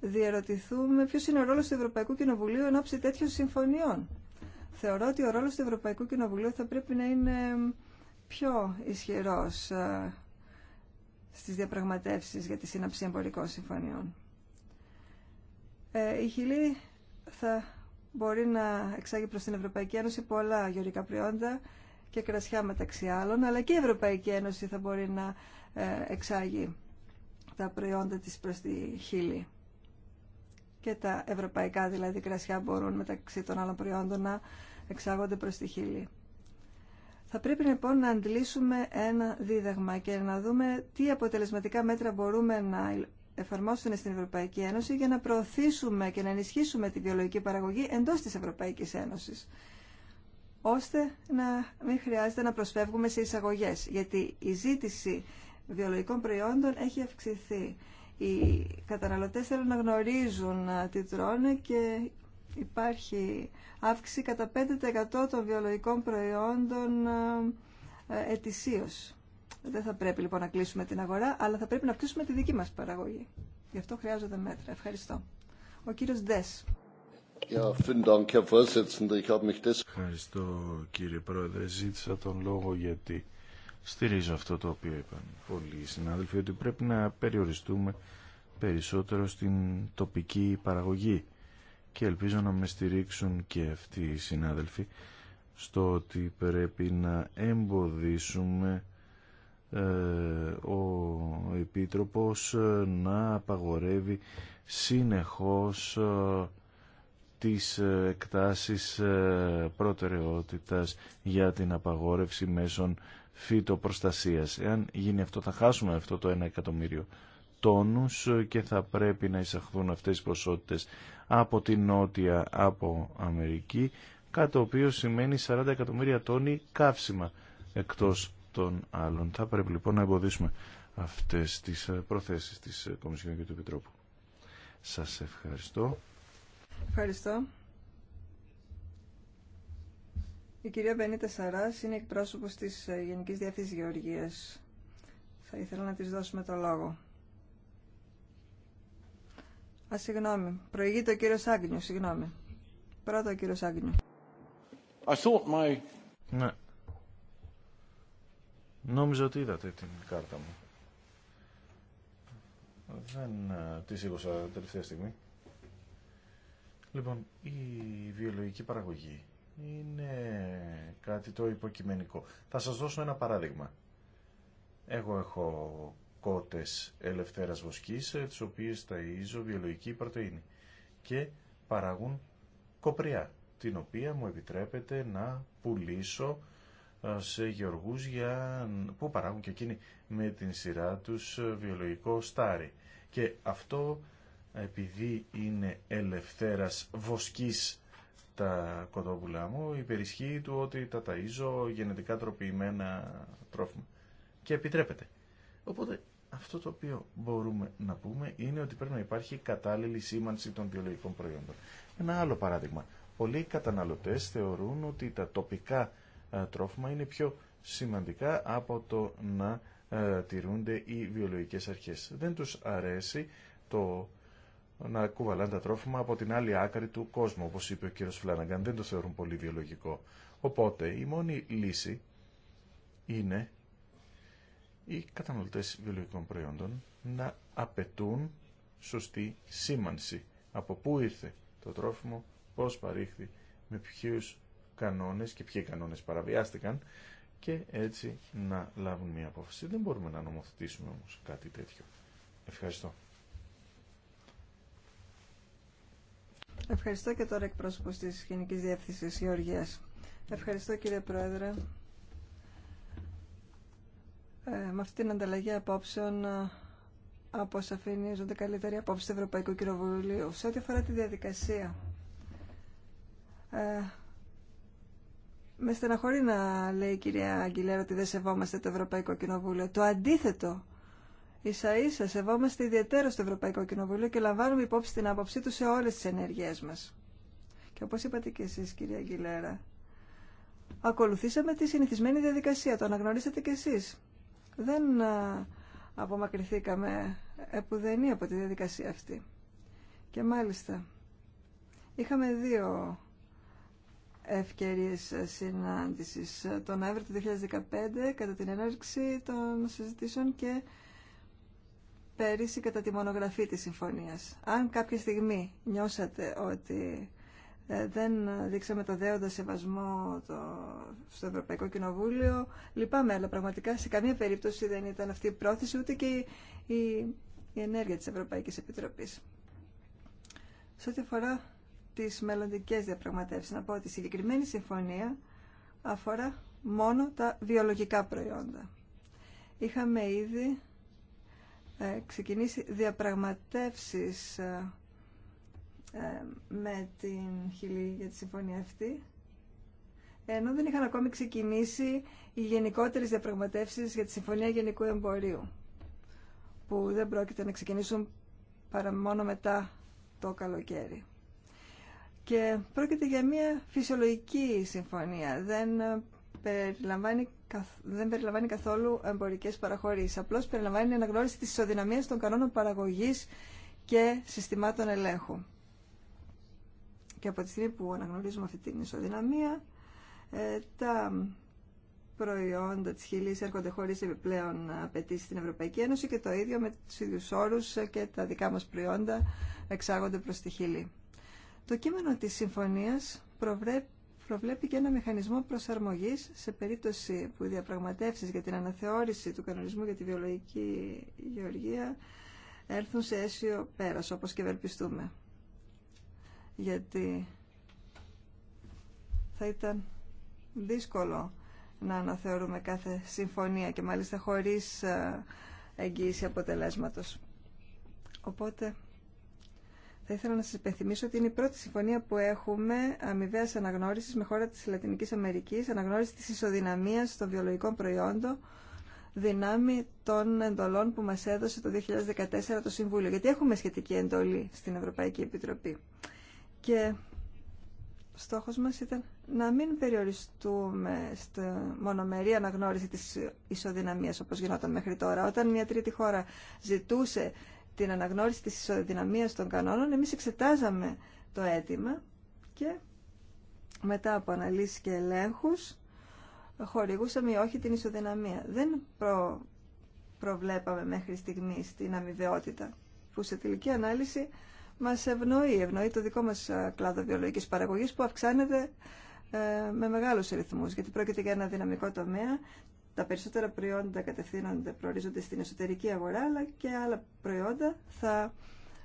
διαρωτηθούμε ποιος είναι ο ρόλος του Ευρωπαϊκού Κοινοβουλίου εν ώψη τέτοιων συμφωνιών. Θεωρώ ότι ο ρόλος του Ευρωπαϊκού Κοινοβουλίου θα πρέπει να είναι πιο ισχυρός ε, στις διαπραγματεύσεις για τη σύναψη εμπορικών συμφωνιών. Ε, η Χιλή θα μπορεί να εξάγει προς την Ευρωπαϊκή Ένωση πολλά γεωρικά προϊόντα και κρασιά μεταξύ άλλων, αλλά και η Ευρωπαϊκή Ένωση θα μπορεί να ε, εξάγει τα προϊόντα της προς τη Χίλη και τα ευρωπαϊκά δηλαδή κρασιά μπορούν μεταξύ των άλλων προϊόντων να εξάγονται προς τη Χιλή. Θα πρέπει λοιπόν να αντλήσουμε ένα δίδαγμα και να δούμε τι αποτελεσματικά μέτρα μπορούμε να εφαρμόσουμε στην Ευρωπαϊκή Ένωση για να προωθήσουμε και να ενισχύσουμε τη βιολογική παραγωγή εντός της Ευρωπαϊκής Ένωσης ώστε να μην χρειάζεται να προσφεύγουμε σε εισαγωγές γιατί η ζήτηση βιολογικών προϊόντων έχει αυξηθεί οι καταναλωτές θέλουν να γνωρίζουν τι τρώνε και υπάρχει αύξηση κατά 5% των βιολογικών προϊόντων ε, ετησίως. Δεν θα πρέπει λοιπόν να κλείσουμε την αγορά, αλλά θα πρέπει να αυξήσουμε τη δική μας παραγωγή. Γι' αυτό χρειάζονται μέτρα. Ευχαριστώ. Ο κύριος Δες. Ευχαριστώ κύριε Πρόεδρε. Ζήτησα τον λόγο γιατί στηρίζω αυτό το οποίο είπαν πολλοί συνάδελφοι ότι πρέπει να περιοριστούμε περισσότερο στην τοπική παραγωγή και ελπίζω να με στηρίξουν και αυτοί οι συνάδελφοι στο ότι πρέπει να εμποδίσουμε ε, ο Επίτροπος ε, να απαγορεύει συνεχώς ε, τις εκτάσεις προτεραιότητας για την απαγόρευση μέσων φυτοπροστασίας. Εάν γίνει αυτό θα χάσουμε αυτό το 1 εκατομμύριο τόνους και θα πρέπει να εισαχθούν αυτές οι ποσότητες από την Νότια, από Αμερική, κάτι το οποίο σημαίνει 40 εκατομμύρια τόνοι καύσιμα εκτός των άλλων. Θα πρέπει λοιπόν να εμποδίσουμε αυτές τις ε, προθέσεις της ε, Κομισιόν και του Επιτρόπου. Σας ευχαριστώ. Ευχαριστώ. Η κυρία Μπενίτα Σαράς είναι εκπρόσωπος της ε, Γενικής Διεύθυνσης Γεωργίας. Θα ήθελα να της δώσουμε το λόγο. Α, συγγνώμη. Προηγείται ο κύριο Άγνιου, συγγνώμη. Πρώτα ο κύριο Άγνιου. Ναι. Νόμιζα ότι είδατε την κάρτα μου. Δεν ε, τη σήκωσα τελευταία στιγμή. Λοιπόν, η βιολογική παραγωγή είναι κάτι το υποκειμενικό. Θα σας δώσω ένα παράδειγμα. Εγώ έχω κότες ελευθέρας βοσκής, ε, τις οποίες ταΐζω βιολογική πρωτεΐνη και παράγουν κοπριά, την οποία μου επιτρέπεται να πουλήσω ε, σε γεωργούς για... που παράγουν και εκείνοι με την σειρά τους ε, βιολογικό στάρι. Και αυτό επειδή είναι ελευθέρας βοσκής τα κοτόπουλά μου υπερισχύει του ότι τα ταΐζω γενετικά τροποιημένα τρόφιμα. Και επιτρέπεται. Οπότε αυτό το οποίο μπορούμε να πούμε είναι ότι πρέπει να υπάρχει κατάλληλη σήμανση των βιολογικών προϊόντων. Ένα άλλο παράδειγμα. Πολλοί καταναλωτές θεωρούν ότι τα τοπικά ε, τρόφιμα είναι πιο σημαντικά από το να ε, τηρούνται οι βιολογικές αρχές. Δεν τους αρέσει το να κουβαλάνε τα τρόφιμα από την άλλη άκρη του κόσμου, όπως είπε ο κύριος Φλάναγκαν. Δεν το θεωρούν πολύ βιολογικό. Οπότε η μόνη λύση είναι οι καταναλωτές βιολογικών προϊόντων να απαιτούν σωστή σήμανση. Από πού ήρθε το τρόφιμο, πώς παρήχθη, με ποιους κανόνες και ποιοι κανόνες παραβιάστηκαν και έτσι να λάβουν μια απόφαση. Δεν μπορούμε να νομοθετήσουμε όμως κάτι τέτοιο. Ευχαριστώ. Ευχαριστώ και τώρα εκπρόσωπο τη γενική Διεύθυνση Γεωργία. Ευχαριστώ κύριε Πρόεδρε. Ε, με αυτήν την ανταλλαγή απόψεων ε, αποσαφηνίζονται καλύτερη απόψη του Ευρωπαϊκού Κοινοβουλίου. Σε ό,τι αφορά τη διαδικασία, ε, με στεναχωρεί να λέει η κυρία Αγγιλέρα ότι δεν σεβόμαστε το Ευρωπαϊκό Κοινοβούλιο. Το αντίθετο Ίσα ίσα σεβόμαστε ιδιαίτερα στο Ευρωπαϊκό Κοινοβούλιο και λαμβάνουμε υπόψη την άποψή του σε όλε τι ενέργειε μας. Και όπως είπατε και εσείς κυρία Αγγιλέρα, ακολουθήσαμε τη συνηθισμένη διαδικασία, το αναγνωρίσατε και εσείς. Δεν απομακρυνθήκαμε επουδενή από τη διαδικασία αυτή. Και μάλιστα, είχαμε δύο ευκαιρίες συνάντησης. Τον Νοέμβριο του 2015, κατά την έναρξη των συζητήσεων και πέρυσι κατά τη μονογραφή της συμφωνίας. Αν κάποια στιγμή νιώσατε ότι ε, δεν δείξαμε το δέοντα σεβασμό το, στο Ευρωπαϊκό Κοινοβούλιο, λυπάμαι, αλλά πραγματικά σε καμία περίπτωση δεν ήταν αυτή η πρόθεση ούτε και η, ενέργεια της Ευρωπαϊκής Επιτροπής. Σε ό,τι αφορά τις μελλοντικέ διαπραγματεύσεις, να πω ότι η συγκεκριμένη συμφωνία αφορά μόνο τα βιολογικά προϊόντα. Είχαμε ήδη ε, ξεκινήσει διαπραγματεύσεις ε, ε, με την Χιλή για τη συμφωνία αυτή ενώ δεν είχαν ακόμη ξεκινήσει οι γενικότερες διαπραγματεύσεις για τη Συμφωνία Γενικού Εμπορίου που δεν πρόκειται να ξεκινήσουν παρά μόνο μετά το καλοκαίρι. Και πρόκειται για μια φυσιολογική συμφωνία. Δεν περιλαμβάνει, δεν περιλαμβάνει καθόλου εμπορικέ παραχωρήσει. Απλώ περιλαμβάνει την αναγνώριση τη ισοδυναμία των κανόνων παραγωγή και συστημάτων ελέγχου. Και από τη στιγμή που αναγνωρίζουμε αυτή την ισοδυναμία, ε, τα προϊόντα της χιλής έρχονται χωρίς επιπλέον απαιτήσει στην Ευρωπαϊκή Ένωση και το ίδιο με του ίδιους όρους και τα δικά μας προϊόντα εξάγονται προς τη χιλή. Το κείμενο της συμφωνίας προβρέπει προβλέπει και ένα μηχανισμό προσαρμογής σε περίπτωση που οι διαπραγματεύσεις για την αναθεώρηση του κανονισμού για τη βιολογική γεωργία έρθουν σε αίσιο πέρας, όπως και ευελπιστούμε. Γιατί θα ήταν δύσκολο να αναθεωρούμε κάθε συμφωνία και μάλιστα χωρίς ε, εγγύηση αποτελέσματος. Οπότε θα ήθελα να σα υπενθυμίσω ότι είναι η πρώτη συμφωνία που έχουμε αμοιβαία αναγνώρισης με χώρα της Λατινική Αμερική, αναγνώριση της ισοδυναμίας των βιολογικών προϊόντων, δυνάμει των εντολών που μας έδωσε το 2014 το Συμβούλιο. Γιατί έχουμε σχετική εντολή στην Ευρωπαϊκή Επιτροπή. Και στόχο μας ήταν να μην περιοριστούμε στη μονομερή αναγνώριση τη ισοδυναμία όπω γινόταν μέχρι τώρα. Όταν μια τρίτη χώρα ζητούσε την αναγνώριση της ισοδυναμίας των κανόνων, εμείς εξετάζαμε το αίτημα και μετά από αναλύσεις και ελέγχους χορηγούσαμε ή όχι την ισοδυναμία. Δεν προ... προβλέπαμε μέχρι στιγμής την αμοιβαιότητα που σε τελική ανάλυση μας ευνοεί. Ευνοεί το δικό μας ε, κλάδο βιολογικής παραγωγής που αυξάνεται ε, με μεγάλους ρυθμούς, γιατί πρόκειται για ένα δυναμικό τομέα τα περισσότερα προϊόντα κατευθύνονται, προορίζονται στην εσωτερική αγορά, αλλά και άλλα προϊόντα θα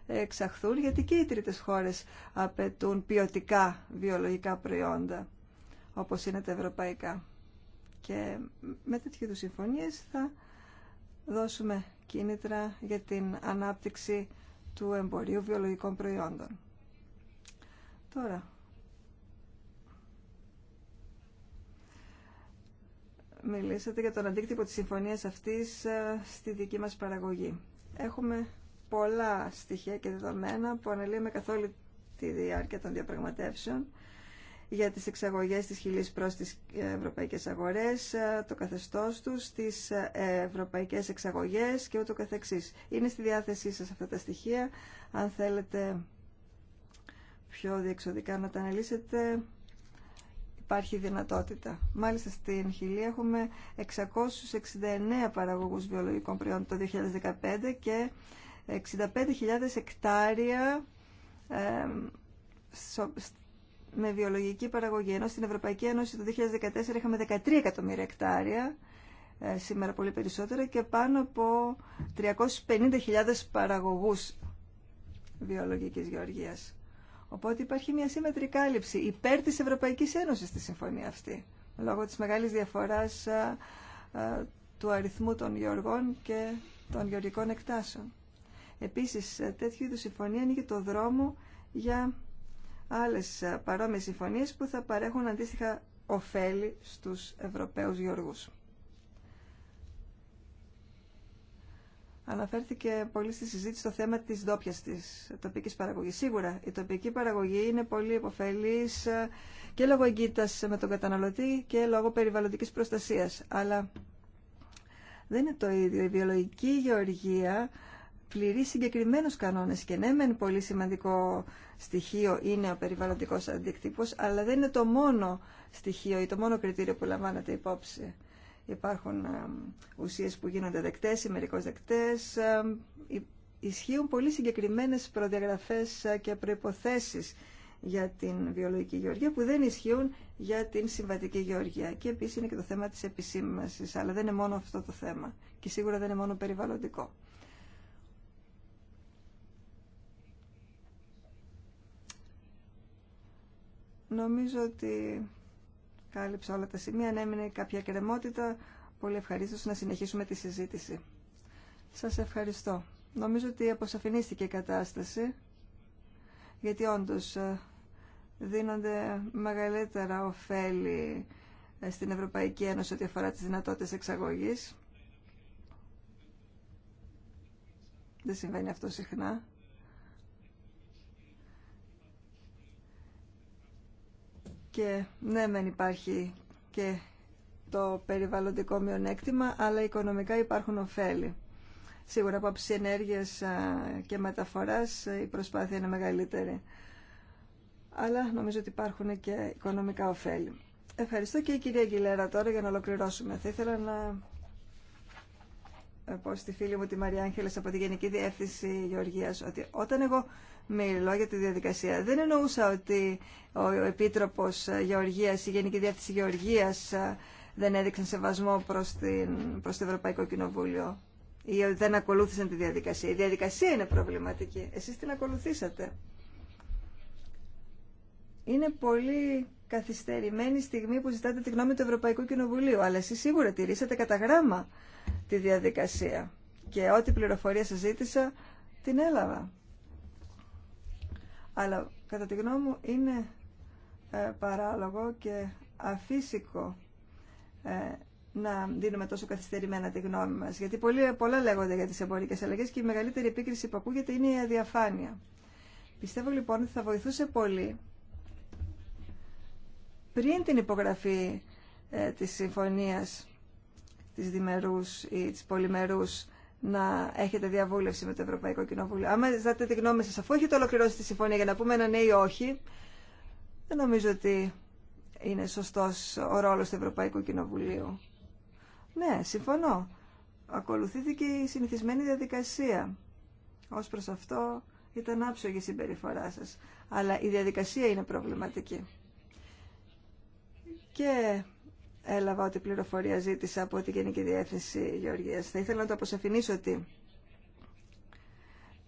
εξαχθούν, γιατί και οι τρίτες χώρες απαιτούν ποιοτικά βιολογικά προϊόντα, όπως είναι τα ευρωπαϊκά. Και με τέτοιου είδους συμφωνίες θα δώσουμε κίνητρα για την ανάπτυξη του εμπορίου βιολογικών προϊόντων. Τώρα, μιλήσατε για τον αντίκτυπο της συμφωνίας αυτής ε, στη δική μας παραγωγή. Έχουμε πολλά στοιχεία και δεδομένα που αναλύουμε καθ' όλη τη διάρκεια των διαπραγματεύσεων για τις εξαγωγές της χιλής προς τις ευρωπαϊκές αγορές, ε, το καθεστώς τους, τις ε, ευρωπαϊκές εξαγωγές και ούτω καθεξής. Είναι στη διάθεσή σας αυτά τα στοιχεία. Αν θέλετε πιο διεξοδικά να τα αναλύσετε, υπάρχει δυνατότητα. Μάλιστα στην Χιλή έχουμε 669 παραγωγούς βιολογικών προϊόντων το 2015 και 65.000 εκτάρια με βιολογική παραγωγή. Ενώ στην Ευρωπαϊκή Ένωση το 2014 είχαμε 13 εκατομμύρια εκτάρια, ε, σήμερα πολύ περισσότερα, και πάνω από 350.000 παραγωγούς βιολογικής γεωργίας. Οπότε υπάρχει μια σύμμετρη κάλυψη υπέρ της Ευρωπαϊκής Ένωσης στη συμφωνία αυτή, λόγω της μεγάλης διαφοράς ε, ε, του αριθμού των γεωργών και των γεωργικών εκτάσεων. Επίσης, ε, τέτοιου είδους συμφωνία ανοίγει το δρόμο για άλλες παρόμοιες συμφωνίες που θα παρέχουν αντίστοιχα ωφέλη στους Ευρωπαίους γεωργούς. Αναφέρθηκε πολύ στη συζήτηση το θέμα της ντόπια της τοπικής παραγωγής. Σίγουρα η τοπική παραγωγή είναι πολύ υποφελής ε, και λόγω εγκύτας με τον καταναλωτή και λόγω περιβαλλοντικής προστασίας. Αλλά δεν είναι το ίδιο. Η βιολογική γεωργία πληρεί συγκεκριμένους κανόνες και ναι μεν πολύ σημαντικό στοιχείο είναι ο περιβαλλοντικός αντίκτυπος αλλά δεν είναι το μόνο στοιχείο ή το μόνο κριτήριο που λαμβάνεται υπόψη υπάρχουν ε, ουσίες που γίνονται δεκτές ή μερικώς δεκτές. Ε, ισχύουν πολύ συγκεκριμένες προδιαγραφές ε, και προϋποθέσεις για την βιολογική γεωργία που δεν ισχύουν για την συμβατική γεωργία. Και επίσης είναι και το θέμα της επισήμασης, αλλά δεν είναι μόνο αυτό το θέμα και σίγουρα δεν είναι μόνο περιβαλλοντικό. Νομίζω ότι κάλυψα όλα τα σημεία. Αν έμεινε κάποια κρεμότητα, πολύ ευχαρίστω να συνεχίσουμε τη συζήτηση. Σας ευχαριστώ. Νομίζω ότι αποσαφηνίστηκε η κατάσταση, γιατί όντως ε, δίνονται μεγαλύτερα ωφέλη ε, στην Ευρωπαϊκή Ένωση ό,τι αφορά τις δυνατότητες εξαγωγής. Δεν συμβαίνει αυτό συχνά. Και ναι, μεν υπάρχει και το περιβαλλοντικό μειονέκτημα, αλλά οικονομικά υπάρχουν ωφέλη. Σίγουρα από άψη και μεταφοράς ε, η προσπάθεια είναι μεγαλύτερη. Αλλά νομίζω ότι υπάρχουν και οικονομικά ωφέλη. Ευχαριστώ και η κυρία Γκιλέρα τώρα για να ολοκληρώσουμε. Θα ήθελα να ε, πω στη φίλη μου τη Μαρία από τη Γενική Διεύθυνση Γεωργίας ότι όταν εγώ μιλώ για τη διαδικασία. Δεν εννοούσα ότι ο Επίτροπος Γεωργίας, η Γενική Διεύθυνση Γεωργίας ε, δεν έδειξαν σεβασμό προς, την, προς το Ευρωπαϊκό Κοινοβούλιο ή ότι δεν ακολούθησαν τη διαδικασία. Η διαδικασία είναι προβληματική. Εσείς την ακολουθήσατε. Είναι πολύ καθυστερημένη στιγμή που ζητάτε τη γνώμη του Ευρωπαϊκού Κοινοβουλίου, αλλά εσείς σίγουρα τηρήσατε κατά γράμμα τη διαδικασία. Και ό,τι πληροφορία σας ζήτησα, την έλαβα. Αλλά κατά τη γνώμη μου είναι ε, παράλογο και αφύσικο ε, να δίνουμε τόσο καθυστερημένα τη γνώμη μας. Γιατί πολλοί, πολλά λέγονται για τις εμπορικές αλλαγές και η μεγαλύτερη επίκριση που ακούγεται είναι η αδιαφάνεια. Πιστεύω λοιπόν ότι θα βοηθούσε πολύ πριν την υπογραφή ε, της συμφωνίας της διμερούς ή της πολυμερούς να έχετε διαβούλευση με το Ευρωπαϊκό Κοινοβούλιο. Άμα ζητάτε τη γνώμη σας, αφού έχετε ολοκληρώσει τη συμφωνία για να πούμε ένα ναι ή όχι, δεν νομίζω ότι είναι σωστός ο ρόλος του Ευρωπαϊκού Κοινοβουλίου. Ναι, συμφωνώ. Ακολουθήθηκε η οχι δεν νομιζω οτι ειναι σωστος ο ρόλο του διαδικασία. Ω προ αυτό ήταν άψογη η συμπεριφορά σα. Αλλά η διαδικασία είναι προβληματική. Και έλαβα ό,τι πληροφορία ζήτησα από τη Γενική Διεύθυνση Γεωργίας. Θα ήθελα να το αποσαφηνίσω ότι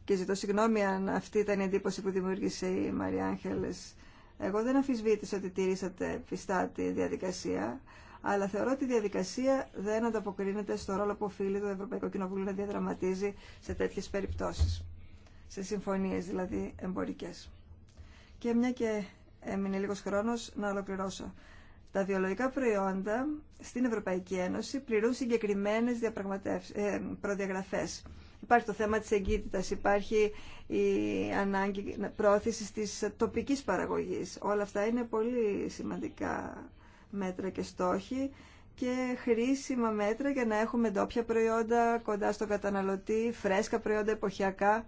και ζητώ συγγνώμη αν αυτή ήταν η εντύπωση που δημιούργησε η Μαρία Άγχελες. Εγώ δεν αφισβήτησα ότι τηρήσατε πιστά τη διαδικασία, αλλά θεωρώ ότι η διαδικασία δεν ανταποκρίνεται στο ρόλο που οφείλει το Ευρωπαϊκό Κοινοβούλιο να διαδραματίζει σε τέτοιες περιπτώσεις, σε συμφωνίες δηλαδή εμπορικές. Και μια και έμεινε λίγος χρόνο να ολοκληρώσω τα βιολογικά προϊόντα στην Ευρωπαϊκή Ένωση πληρούν συγκεκριμένες ε, προδιαγραφές. Υπάρχει το θέμα της εγκύτητας, υπάρχει η ανάγκη πρόθεση της τοπικής παραγωγής. Όλα αυτά είναι πολύ σημαντικά μέτρα και στόχοι και χρήσιμα μέτρα για να έχουμε ντόπια προϊόντα κοντά στον καταναλωτή, φρέσκα προϊόντα εποχιακά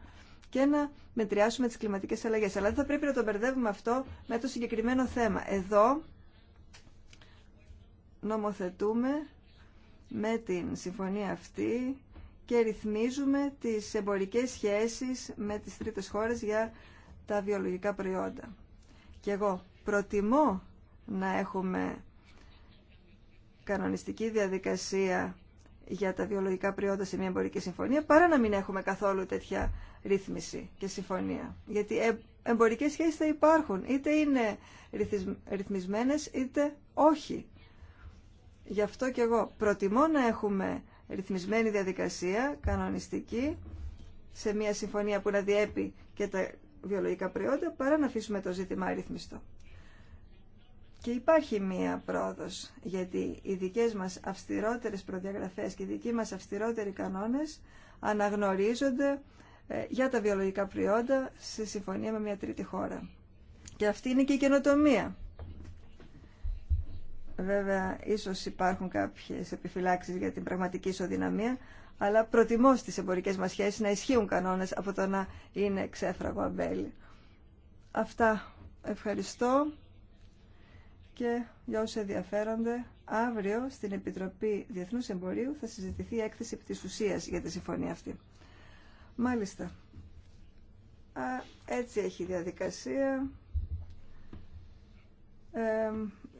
και να μετριάσουμε τις κλιματικές αλλαγές. Αλλά δεν θα πρέπει να το μπερδεύουμε αυτό με το συγκεκριμένο θέμα. Εδώ νομοθετούμε με την συμφωνία αυτή και ρυθμίζουμε τις εμπορικές σχέσεις με τις τρίτες χώρες για τα βιολογικά προϊόντα. Και εγώ προτιμώ να έχουμε κανονιστική διαδικασία για τα βιολογικά προϊόντα σε μια εμπορική συμφωνία παρά να μην έχουμε καθόλου τέτοια ρύθμιση και συμφωνία. Γιατί ε, εμπορικές σχέσεις θα υπάρχουν, είτε είναι ρυθμισμένες είτε όχι. Γι' αυτό και εγώ προτιμώ να έχουμε ρυθμισμένη διαδικασία, κανονιστική, σε μια συμφωνία που να διέπει και τα βιολογικά προϊόντα, παρά να αφήσουμε το ζήτημα αριθμιστό. Και υπάρχει μία πρόοδος, γιατί οι δικές μας αυστηρότερες προδιαγραφές και οι δικοί μας αυστηρότεροι κανόνες αναγνωρίζονται ε, για τα βιολογικά προϊόντα σε συμφωνία με μια τρίτη χώρα. Και αυτή είναι και η καινοτομία. Βέβαια, ίσως υπάρχουν κάποιες επιφυλάξεις για την πραγματική ισοδυναμία, αλλά προτιμώ στις εμπορικές μας σχέσεις να ισχύουν κανόνες από το να είναι ξέφραγο αμπέλι. Αυτά ευχαριστώ και για όσοι ενδιαφέρονται, αύριο στην Επιτροπή Διεθνούς Εμπορίου θα συζητηθεί έκθεση της για τη συμφωνία αυτή. Μάλιστα. Α, έτσι έχει η διαδικασία.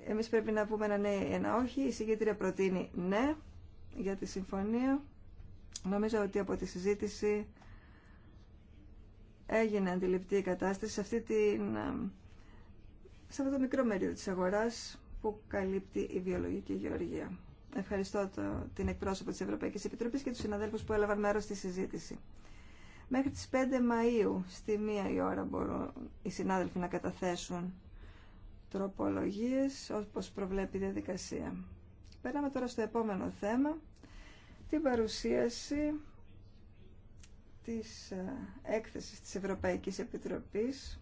Εμείς πρέπει να πούμε ένα ναι ή ένα όχι. Η συγκέντρια προτείνει ναι για τη συμφωνία. Νομίζω ότι από τη συζήτηση έγινε αντιληπτή η κατάσταση σε, αυτή την, ε, σε αυτό το μικρό μερίο της αγοράς που καλύπτει η βιολογική γεωργία. Ευχαριστώ το, την εκπρόσωπο της Ευρωπαϊκής Επιτροπής και τους συναδέλφους που έλαβαν μέρος στη συζήτηση. Μέχρι τις 5 Μαΐου, στη μία η ώρα μπορούν οι συνάδελφοι να καταθέσουν τροπολογίες όπως προβλέπει η διαδικασία. Περάμε τώρα στο επόμενο θέμα, την παρουσίαση της ε, έκθεσης της Ευρωπαϊκής Επιτροπής.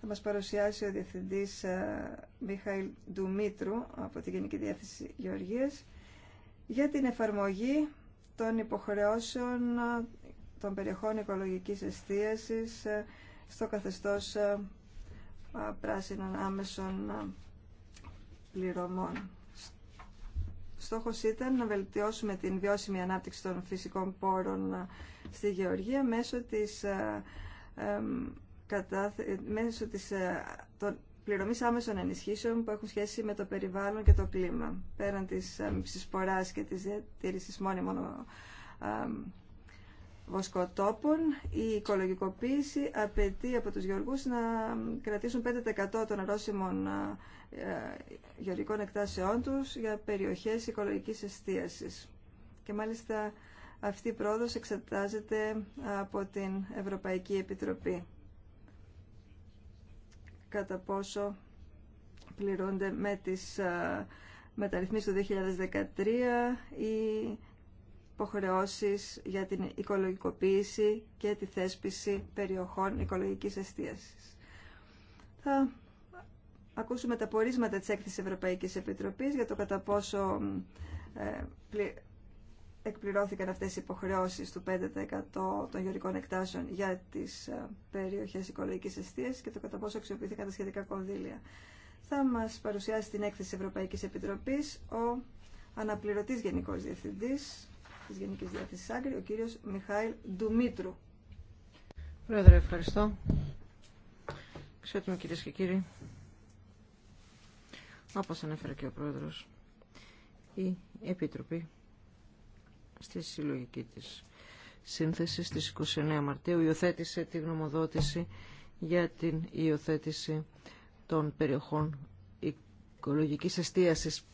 Θα μας παρουσιάσει ο Διευθυντής ε, Μιχαήλ Ντουμήτρου από τη Γενική Διεύθυνση Γεωργίας για την εφαρμογή των υποχρεώσεων ε, των περιοχών οικολογικής εστίασης στο καθεστώς πράσινων άμεσων πληρωμών. Στόχος ήταν να βελτιώσουμε την βιώσιμη ανάπτυξη των φυσικών πόρων στη Γεωργία μέσω της, μέσω της των πληρωμής άμεσων ενισχύσεων που έχουν σχέση με το περιβάλλον και το κλίμα, πέραν της ψησποράς και της διατήρησης μόνιμων βοσκοτόπων η οικολογικοποίηση απαιτεί από τους γεωργούς να κρατήσουν 5% των αρρώσιμων ε, γεωργικών εκτάσεών τους για περιοχές οικολογικής εστίασης. Και μάλιστα αυτή η πρόοδος εξετάζεται από την Ευρωπαϊκή Επιτροπή κατά πόσο πληρούνται με τις ε, μεταρρυθμίσεις του 2013 ή υποχρεώσεις για την οικολογικοποίηση και τη θέσπιση περιοχών οικολογικής εστίασης. Θα ακούσουμε τα πορίσματα της έκθεσης Ευρωπαϊκής Επιτροπής για το κατά πόσο ε, εκπληρώθηκαν αυτές οι υποχρεώσεις του 5% των γεωρικών εκτάσεων για τις ε, περιοχές οικολογικής εστίασης και το κατά πόσο αξιοποιήθηκαν τα σχετικά κονδύλια. Θα μας παρουσιάσει την έκθεση Ευρωπαϊκής Επιτροπής ο αναπληρωτής Γενικός Διευθυντής Τη γενική Διεύθυνσης Άγκρη, ο κύριος Μιχάηλ Ντουμίτρου. Πρόεδρε, ευχαριστώ. Ξέρετε κυριε. και κύριοι, όπω ανέφερε και ο Πρόεδρος, η Επιτροπή στη συλλογική της σύνθεση στις 29 Μαρτίου υιοθέτησε τη γνωμοδότηση για την υιοθέτηση των περιοχών οικολογικής εστίασης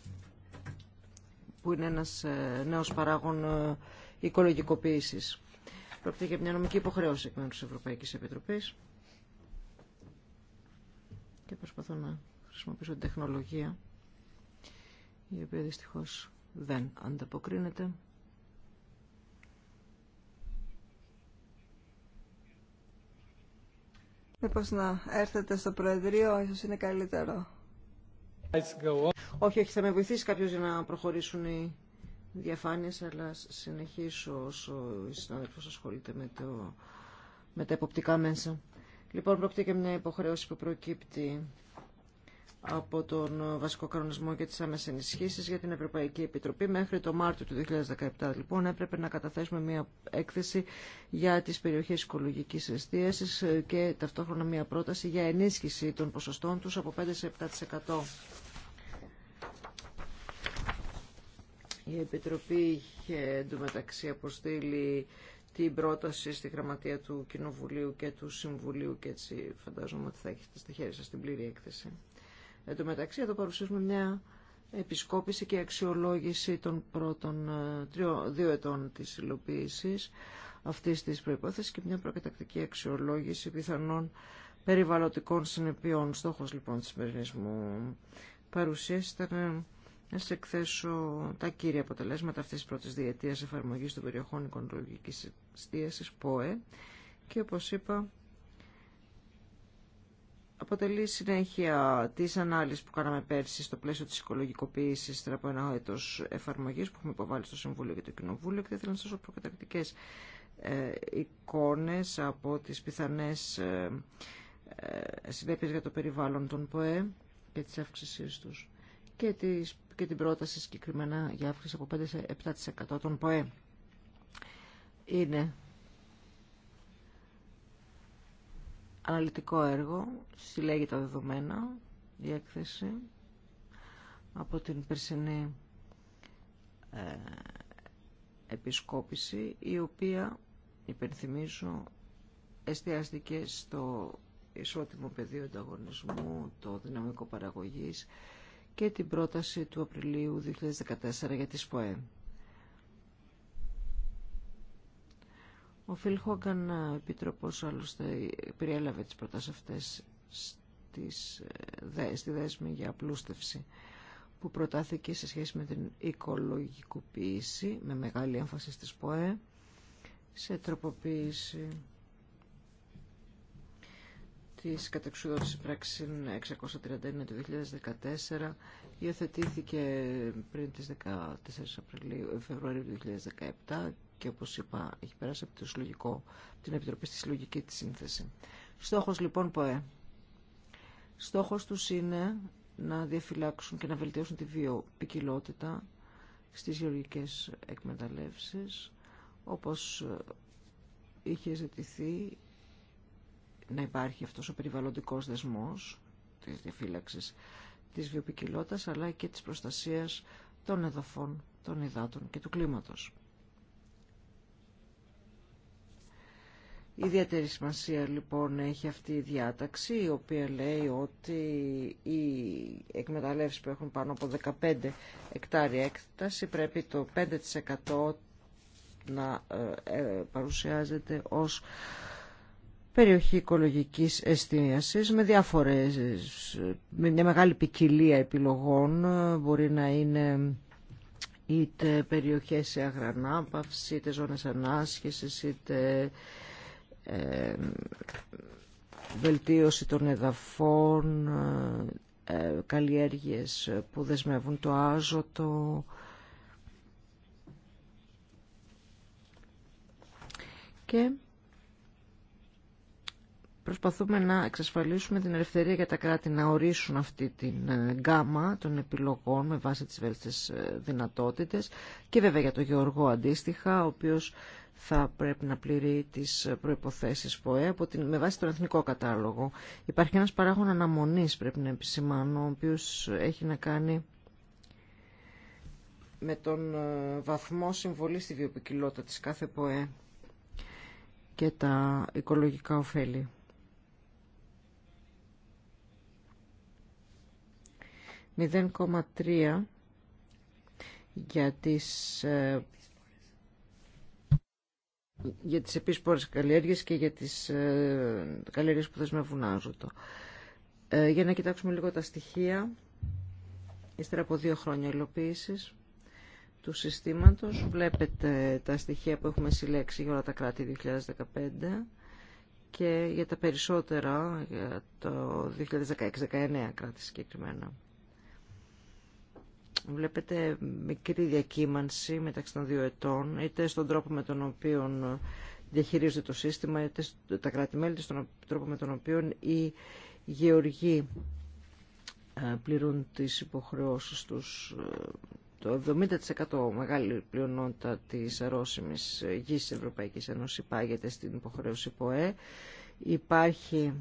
που είναι ένας ε, νέος παράγων ε, οικολογικοποίησης. Πρόκειται για μια νομική υποχρέωση εκ μέρους της Ευρωπαϊκής και προσπαθώ να χρησιμοποιήσω την τεχνολογία η οποία δυστυχώς δεν ανταποκρίνεται. Μήπως να έρθετε στο Προεδρείο, ίσως είναι καλύτερο. Όχι, όχι, θα με βοηθήσει κάποιο για να προχωρήσουν οι διαφάνειες, αλλά συνεχίσω όσο η συνάδελφος ασχολείται με, το, με τα εποπτικά μέσα. Λοιπόν, πρόκειται και μια υποχρέωση που προκύπτει από τον βασικό κανονισμό για τις άμεσες ενισχύσεις για την Ευρωπαϊκή Επιτροπή. Μέχρι το Μάρτιο του 2017, λοιπόν, έπρεπε να καταθέσουμε μια έκθεση για τις περιοχές οικολογικής εστίασης και ταυτόχρονα μια πρόταση για ενίσχυση των ποσοστών τους από 5 σε 7%. Η Επιτροπή είχε εντωμεταξύ αποστείλει την πρόταση στη γραμματεία του Κοινοβουλίου και του Συμβουλίου και έτσι φαντάζομαι ότι θα έχετε στα χέρια σας την πλήρη έκθεση. Εν εδώ παρουσιάζουμε μια επισκόπηση και αξιολόγηση των πρώτων ε, δύο ετών της υλοποίηση αυτής της προπόθεση και μια προκατακτική αξιολόγηση πιθανών περιβαλλοντικών συνεπειών. Στόχος λοιπόν της σημερινής μου παρουσίας ήταν να σα εκθέσω τα κύρια αποτελέσματα αυτής τη πρώτη διετία εφαρμογή των περιοχών οικολογική εστιαση ΠΟΕ, και όπω είπα αποτελεί συνέχεια της ανάλυση που κάναμε πέρσι στο πλαίσιο τη οικολογικοποίηση ύστερα από ένα έτος εφαρμογής που έχουμε υποβάλει στο Συμβούλιο και το Κοινοβούλιο και θα ήθελα να σα δώσω προκατακτικές ε, εικόνες από τις πιθανές ε, ε, συνέπειε για το περιβάλλον των ΠΟΕ και τις αύξησή του. και τις και την πρόταση συγκεκριμένα για αύξηση από 5 σε 7% των ΠΟΕ. Είναι αναλυτικό έργο, συλλέγει τα δεδομένα, η έκθεση από την περσινή ε, επισκόπηση, η οποία, υπενθυμίζω, εστιάστηκε στο ισότιμο πεδίο ανταγωνισμού, το δυναμικό παραγωγής, και την πρόταση του Απριλίου 2014 για τη ΣΠΟΕ. Ο Φιλ Χόγκαν, ε, Επίτροπος, άλλωστε περιέλαβε τις προτάσεις αυτές στις, ε, στη δέσμη για απλούστευση που προτάθηκε σε σχέση με την οικολογικοποίηση, με μεγάλη έμφαση στις ΠΟΕ, σε τροποποίηση της κατεξουδότησης πράξης 639 του 2014 υιοθετήθηκε πριν τις 14 Απριλίου, ε, Φεβρουαρίου του 2017 και όπως είπα έχει περάσει από το συλλογικό, την Επιτροπή στη Συλλογική της Σύνθεση. Στόχος λοιπόν ΠΟΕ. Στόχος τους είναι να διαφυλάξουν και να βελτιώσουν τη βιοπικιλότητα στις γεωργικές εκμεταλλεύσεις όπως είχε ζητηθεί να υπάρχει αυτός ο περιβαλλοντικός δεσμός της διαφύλαξης της βιοπικιλότητας αλλά και της προστασίας των εδαφών, των υδάτων και του κλίματος. Ιδιαίτερη σημασία λοιπόν έχει αυτή η διάταξη η οποία λέει ότι οι εκμεταλλεύσεις που έχουν πάνω από 15 εκτάρια έκταση πρέπει το 5% να ε, ε, παρουσιάζεται ως περιοχή οικολογικής εστίασης με διάφορες, με μια μεγάλη ποικιλία επιλογών. Ε, μπορεί να είναι είτε περιοχές σε αγρανάπαυση, είτε ζώνες ανάσχεσης, είτε ε, βελτίωση των εδαφών, ε, καλλιέργειες που δεσμεύουν το άζωτο, και Προσπαθούμε να εξασφαλίσουμε την ελευθερία για τα κράτη να ορίσουν αυτή την ε, γκάμα των επιλογών με βάση τις βέλτιστες ε, δυνατότητες και βέβαια για τον Γεωργό αντίστοιχα, ο οποίος θα πρέπει να πληρεί τις προϋποθέσεις ΠΟΕ ΕΕ από την, με βάση τον εθνικό κατάλογο. Υπάρχει ένας παράγων αναμονής, πρέπει να επισημάνω, ο οποίος έχει να κάνει με τον ε, βαθμό συμβολή στη βιοποικιλότητα της κάθε ΠΟΕ και τα οικολογικά ωφέλη. 0,3 για τις, ε, για τις επίσπορες καλλιέργειες και για τις ε, καλλιέργειες που δεσμεύουν άζωτο. Ε, για να κοιτάξουμε λίγο τα στοιχεία, ύστερα από δύο χρόνια υλοποίησης του συστήματος, βλέπετε τα στοιχεία που έχουμε συλλέξει για όλα τα κράτη 2015 και για τα περισσότερα, για το 2016-2019 κράτη συγκεκριμένα βλέπετε μικρή διακύμανση μεταξύ των δύο ετών, είτε στον τρόπο με τον οποίο διαχειρίζεται το σύστημα, είτε τα κράτη-μέλη, στον τρόπο με τον οποίο οι γεωργοί ε, πληρούν τις υποχρεώσεις τους. Ε, το 70% μεγάλη πλειονότητα της αρρώσιμης γης της Ευρωπαϊκής Ένωσης υπάγεται στην υποχρέωση ΠΟΕ. Υπάρχει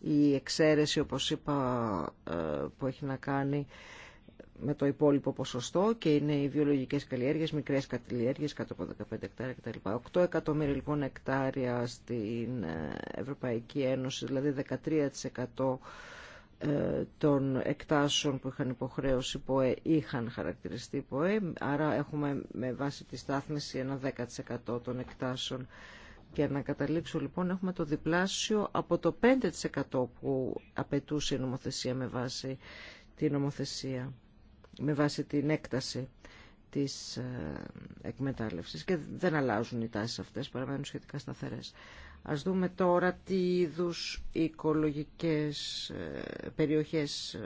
η εξαίρεση, όπως είπα, ε, που έχει να κάνει με το υπόλοιπο ποσοστό και είναι οι βιολογικές καλλιέργειες, μικρές καλλιέργειες κάτω από 15 εκτάρια κτλ. 8 εκατομμύρια λοιπόν εκτάρια στην ε, Ευρωπαϊκή Ένωση, δηλαδή 13% ε, των εκτάσεων που είχαν υποχρέωση ΠΟΕ είχαν χαρακτηριστεί ΠΟΕ, άρα έχουμε με βάση τη στάθμιση ένα 10% των εκτάσεων. και να καταλήξω λοιπόν έχουμε το διπλάσιο από το 5% που απαιτούσε η νομοθεσία με βάση τη νομοθεσία με βάση την έκταση της ε, εκμετάλλευσης και δεν αλλάζουν οι τάσεις αυτές, παραμένουν σχετικά σταθερές. Ας δούμε τώρα τι είδου οικολογικές ε, περιοχές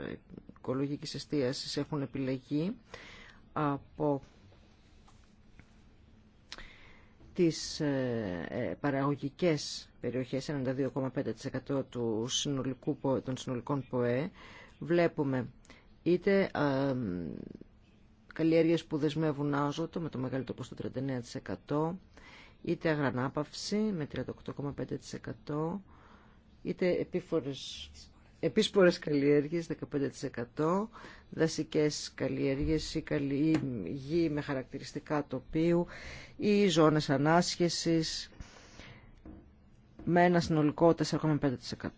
οικολογικής εστίασης έχουν επιλεγεί από τις ε, παραγωγικές περιοχές, 92,5% του συνολικού, των συνολικών ΠΟΕ, βλέπουμε είτε καλλιέργειες που δεσμεύουν άζωτο με το μεγαλύτερο ποσό 39%, είτε αγρανάπαυση με 38,5%, είτε επίφορες, επίσπορες καλλιέργειες 15%, δασικές καλλιέργειες ή γη με χαρακτηριστικά τοπίου ή ζώνες ανάσχεσης με ένα συνολικό 4,5%.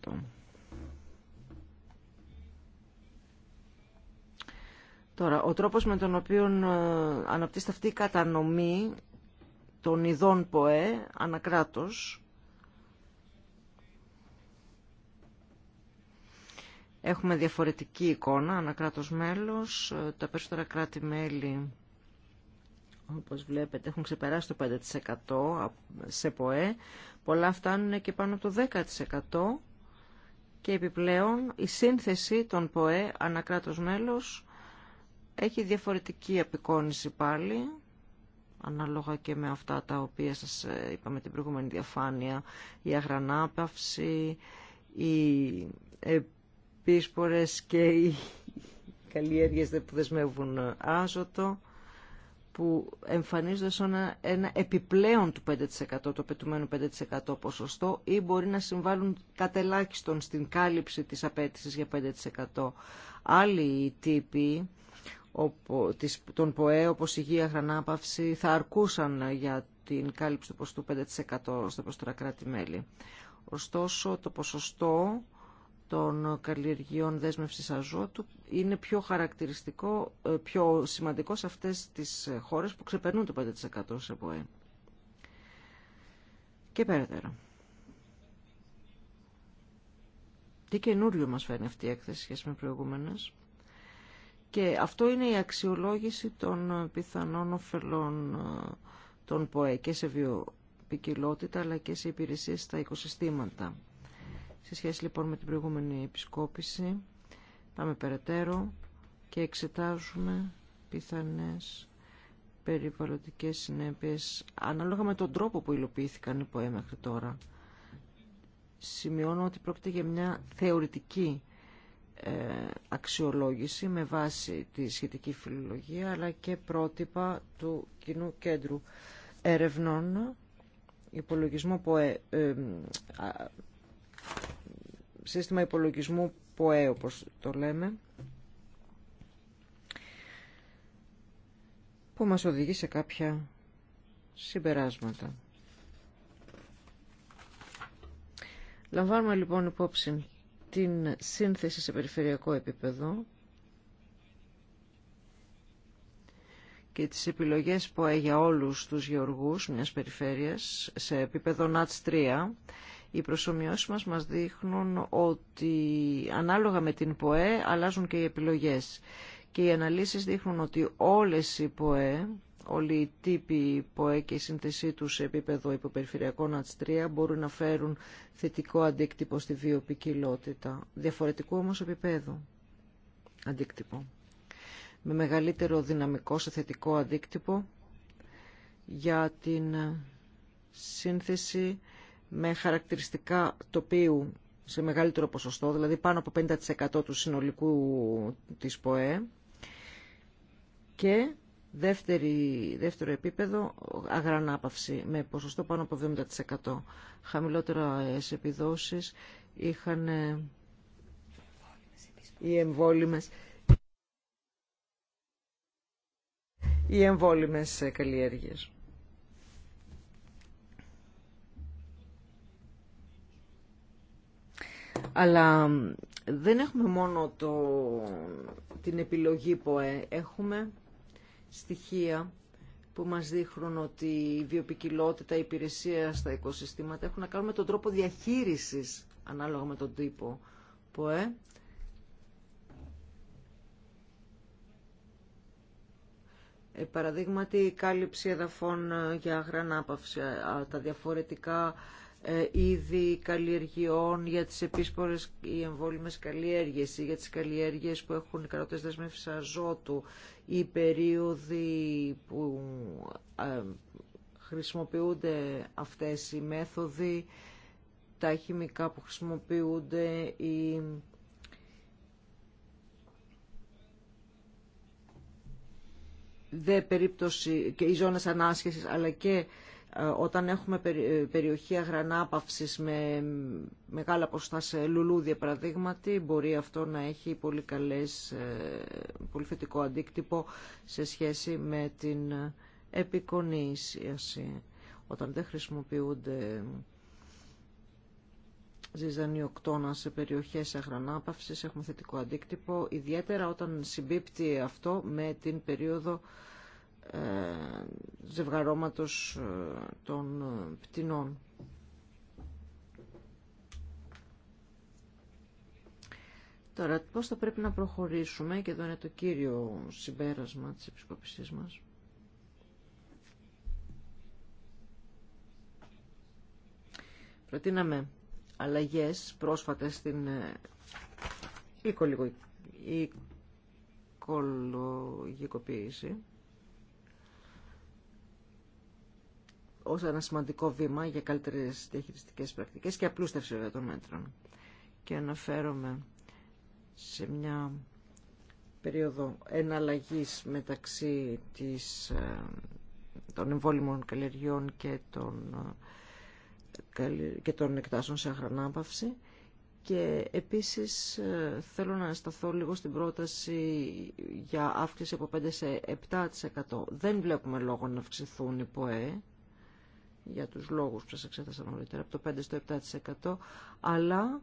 Τώρα, ο τρόπος με τον οποίο ε, αναπτύσσεται αυτή η κατανομή των ειδών ΠΟΕ ανακράτος Έχουμε διαφορετική εικόνα, ανακράτος μέλος. Ε, τα περισσότερα κράτη-μέλη, όπως βλέπετε, έχουν ξεπεράσει το 5% σε ΠΟΕ. Πολλά φτάνουν και πάνω από το 10% και επιπλέον η σύνθεση των ΠΟΕ ανακράτος μέλος έχει διαφορετική απεικόνηση πάλι, ανάλογα και με αυτά τα οποία σας ε, είπαμε την προηγούμενη διαφάνεια, η αγρανάπαυση, οι επίσπορες και οι καλλιέργειες που δεσμεύουν ε, άζωτο, που εμφανίζονται σαν ένα, επιπλέον του 5%, το πετουμένο 5% ποσοστό ή μπορεί να συμβάλλουν κατελάχιστον στην κάλυψη της απέτησης για 5%. Άλλοι τύποι των ΠΟΕ όπως υγεία, χρανάπαυση θα αρκούσαν για την κάλυψη του ποστού 5% στα προστορα μελη Ωστόσο το ποσοστό των καλλιεργειών δέσμευσης αζότου είναι πιο χαρακτηριστικό, ε, πιο σημαντικό σε αυτές τις χώρες που ξεπερνούν το 5% σε ΠΟΕ. Και περαιτέρω. Τι καινούριο μας φέρνει αυτή η έκθεση σχέση με προηγούμενες. Και αυτό είναι η αξιολόγηση των πιθανών ωφελών ε, των ΠΟΕ και σε βιοπικιλότητα αλλά και σε υπηρεσίες στα οικοσυστήματα. Σε σχέση λοιπόν με την προηγούμενη επισκόπηση πάμε περαιτέρω και εξετάζουμε πιθανές περιβαλλοντικές συνέπειες ανάλογα με τον τρόπο που υλοποιήθηκαν οι ΠΟΕ μέχρι τώρα. Σημειώνω ότι πρόκειται για μια θεωρητική ε, αξιολόγηση με βάση τη σχετική φιλολογία αλλά και πρότυπα του Κοινού Κέντρου Ερευνών υπολογισμό ΠΟΕ, ε, ε σύστημα υπολογισμού ΠΟΕ όπως το λέμε που μας οδηγεί σε κάποια συμπεράσματα. Λαμβάνουμε λοιπόν υπόψη την σύνθεση σε περιφερειακό επίπεδο και τις επιλογές που για όλους τους γεωργούς μιας περιφέρειας σε επίπεδο ΝΑΤΣ 3 οι προσωμιώσεις μας μας δείχνουν ότι ανάλογα με την ΠΟΕ αλλάζουν και οι επιλογές και οι αναλύσεις δείχνουν ότι όλες οι ΠΟΕ όλοι οι τύποι ΠΟΕ και η σύνθεσή του σε επίπεδο υποπεριφερειακών ΑΤΣ3 μπορούν να φέρουν θετικό αντίκτυπο στη βιοπικιλότητα. Διαφορετικού όμως επίπεδου αντίκτυπο. Με μεγαλύτερο δυναμικό σε θετικό αντίκτυπο για την σύνθεση με χαρακτηριστικά τοπίου σε μεγαλύτερο ποσοστό, δηλαδή πάνω από 50% του συνολικού της ΠΟΕ και δεύτερο επίπεδο, αγρανάπαυση με ποσοστό πάνω από 70%. Χαμηλότερες επιδόσεις είχαν ε, οι εμβόλυμες, οι εμβόλυμες ε, καλλιέργειες. Αλλά δεν έχουμε μόνο το, την επιλογή που ε, έχουμε στοιχεία που μας δείχνουν ότι η βιοπικιλότητα, η υπηρεσία στα οικοσυστήματα έχουν να κάνουν με τον τρόπο διαχείρισης ανάλογα με τον τύπο ΠΟΕ. Ε, παραδείγματι, η κάλυψη εδαφών για αγρανάπαυση, τα διαφορετικά ε, είδη καλλιεργειών για τις επίσπορες ή εμβόλυμες καλλιέργειες ή για τις καλλιέργειες που έχουν κρατές δεσμεύσεις αζότου ή περίοδοι που ε, χρησιμοποιούνται αυτές οι μέθοδοι, τα χημικά που χρησιμοποιούνται, η δε περίπτωση και οι ζώνες ανάσχεσης αλλά και ε, όταν έχουμε ε, περιοχή αγρανάπαυσης με μεγάλα ποστά σε λουλούδια παραδείγματι μπορεί αυτό να έχει πολύ, καλές, ε, πολύ θετικό αντίκτυπο σε σχέση με την επικονίσιαση όταν δεν χρησιμοποιούνται ζυζανιοκτώνα σε περιοχές αγρανάπαυσης έχουμε θετικό αντίκτυπο ιδιαίτερα όταν συμπίπτει αυτό με την περίοδο ε, ζευγαρώματος ε, των ε, πτηνών. Τώρα, πώς θα πρέπει να προχωρήσουμε, και εδώ είναι το κύριο συμπέρασμα της επισκοπησής μας. Προτείναμε αλλαγές πρόσφατες στην οικολογικοποίηση Ω ένα σημαντικό βήμα για καλύτερες διαχειριστικέ πρακτικές και απλούστευση βέβαια των μέτρων. Και αναφέρομαι σε μια περίοδο εναλλαγής μεταξύ της, ε, των εμβόλυμων καλλιεργιών και των, ε, και των εκτάσεων σε αχρανάπαυση και επίσης ε, θέλω να σταθώ λίγο στην πρόταση για αύξηση από 5 σε 7%. Δεν βλέπουμε λόγο να αυξηθούν οι ΠΟΕ για τους λόγους που σας εξέτασα νωρίτερα, από το 5% στο 7%, αλλά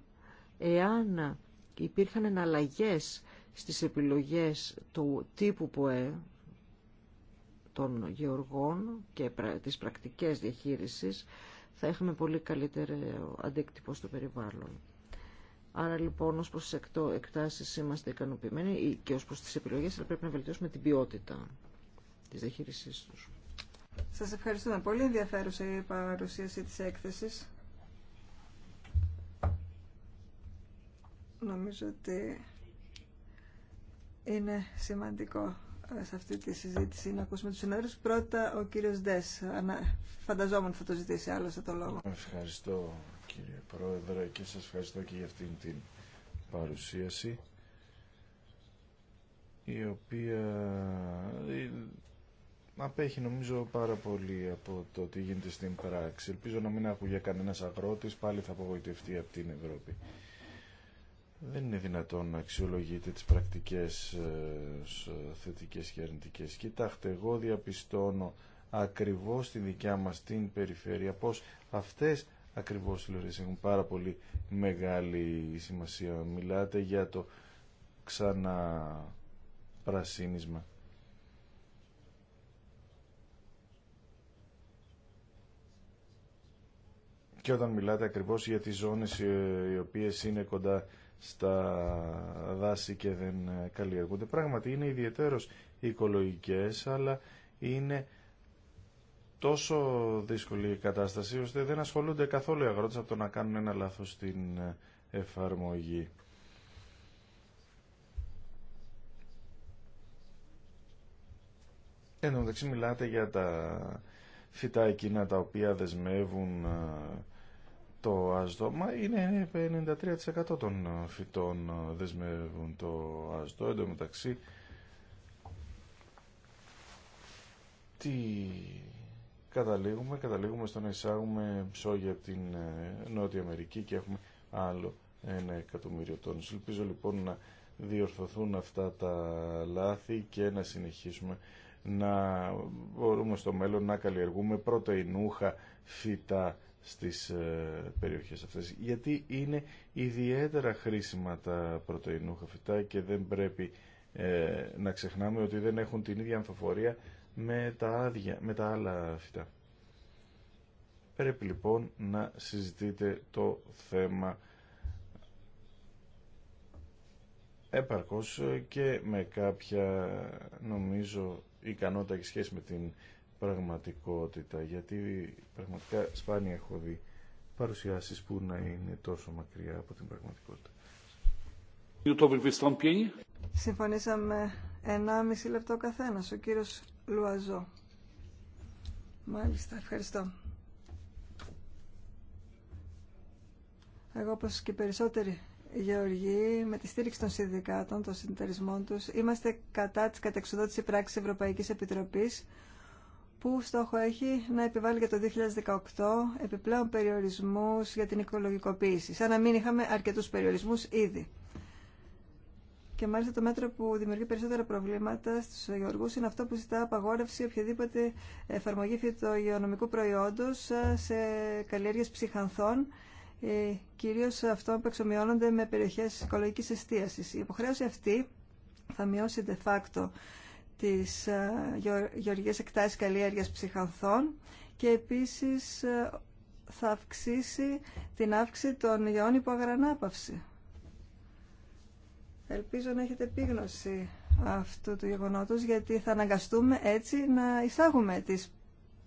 εάν υπήρχαν εναλλαγές στις επιλογές του τύπου ΠΟΕ, των γεωργών και τις πρακτικές διαχείρισης, θα είχαμε πολύ καλύτερο αντίκτυπο στο περιβάλλον. Άρα λοιπόν ως προς τις εκτάσεις είμαστε ικανοποιημένοι ε, και ως προς τις επιλογές θα πρέπει να βελτιώσουμε την ποιότητα της διαχείρισής τους. Σας ευχαριστούμε. Πολύ ενδιαφέρουσα η παρουσίαση της έκθεσης. Νομίζω ότι είναι σημαντικό ε, σε αυτή τη συζήτηση να ακούσουμε τους συνέδρους. Πρώτα ο κύριος Ντες. Φανταζόμουν θα το ζητήσει σε το λόγο. Ευχαριστώ κύριε Πρόεδρε και σας ευχαριστώ και για αυτήν την παρουσίαση η οποία απέχει νομίζω πάρα πολύ από το τι γίνεται στην πράξη. Ελπίζω να μην ακούγε κανένα αγρότης, πάλι θα απογοητευτεί από την Ευρώπη. Δεν είναι δυνατόν να αξιολογείτε τις πρακτικές ε, θετικές και αρνητικές. Κοιτάξτε, εγώ διαπιστώνω ακριβώς στη δικιά μας την περιφέρεια πως αυτές ακριβώς οι έχουν πάρα πολύ μεγάλη σημασία. Μιλάτε για το ξαναπρασίνισμα και όταν μιλάτε ακριβώς για τις ζώνες ε, οι οποίες είναι κοντά στα δάση και δεν ε, καλλιεργούνται. Πράγματι είναι ιδιαίτερος οικολογικές, αλλά είναι τόσο δύσκολη η κατάσταση ώστε δεν ασχολούνται καθόλου οι αγρότες από το να κάνουν ένα λάθος στην ε, εφαρμογή. Εν τω μεταξύ μιλάτε για τα φυτά εκείνα τα οποία δεσμεύουν το άσδομα είναι 93% των φυτών ε, δεσμεύουν το άσδο. Εν τω μεταξύ, τι καταλήγουμε, καταλήγουμε στο να εισάγουμε ψόγια από την ε, Νότια Αμερική και έχουμε άλλο ένα εκατομμύριο τόνου. Ελπίζω λοιπόν να διορθωθούν αυτά τα λάθη και να συνεχίσουμε να μπορούμε στο μέλλον να καλλιεργούμε πρωτεϊνούχα φυτά στις ε, περιοχές αυτές γιατί είναι ιδιαίτερα χρήσιμα τα πρωτεϊνούχα φυτά και δεν πρέπει ε, να ξεχνάμε ότι δεν έχουν την ίδια ανθοφορία με τα, άδεια, με τα άλλα φυτά. Πρέπει λοιπόν να συζητείτε το θέμα επαρκώς και με κάποια νομίζω ικανότητα και σχέση με την πραγματικότητα γιατί πραγματικά σπάνια έχω δει παρουσιάσεις που να είναι τόσο μακριά από την πραγματικότητα. Συμφωνήσαμε 1,5 λεπτό καθένας, ο κύριος Λουαζό. Μάλιστα, ευχαριστώ. Εγώ όπως και περισσότεροι Γεωργοί, με τη στήριξη των συνδικάτων, των συνεταιρισμών τους, είμαστε κατά της κατεξοδότηση πράξης Ευρωπαϊκής Επιτροπής που στόχο έχει να επιβάλλει για το 2018 επιπλέον περιορισμούς για την οικολογικοποίηση, σαν να μην είχαμε αρκετούς περιορισμούς ήδη. Και μάλιστα το μέτρο που δημιουργεί περισσότερα προβλήματα στους γεωργούς είναι αυτό που ζητά απαγόρευση οποιαδήποτε εφαρμογή φυτογειονομικού προϊόντος σε καλλιέργειες ψυχανθών, ε, κυρίως αυτό που εξομοιώνονται με περιοχές οικολογικής εστίασης. Η υποχρέωση αυτή θα μειώσει de facto της ε, γεωργίας εκτάσεις καλλιέργειας ψυχανθών και επίσης ε, θα αυξήσει την αύξηση των γεών υπογρανάπαυση. Ελπίζω να έχετε επίγνωση αυτού του γεγονότος γιατί θα αναγκαστούμε έτσι να εισάγουμε τις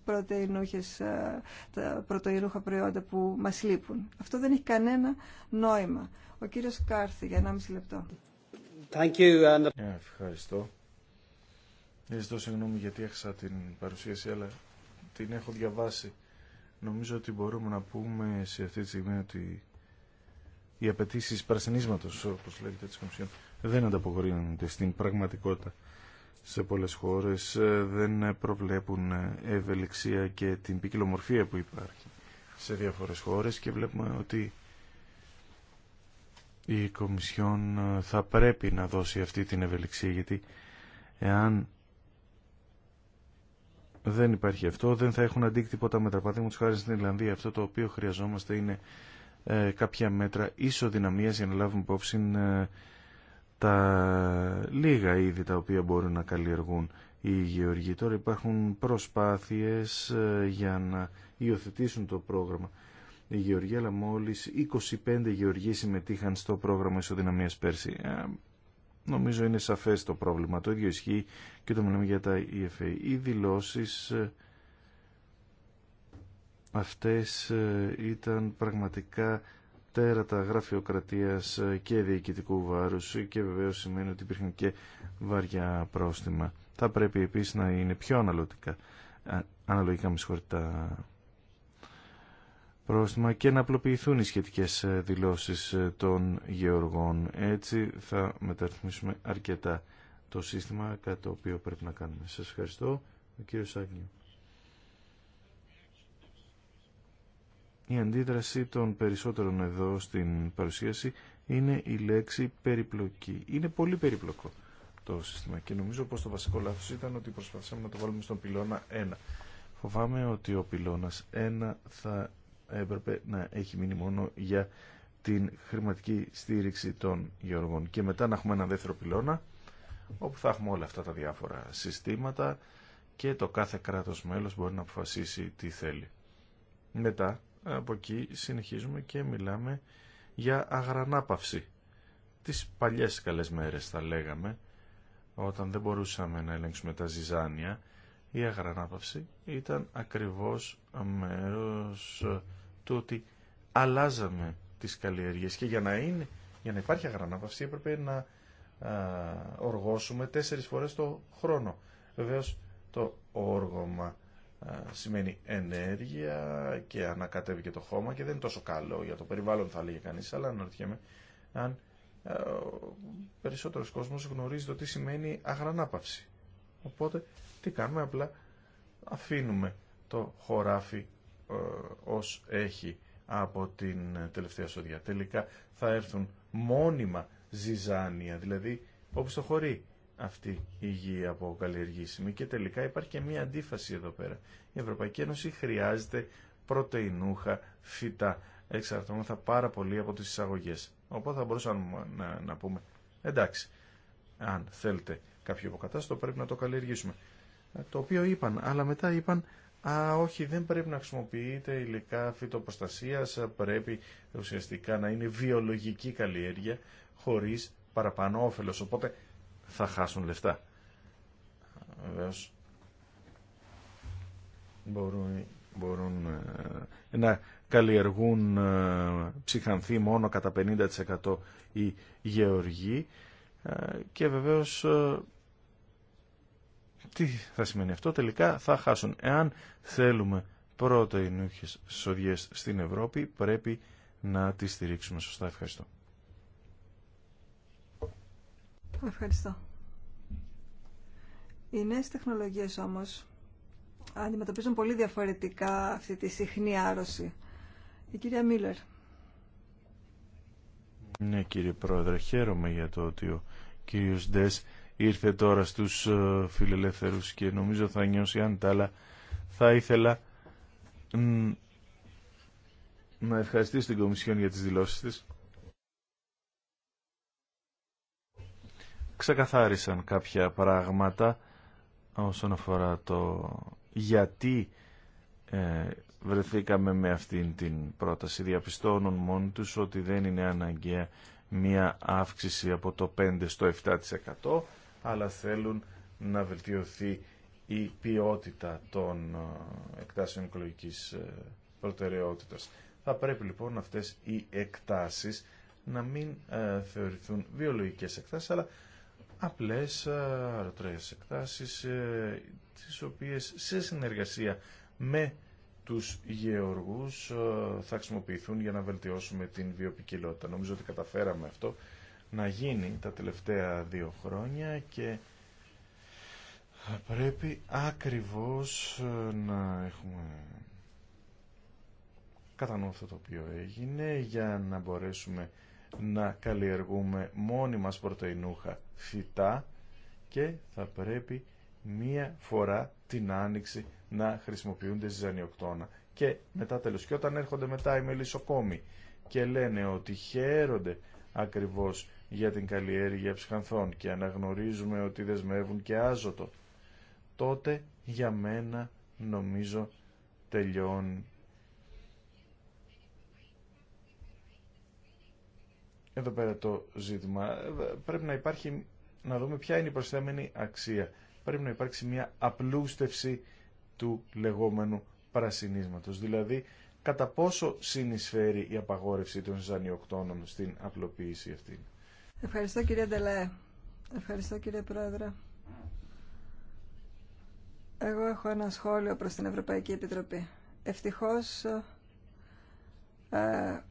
πρωτεϊνούχες, ε, τα πρωτεϊνούχα προϊόντα που μας λείπουν. Αυτό δεν έχει κανένα νόημα. Ο κύριος Κάρθη για 1,5 λεπτό. Thank you, Ευχαριστώ. Ε, ζητώ συγγνώμη γιατί έχασα την παρουσίαση, αλλά την έχω διαβάσει. Νομίζω ότι μπορούμε να πούμε σε αυτή τη στιγμή ότι οι απαιτήσει πρασινίσματο, όπω λέγεται τη Κομισιόν, δεν ανταποκρίνονται στην πραγματικότητα σε πολλέ χώρες ε, δεν προβλέπουν ευελιξία και την ποικιλομορφία που υπάρχει σε διάφορε χώρες και βλέπουμε ότι η Κομισιόν ε, θα πρέπει να δώσει αυτή την ευελιξία γιατί εάν δεν υπάρχει αυτό, δεν θα έχουν αντίκτυπο τα μέτρα. Παραδείγματο χάρη στην Ιρλανδία, αυτό το οποίο χρειαζόμαστε είναι ε, κάποια μέτρα ισοδυναμία για να λάβουμε υπόψη ε, τα λίγα είδη τα οποία μπορούν να καλλιεργούν οι γεωργοί. Τώρα υπάρχουν προσπάθειες ε, για να υιοθετήσουν το πρόγραμμα. Η Γεωργία, αλλά μόλι 25 γεωργοί συμμετείχαν στο πρόγραμμα ισοδυναμία πέρσι. Ε, Νομίζω είναι σαφές το πρόβλημα. Το ίδιο ισχύει και το μιλάμε για τα EFA. Οι δηλώσεις ε, αυτές ε, ήταν πραγματικά τέρατα γραφειοκρατίας ε, και διοικητικού βάρους και βεβαίως σημαίνει ότι υπήρχαν και βαριά πρόστιμα. Θα πρέπει επίσης να είναι πιο αναλογικά, αναλογικά με πρόστιμα και να απλοποιηθούν οι σχετικές ε, δηλώσεις ε, των γεωργών. Έτσι θα μεταρρυθμίσουμε αρκετά το σύστημα, κάτι το οποίο πρέπει να κάνουμε. Σας ευχαριστώ. Ο κύριος Η αντίδραση των περισσότερων εδώ στην παρουσίαση είναι η λέξη περιπλοκή. Είναι πολύ περιπλοκό το σύστημα και νομίζω πως το βασικό λάθος ήταν ότι προσπαθήσαμε να το βάλουμε στον πυλώνα 1. Φοβάμαι ότι ο πυλώνας 1 θα έπρεπε να έχει μείνει μόνο για την χρηματική στήριξη των γεωργών. Και μετά να έχουμε ένα δεύτερο πυλώνα, όπου θα έχουμε όλα αυτά τα διάφορα συστήματα και το κάθε κράτος μέλος μπορεί να αποφασίσει τι θέλει. Μετά, από εκεί συνεχίζουμε και μιλάμε για αγρανάπαυση. Τις παλιές καλές μέρες θα λέγαμε, όταν δεν μπορούσαμε να ελέγξουμε τα ζυζάνια, η αγρανάπαυση ήταν ακριβώς μέρος ότι αλλάζαμε τις καλλιέργειε και για να, είναι, για να υπάρχει αγρανάπαυση έπρεπε να οργώσουμε τέσσερις φορές το χρόνο. Βεβαίως το όργωμα σημαίνει ενέργεια και ανακατεύει και το χώμα και δεν είναι τόσο καλό για το περιβάλλον θα λέγει κανείς, αλλά αναρωτιέμαι αν περισσότερος κόσμος γνωρίζει το τι σημαίνει αγρανάπαυση. Οπότε τι κάνουμε απλά αφήνουμε το χωράφι ε, ως έχει από την τελευταία σοδιά. Τελικά θα έρθουν μόνιμα ζυζάνια, δηλαδή όπως το χωρεί αυτή η γη από καλλιεργήσιμη και τελικά υπάρχει και μία αντίφαση εδώ πέρα. Η Ευρωπαϊκή Ένωση χρειάζεται πρωτεϊνούχα φυτά. Εξαρτώμεθα πάρα πολύ από τις εισαγωγές. Οπότε θα μπορούσαμε να, να, να πούμε εντάξει, αν θέλετε κάποιο υποκατάστατο πρέπει να το καλλιεργήσουμε. Ε, το οποίο είπαν, αλλά μετά είπαν Α, όχι, δεν πρέπει να χρησιμοποιείται υλικά φυτοπροστασίας, πρέπει ουσιαστικά να είναι βιολογική καλλιέργεια χωρίς παραπάνω όφελος, οπότε θα χάσουν λεφτά. Βεβαίως μπορούν, μπορούν ε, να καλλιεργούν ε, μόνο κατά 50% οι γεωργοί ε, και βεβαίως ε, τι θα σημαίνει αυτό, τελικά θα χάσουν. Εάν θέλουμε πρώτα οι νούχες σοδιές στην Ευρώπη, πρέπει να τις στηρίξουμε. Σωστά, ευχαριστώ. Ευχαριστώ. Οι νέες τεχνολογίες όμως αντιμετωπίζουν πολύ διαφορετικά αυτή τη συχνή άρρωση. Η κυρία Μίλλερ. Ναι κύριε Πρόεδρε, χαίρομαι για το ότι ο κύριος Ντες ήρθε τώρα στους ε, φιλελεύθερους και νομίζω θα νιώσει αν θα ήθελα να ευχαριστήσω την Κομισιόν για τις δηλώσεις της. Ξεκαθάρισαν κάποια πράγματα όσον αφορά το γιατί ε, βρεθήκαμε με αυτήν την πρόταση. Διαπιστώνουν μόνοι τους ότι δεν είναι αναγκαία μία αύξηση από το 5% στο 7% αλλά θέλουν να βελτιωθεί η ποιότητα των ε, εκτάσεων οικολογικής ε, προτεραιότητας. Θα πρέπει λοιπόν αυτές οι εκτάσεις να μην ε, θεωρηθούν βιολογικές εκτάσεις, αλλά απλές αρωτρές εκτάσεις, τις οποίες σε συνεργασία με τους γεωργούς θα χρησιμοποιηθούν για να βελτιώσουμε την βιοπικιλότητα. Νομίζω ότι καταφέραμε αυτό να γίνει τα τελευταία δύο χρόνια και θα πρέπει ακριβώς ε, να έχουμε κατανοώ αυτό το οποίο έγινε για να μπορέσουμε να καλλιεργούμε μόνοι μας πρωτεϊνούχα φυτά και θα πρέπει μία φορά την άνοιξη να χρησιμοποιούνται ζυζανιοκτώνα. Και μετά τέλος, και όταν έρχονται μετά οι μελισσοκόμοι και λένε ότι χαίρονται ακριβώς για την καλλιέργεια ψυχανθών και αναγνωρίζουμε ότι δεσμεύουν και άζωτο, τότε για μένα νομίζω τελειώνει. Εδώ πέρα το ζήτημα. Πρέπει να υπάρχει, να δούμε ποια είναι η προσθέμενη αξία. Πρέπει να υπάρξει μια απλούστευση του λεγόμενου πρασινίσματος. Δηλαδή, κατά πόσο συνεισφέρει η απαγόρευση των ζανιοκτώνων στην απλοποίηση αυτή. Ευχαριστώ κύριε Ντελέ. Ευχαριστώ κύριε Πρόεδρε. Εγώ έχω ένα σχόλιο προς την Ευρωπαϊκή Επιτροπή. Ευτυχώς ε,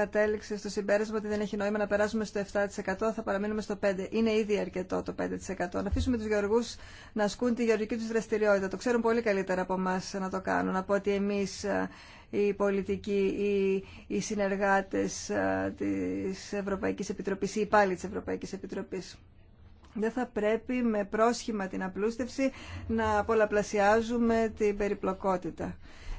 κατέληξε στο συμπέρασμα ότι δεν έχει νόημα να περάσουμε στο 7%, θα παραμείνουμε στο 5%. Είναι ήδη αρκετό το 5%. Να αφήσουμε του γεωργού να ασκούν τη γεωργική του δραστηριότητα. Το ξέρουν πολύ καλύτερα από εμά να το κάνουν, από ότι εμεί ε, οι πολιτικοί ή οι συνεργάτε ε, τη Ευρωπαϊκή Επιτροπή ή οι υπάλληλοι τη Ευρωπαϊκή Επιτροπή. Δεν θα πρέπει με πρόσχημα την απλούστευση να πολλαπλασιάζουμε την περιπλοκότητα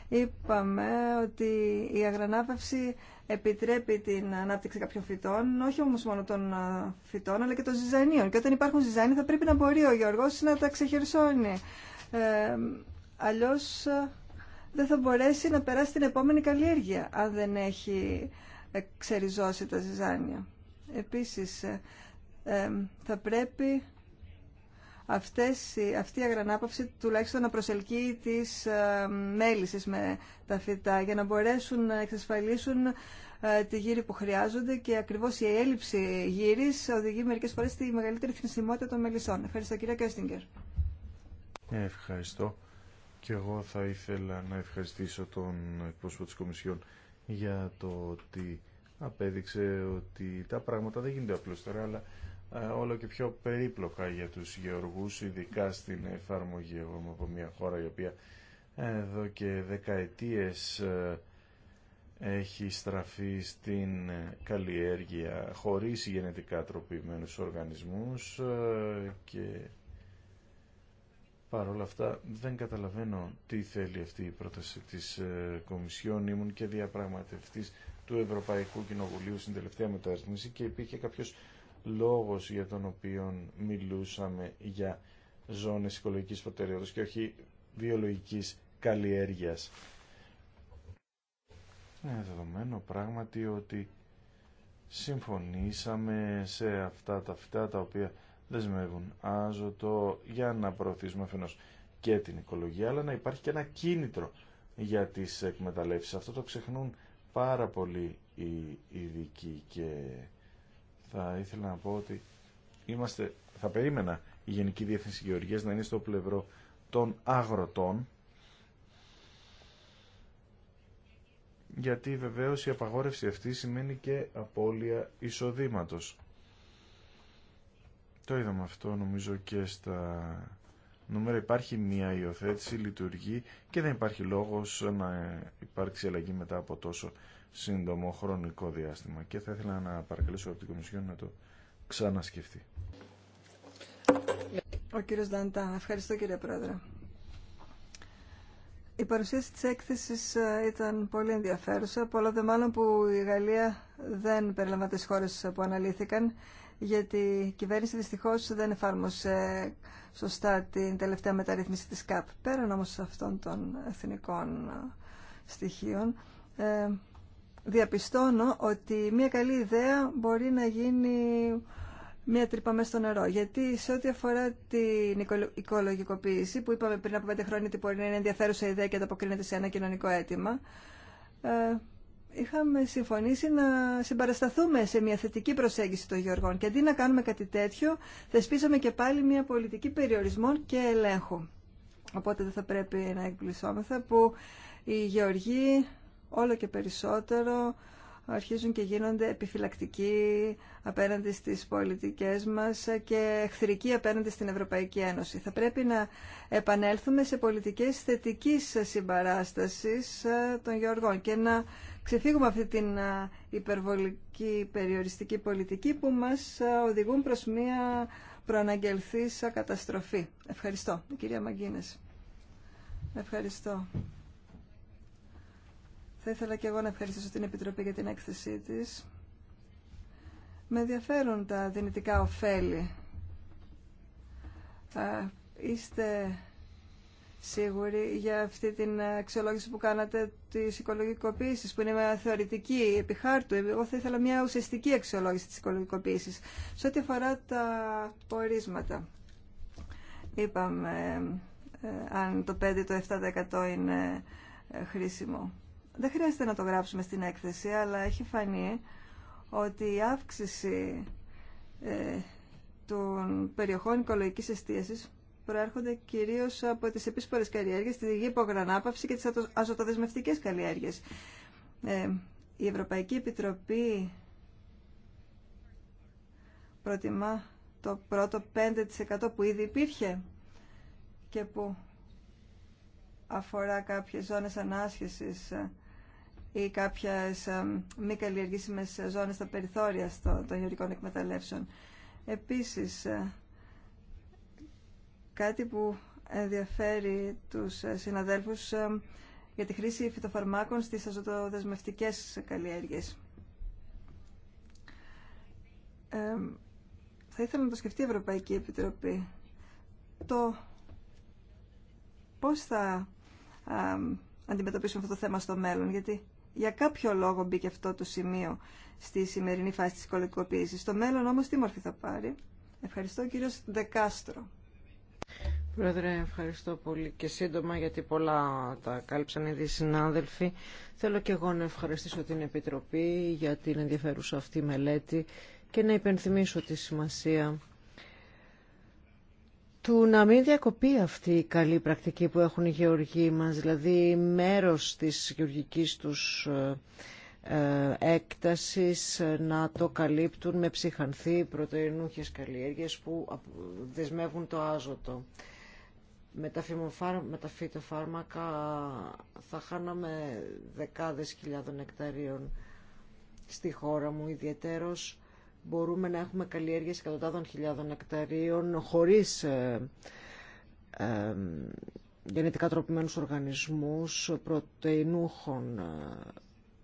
είπαμε ότι η αγρανάπευση επιτρέπει την ανάπτυξη κάποιων φυτών, όχι όμως μόνο των φυτών, αλλά και των ζυζανίων. Και όταν υπάρχουν ζυζάνια θα πρέπει να μπορεί ο Γιώργος να τα ξεχερσώνει. Ε, αλλιώς δεν θα μπορέσει να περάσει την επόμενη καλλιέργεια, αν δεν έχει ε, ξεριζώσει τα ζυζάνια. Επίσης, ε, ε, θα πρέπει αυτές, αυτή η αγρανάπαυση τουλάχιστον να προσελκύει τις ε, μέλισσες με τα φυτά για να μπορέσουν να εξασφαλίσουν ε, τη γύρη που χρειάζονται και ακριβώς η έλλειψη γύρης οδηγεί μερικές φορές στη μεγαλύτερη θνησιμότητα των μελισσών. Ευχαριστώ κύριε Κέστιγκερ. Ευχαριστώ. Και εγώ θα ήθελα να ευχαριστήσω τον εκπρόσωπο της Κομισιόν για το ότι απέδειξε ότι τα πράγματα δεν γίνονται απλώς τώρα, αλλά ε, όλο και πιο περίπλοκα για τους γεωργούς, ειδικά στην εφαρμογή. Εγώ από μια χώρα η οποία ε, εδώ και δεκαετίες ε, έχει στραφεί στην καλλιέργεια χωρίς γενετικά τροπημένους οργανισμούς και παρόλα αυτά δεν καταλαβαίνω τι θέλει αυτή η πρόταση της Κομισιόν. Ήμουν και διαπραγματευτής του Ευρωπαϊκού Κοινοβουλίου στην τελευταία μεταρρύθμιση και υπήρχε κάποιος λόγος για τον οποίο μιλούσαμε για ζώνες οικολογικής προτεραιότητας και όχι βιολογικής καλλιέργειας. Είναι δεδομένο πράγματι ότι συμφωνήσαμε σε αυτά τα φυτά τα οποία δεσμεύουν άζωτο για να προωθήσουμε αφενός και την οικολογία αλλά να υπάρχει και ένα κίνητρο για τις εκμεταλλεύσεις. Αυτό το ξεχνούν πάρα πολύ οι ειδικοί και θα ήθελα να πω ότι είμαστε, θα περίμενα η Γενική Διεύθυνση Γεωργίας να είναι στο πλευρό των αγροτών γιατί βεβαίως η απαγόρευση αυτή σημαίνει και απώλεια εισοδήματος. Το είδαμε αυτό νομίζω και στα νούμερα. Υπάρχει μία υιοθέτηση, λειτουργεί και δεν υπάρχει λόγος να υπάρξει αλλαγή μετά από τόσο σύντομο χρονικό διάστημα και θα ήθελα να παρακαλέσω από την Κομισιόν να το ξανασκεφτεί. Ο κύριος Δάντα. Ευχαριστώ κύριε Πρόεδρε. Η παρουσίαση της έκθεσης ε, ήταν πολύ ενδιαφέρουσα, πολλό δε μάλλον που η Γαλλία δεν περιλαμβάνει τις χώρες που αναλύθηκαν, γιατί η κυβέρνηση δυστυχώς δεν εφάρμοσε σωστά την τελευταία μεταρρύθμιση της ΚΑΠ. Πέραν όμως αυτών των εθνικών ε, στοιχείων, ε, διαπιστώνω ότι μια καλή ιδέα μπορεί να γίνει μια τρύπα μέσα στο νερό. Γιατί σε ό,τι αφορά την οικολογικοποίηση, που είπαμε πριν από πέντε χρόνια ότι μπορεί να είναι ενδιαφέρουσα ιδέα και ανταποκρίνεται σε ένα κοινωνικό αίτημα, ε, είχαμε συμφωνήσει να συμπαρασταθούμε σε μια θετική προσέγγιση των γεωργών. Και αντί να κάνουμε κάτι τέτοιο, θεσπίσαμε και πάλι μια πολιτική περιορισμών και ελέγχου. Οπότε δεν θα πρέπει να εκπλησώμεθα που οι γεωργοί όλο και περισσότερο αρχίζουν και γίνονται επιφυλακτικοί απέναντι στις πολιτικές μας και εχθρικοί απέναντι στην Ευρωπαϊκή Ένωση. Θα πρέπει να επανέλθουμε σε πολιτικές θετικής συμπαράστασης ε, των γεωργών και να ξεφύγουμε αυτή την ε, υπερβολική περιοριστική πολιτική που μας ε, οδηγούν προς μια προαναγγελθής καταστροφή. Ευχαριστώ. Κυρία Μαγκίνες. Ευχαριστώ. Θα ήθελα και εγώ να ευχαριστήσω την Επιτροπή για την έκθεσή της. Με ενδιαφέρουν τα δυνητικά ωφέλη. Είστε σίγουροι για αυτή την αξιολόγηση που κάνατε τη οικολογικοποίησης, που είναι μια θεωρητική επιχάρτου. Εγώ θα ήθελα μια ουσιαστική αξιολόγηση της οικολογικοποίησης. Σε ό,τι αφορά τα πορίσματα, είπαμε ε, αν το 5 το 7% είναι ε, χρήσιμο. Δεν χρειάζεται να το γράψουμε στην έκθεση, αλλά έχει φανεί ότι η αύξηση ε, των περιοχών οικολογικής εστίασης προέρχονται κυρίως από τις επίσπορες καλλιέργειες, τη γη υπογρανάπαυση και τις αζωτοδεσμευτικές καλλιέργειες. Ε, η Ευρωπαϊκή Επιτροπή προτιμά το πρώτο 5% που ήδη υπήρχε και που αφορά κάποιες ζώνες ανάσχεσης ε, ή κάποιε ε, μη καλλιεργήσιμε ζώνε στα περιθώρια των γεωρικών εκμεταλλεύσεων. Επίσης, ε, κάτι που ενδιαφέρει τους ε, συναδέλφους για τη χρήση φυτοφαρμάκων στις αζωτοδεσμευτικές καλλιέργειες. θα ήθελα να το σκεφτεί η Ευρωπαϊκή Επιτροπή. Το πώς θα α, αντιμετωπίσουμε αυτό το θέμα στο μέλλον, γιατί για κάποιο λόγο μπήκε αυτό το σημείο στη σημερινή φάση της οικολογικοποίησης. Στο μέλλον όμως τι μορφή θα πάρει. Ευχαριστώ κύριος Δεκάστρο. Πρόεδρε, ευχαριστώ πολύ και σύντομα γιατί πολλά τα κάλυψαν ήδη οι συνάδελφοι. Θέλω και εγώ να ευχαριστήσω την Επιτροπή για την ενδιαφέρουσα αυτή μελέτη και να υπενθυμίσω τη σημασία του να μην διακοπεί αυτή η καλή πρακτική που έχουν οι γεωργοί μας, δηλαδή μέρος της γεωργικής τους ε, ε, έκτασης να το καλύπτουν με ψυχανθή πρωτεϊνούχες καλλιέργειες που δεσμεύουν το άζωτο. Με τα, φυτοφάρμακα θα χάναμε δεκάδες χιλιάδων εκταρίων στη χώρα μου ιδιαίτερος μπορούμε να έχουμε καλλιέργειες εκατοντάδων χιλιάδων νεκταρίων χωρίς ε, ε, γενετικά τροπημένους οργανισμούς, πρωτεϊνούχων ε,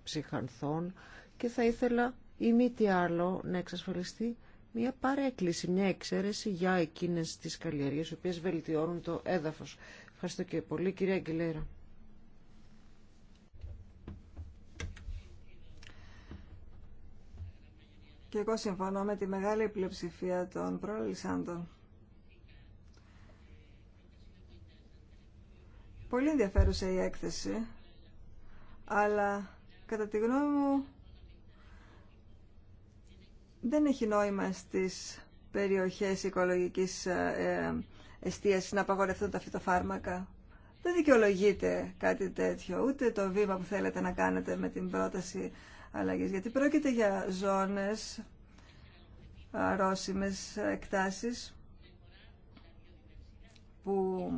ψυχανθών και θα ήθελα ή μη τι άλλο να εξασφαλιστεί μια παρέκκληση, μια εξαίρεση για εκείνες τις καλλιέργειες οι οποίες βελτιώνουν το έδαφος. Ευχαριστώ και πολύ κυρία Αγγελέρα. Και εγώ συμφωνώ με τη μεγάλη πλειοψηφία των προλυσάντων. Πολύ ενδιαφέρουσα η έκθεση, αλλά κατά τη γνώμη μου δεν έχει νόημα στις περιοχές οικολογικής ε, ε, εστίασης να απαγορευτούν τα φυτοφάρμακα. Δεν δικαιολογείται κάτι τέτοιο, ούτε το βήμα που θέλετε να κάνετε με την πρόταση αλλαγές. Γιατί πρόκειται για ζώνες, αρρώσιμες εκτάσεις, που,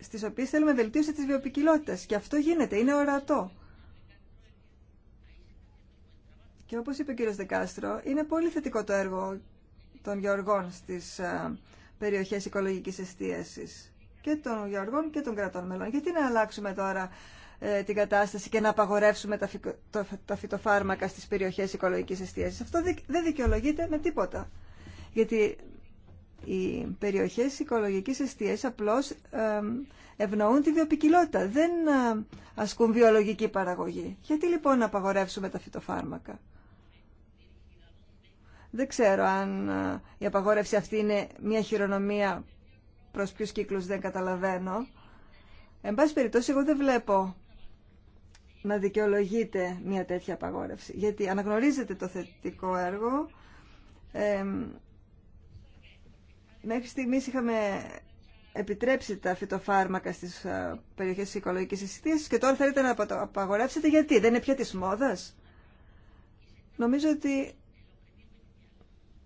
στις οποίες θέλουμε βελτίωση της βιοπικιλότητας. Και αυτό γίνεται, είναι ορατό. Και όπως είπε ο κύριος Δεκάστρο, είναι πολύ θετικό το έργο των γεωργών στις περιοχές οικολογικής εστίασης και των γεωργών και των κρατών μελών. Γιατί να αλλάξουμε τώρα ε, την κατάσταση και να απαγορεύσουμε τα φυτοφάρμακα στις περιοχές οικολογικής εστίασης. Αυτό δεν δικαιολογείται με τίποτα. Γιατί οι περιοχές οικολογικής εστίασης απλώς ευνοούν τη βιοπικιλότητα. Δεν ε, ασκούν βιολογική παραγωγή. Γιατί λοιπόν να απαγορεύσουμε τα φυτοφάρμακα. Δεν ξέρω αν ε, η απαγόρευση αυτή είναι μια χειρονομία προς ποιους κύκλους δεν καταλαβαίνω. Εν πάση περιπτώσει, εγώ δεν βλέπω να δικαιολογείται μια τέτοια απαγόρευση. Γιατί αναγνωρίζεται το θετικό έργο. μέχρι στιγμής είχαμε επιτρέψει τα φυτοφάρμακα στις ε, περιοχές της οικολογικής εστίασης και τώρα θέλετε να το απαγορεύσετε γιατί, δεν είναι πια της μόδας. Νομίζω ότι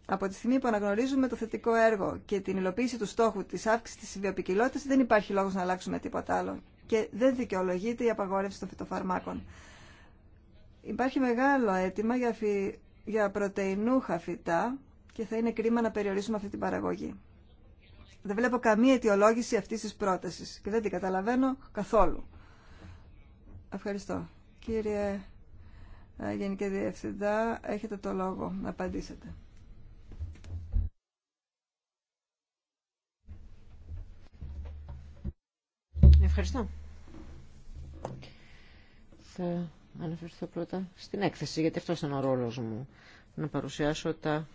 από τη στιγμή που αναγνωρίζουμε το θετικό έργο και την υλοποίηση του στόχου της αύξησης της βιοπικιλότητας δεν υπάρχει λόγος να αλλάξουμε τίποτα άλλο και δεν δικαιολογείται η απαγόρευση των φυτοφαρμάκων. Υπάρχει μεγάλο αίτημα για, φυ... για πρωτεϊνούχα φυτά και θα είναι κρίμα να περιορίσουμε αυτή την παραγωγή. Δεν βλέπω καμία αιτιολόγηση αυτή τη πρόταση. και δεν την καταλαβαίνω καθόλου. Ευχαριστώ. Κύριε ε, Γενική Διευθυντά, έχετε το λόγο να απαντήσετε. Ευχαριστώ. Θα αναφερθώ πρώτα στην έκθεση, γιατί αυτό ήταν ο ρόλος μου, να παρουσιάσω τα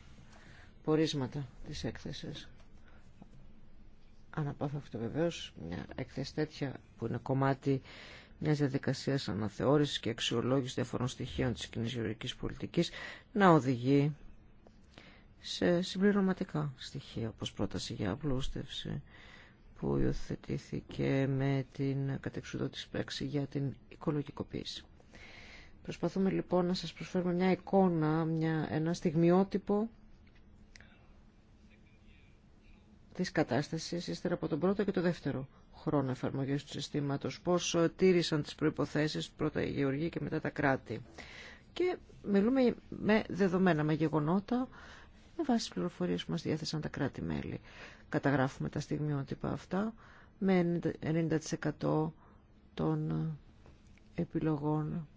πορίσματα της έκθεσης. αυτό βεβαίως, μια έκθεση τέτοια που είναι κομμάτι μια διαδικασία αναθεώρηση και αξιολόγηση διαφορών στοιχείων τη κοινή γεωργική πολιτική να οδηγεί σε συμπληρωματικά στοιχεία, όπω πρόταση για απλούστευση, που υιοθετήθηκε με την κατεξουδότηση πράξη για την οικολογικοποίηση. Προσπαθούμε λοιπόν να σας προσφέρουμε μια εικόνα, μια, ένα στιγμιότυπο της κατάστασης ύστερα από τον πρώτο και το δεύτερο χρόνο εφαρμογής του συστήματος, πώς τήρησαν τις προϋποθέσεις πρώτα οι και μετά τα κράτη. Και μιλούμε με δεδομένα, με γεγονότα, με βάση πληροφορίες που μας διέθεσαν τα κράτη-μέλη καταγράφουμε τα στιγμιότυπα αυτά με 90% των επιλογών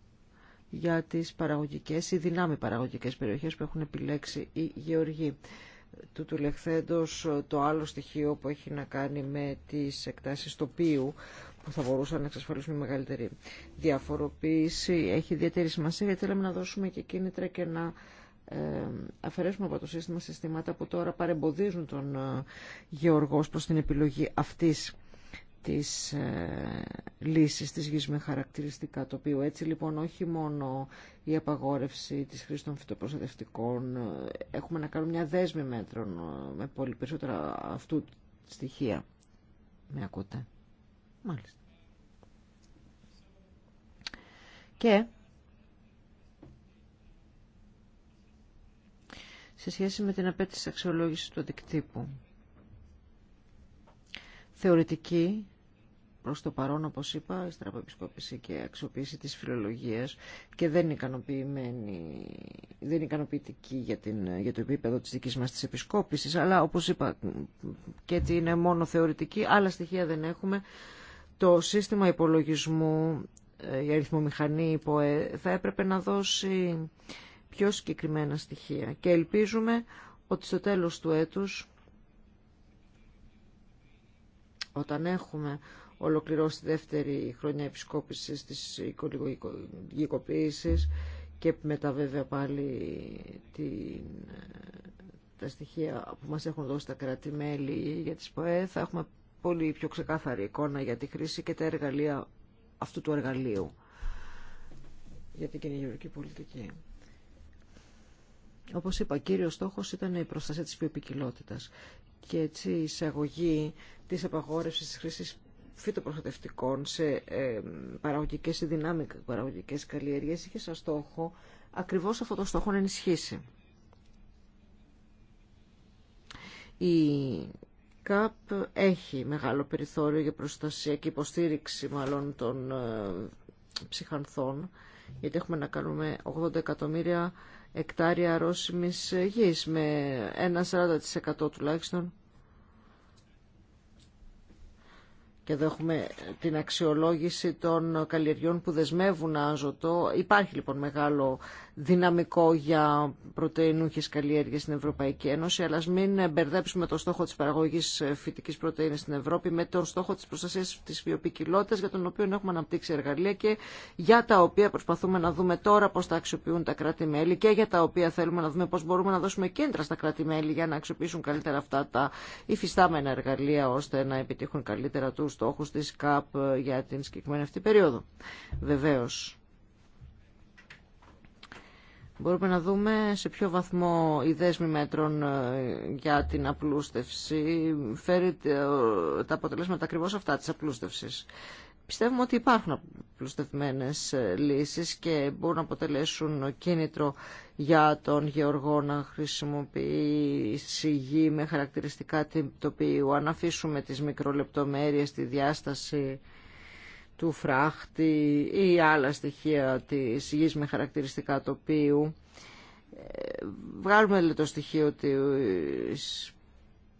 για τις παραγωγικές ή δυνάμει παραγωγικές περιοχές που έχουν επιλέξει οι γεωργοί. Του τουλεχθέντος το άλλο στοιχείο που έχει να κάνει με τις εκτάσεις τοπίου που θα μπορούσαν να εξασφαλίσουν μεγαλύτερη διαφοροποίηση έχει ιδιαίτερη σημασία γιατί θέλαμε να δώσουμε και κίνητρα και να ε, αφαιρέσουμε από το σύστημα συστήματα που τώρα παρεμποδίζουν τον ε, γεωργός προς την επιλογή αυτής της ε, λύσης της γης με χαρακτηριστικά οποίο Έτσι λοιπόν όχι μόνο η απαγόρευση της χρήσης των φυτοπροστατευτικών, ε, έχουμε να κάνουμε μια δέσμη μέτρων με πολύ περισσότερα αυτού στοιχεία. Με ακούτε. Μάλιστα. Και σε σχέση με την απέτηση αξιολόγηση του αντικτύπου. Θεωρητική, προς το παρόν, όπως είπα, η στραπεπισκόπηση και αξιοποίηση της φιλολογίας και δεν, ικανοποιημένη, δεν ικανοποιητική για, την, για το επίπεδο τη δική μα τη επισκόπηση, αλλά όπως είπα και ότι είναι μόνο θεωρητική, άλλα στοιχεία δεν έχουμε. Το σύστημα υπολογισμού, ε, η αριθμομηχανή, θα έπρεπε να δώσει πιο συγκεκριμένα στοιχεία και ελπίζουμε ότι στο τέλος του έτους όταν έχουμε ολοκληρώσει τη δεύτερη χρονιά επισκόπησης της οικολογικοποίησης και μετά βέβαια πάλι την, τα στοιχεία που μας έχουν δώσει τα κρατη για τις ΠΟΕ θα έχουμε πολύ πιο ξεκάθαρη εικόνα για τη χρήση και τα εργαλεία αυτού του εργαλείου για την κοινωνική πολιτική. Όπως είπα, κύριος στόχος ήταν η προστασία της βιοποικιλότητας και έτσι η εισαγωγή της απαγόρευσης της χρήσης φυτοπροστατευτικών σε ε, παραγωγικές ή δυνάμικα παραγωγικές καλλιέργειες είχε σαν στόχο ακριβώς αυτό το στόχο να ενισχύσει. Η ΚΑΠ έχει μεγάλο περιθώριο για προστασία και υποστήριξη μάλλον των ε, ψυχανθών, γιατί έχουμε να κάνουμε 80 εκατομμύρια εκτάρια αρρώσιμης γης με ένα 40% τουλάχιστον. Και εδώ έχουμε την αξιολόγηση των καλλιεργιών που δεσμεύουν άζωτο. Υπάρχει λοιπόν μεγάλο δυναμικό για πρωτεϊνούχες καλλιέργειες στην Ευρωπαϊκή Ένωση, αλλά μην μπερδέψουμε το στόχο της παραγωγής φυτικής πρωτεΐνης στην Ευρώπη με τον στόχο της προστασίας της βιοποικιλότητας, για τον οποίο έχουμε αναπτύξει εργαλεία και για τα οποία προσπαθούμε να δούμε τώρα πώς τα αξιοποιούν τα κράτη-μέλη και για τα οποία θέλουμε να δούμε πώς μπορούμε να δώσουμε κέντρα στα κράτη-μέλη για να αξιοποιήσουν καλύτερα αυτά τα υφιστάμενα εργαλεία, ώστε να επιτύχουν καλύτερα τους στόχους της ΚΑΠ για την συγκεκριμένη αυτή περίοδο. Βεβαίως. Μπορούμε να δούμε σε ποιο βαθμό η δέσμη μέτρων ε, για την απλούστευση φέρει τα αποτελέσματα ακριβώ αυτά της απλούστευσης. Πιστεύουμε ότι υπάρχουν απλουστευμένες ε, λύσεις και μπορούν να αποτελέσουν κίνητρο για τον γεωργό να χρησιμοποιήσει γη με χαρακτηριστικά οποίο Αν αφήσουμε τις μικρολεπτομέρειες, τη διάσταση του φράχτη ή άλλα στοιχεία της γης με χαρακτηριστικά τοπίου. Ε, βγάλουμε δηλαδή το στοιχείο της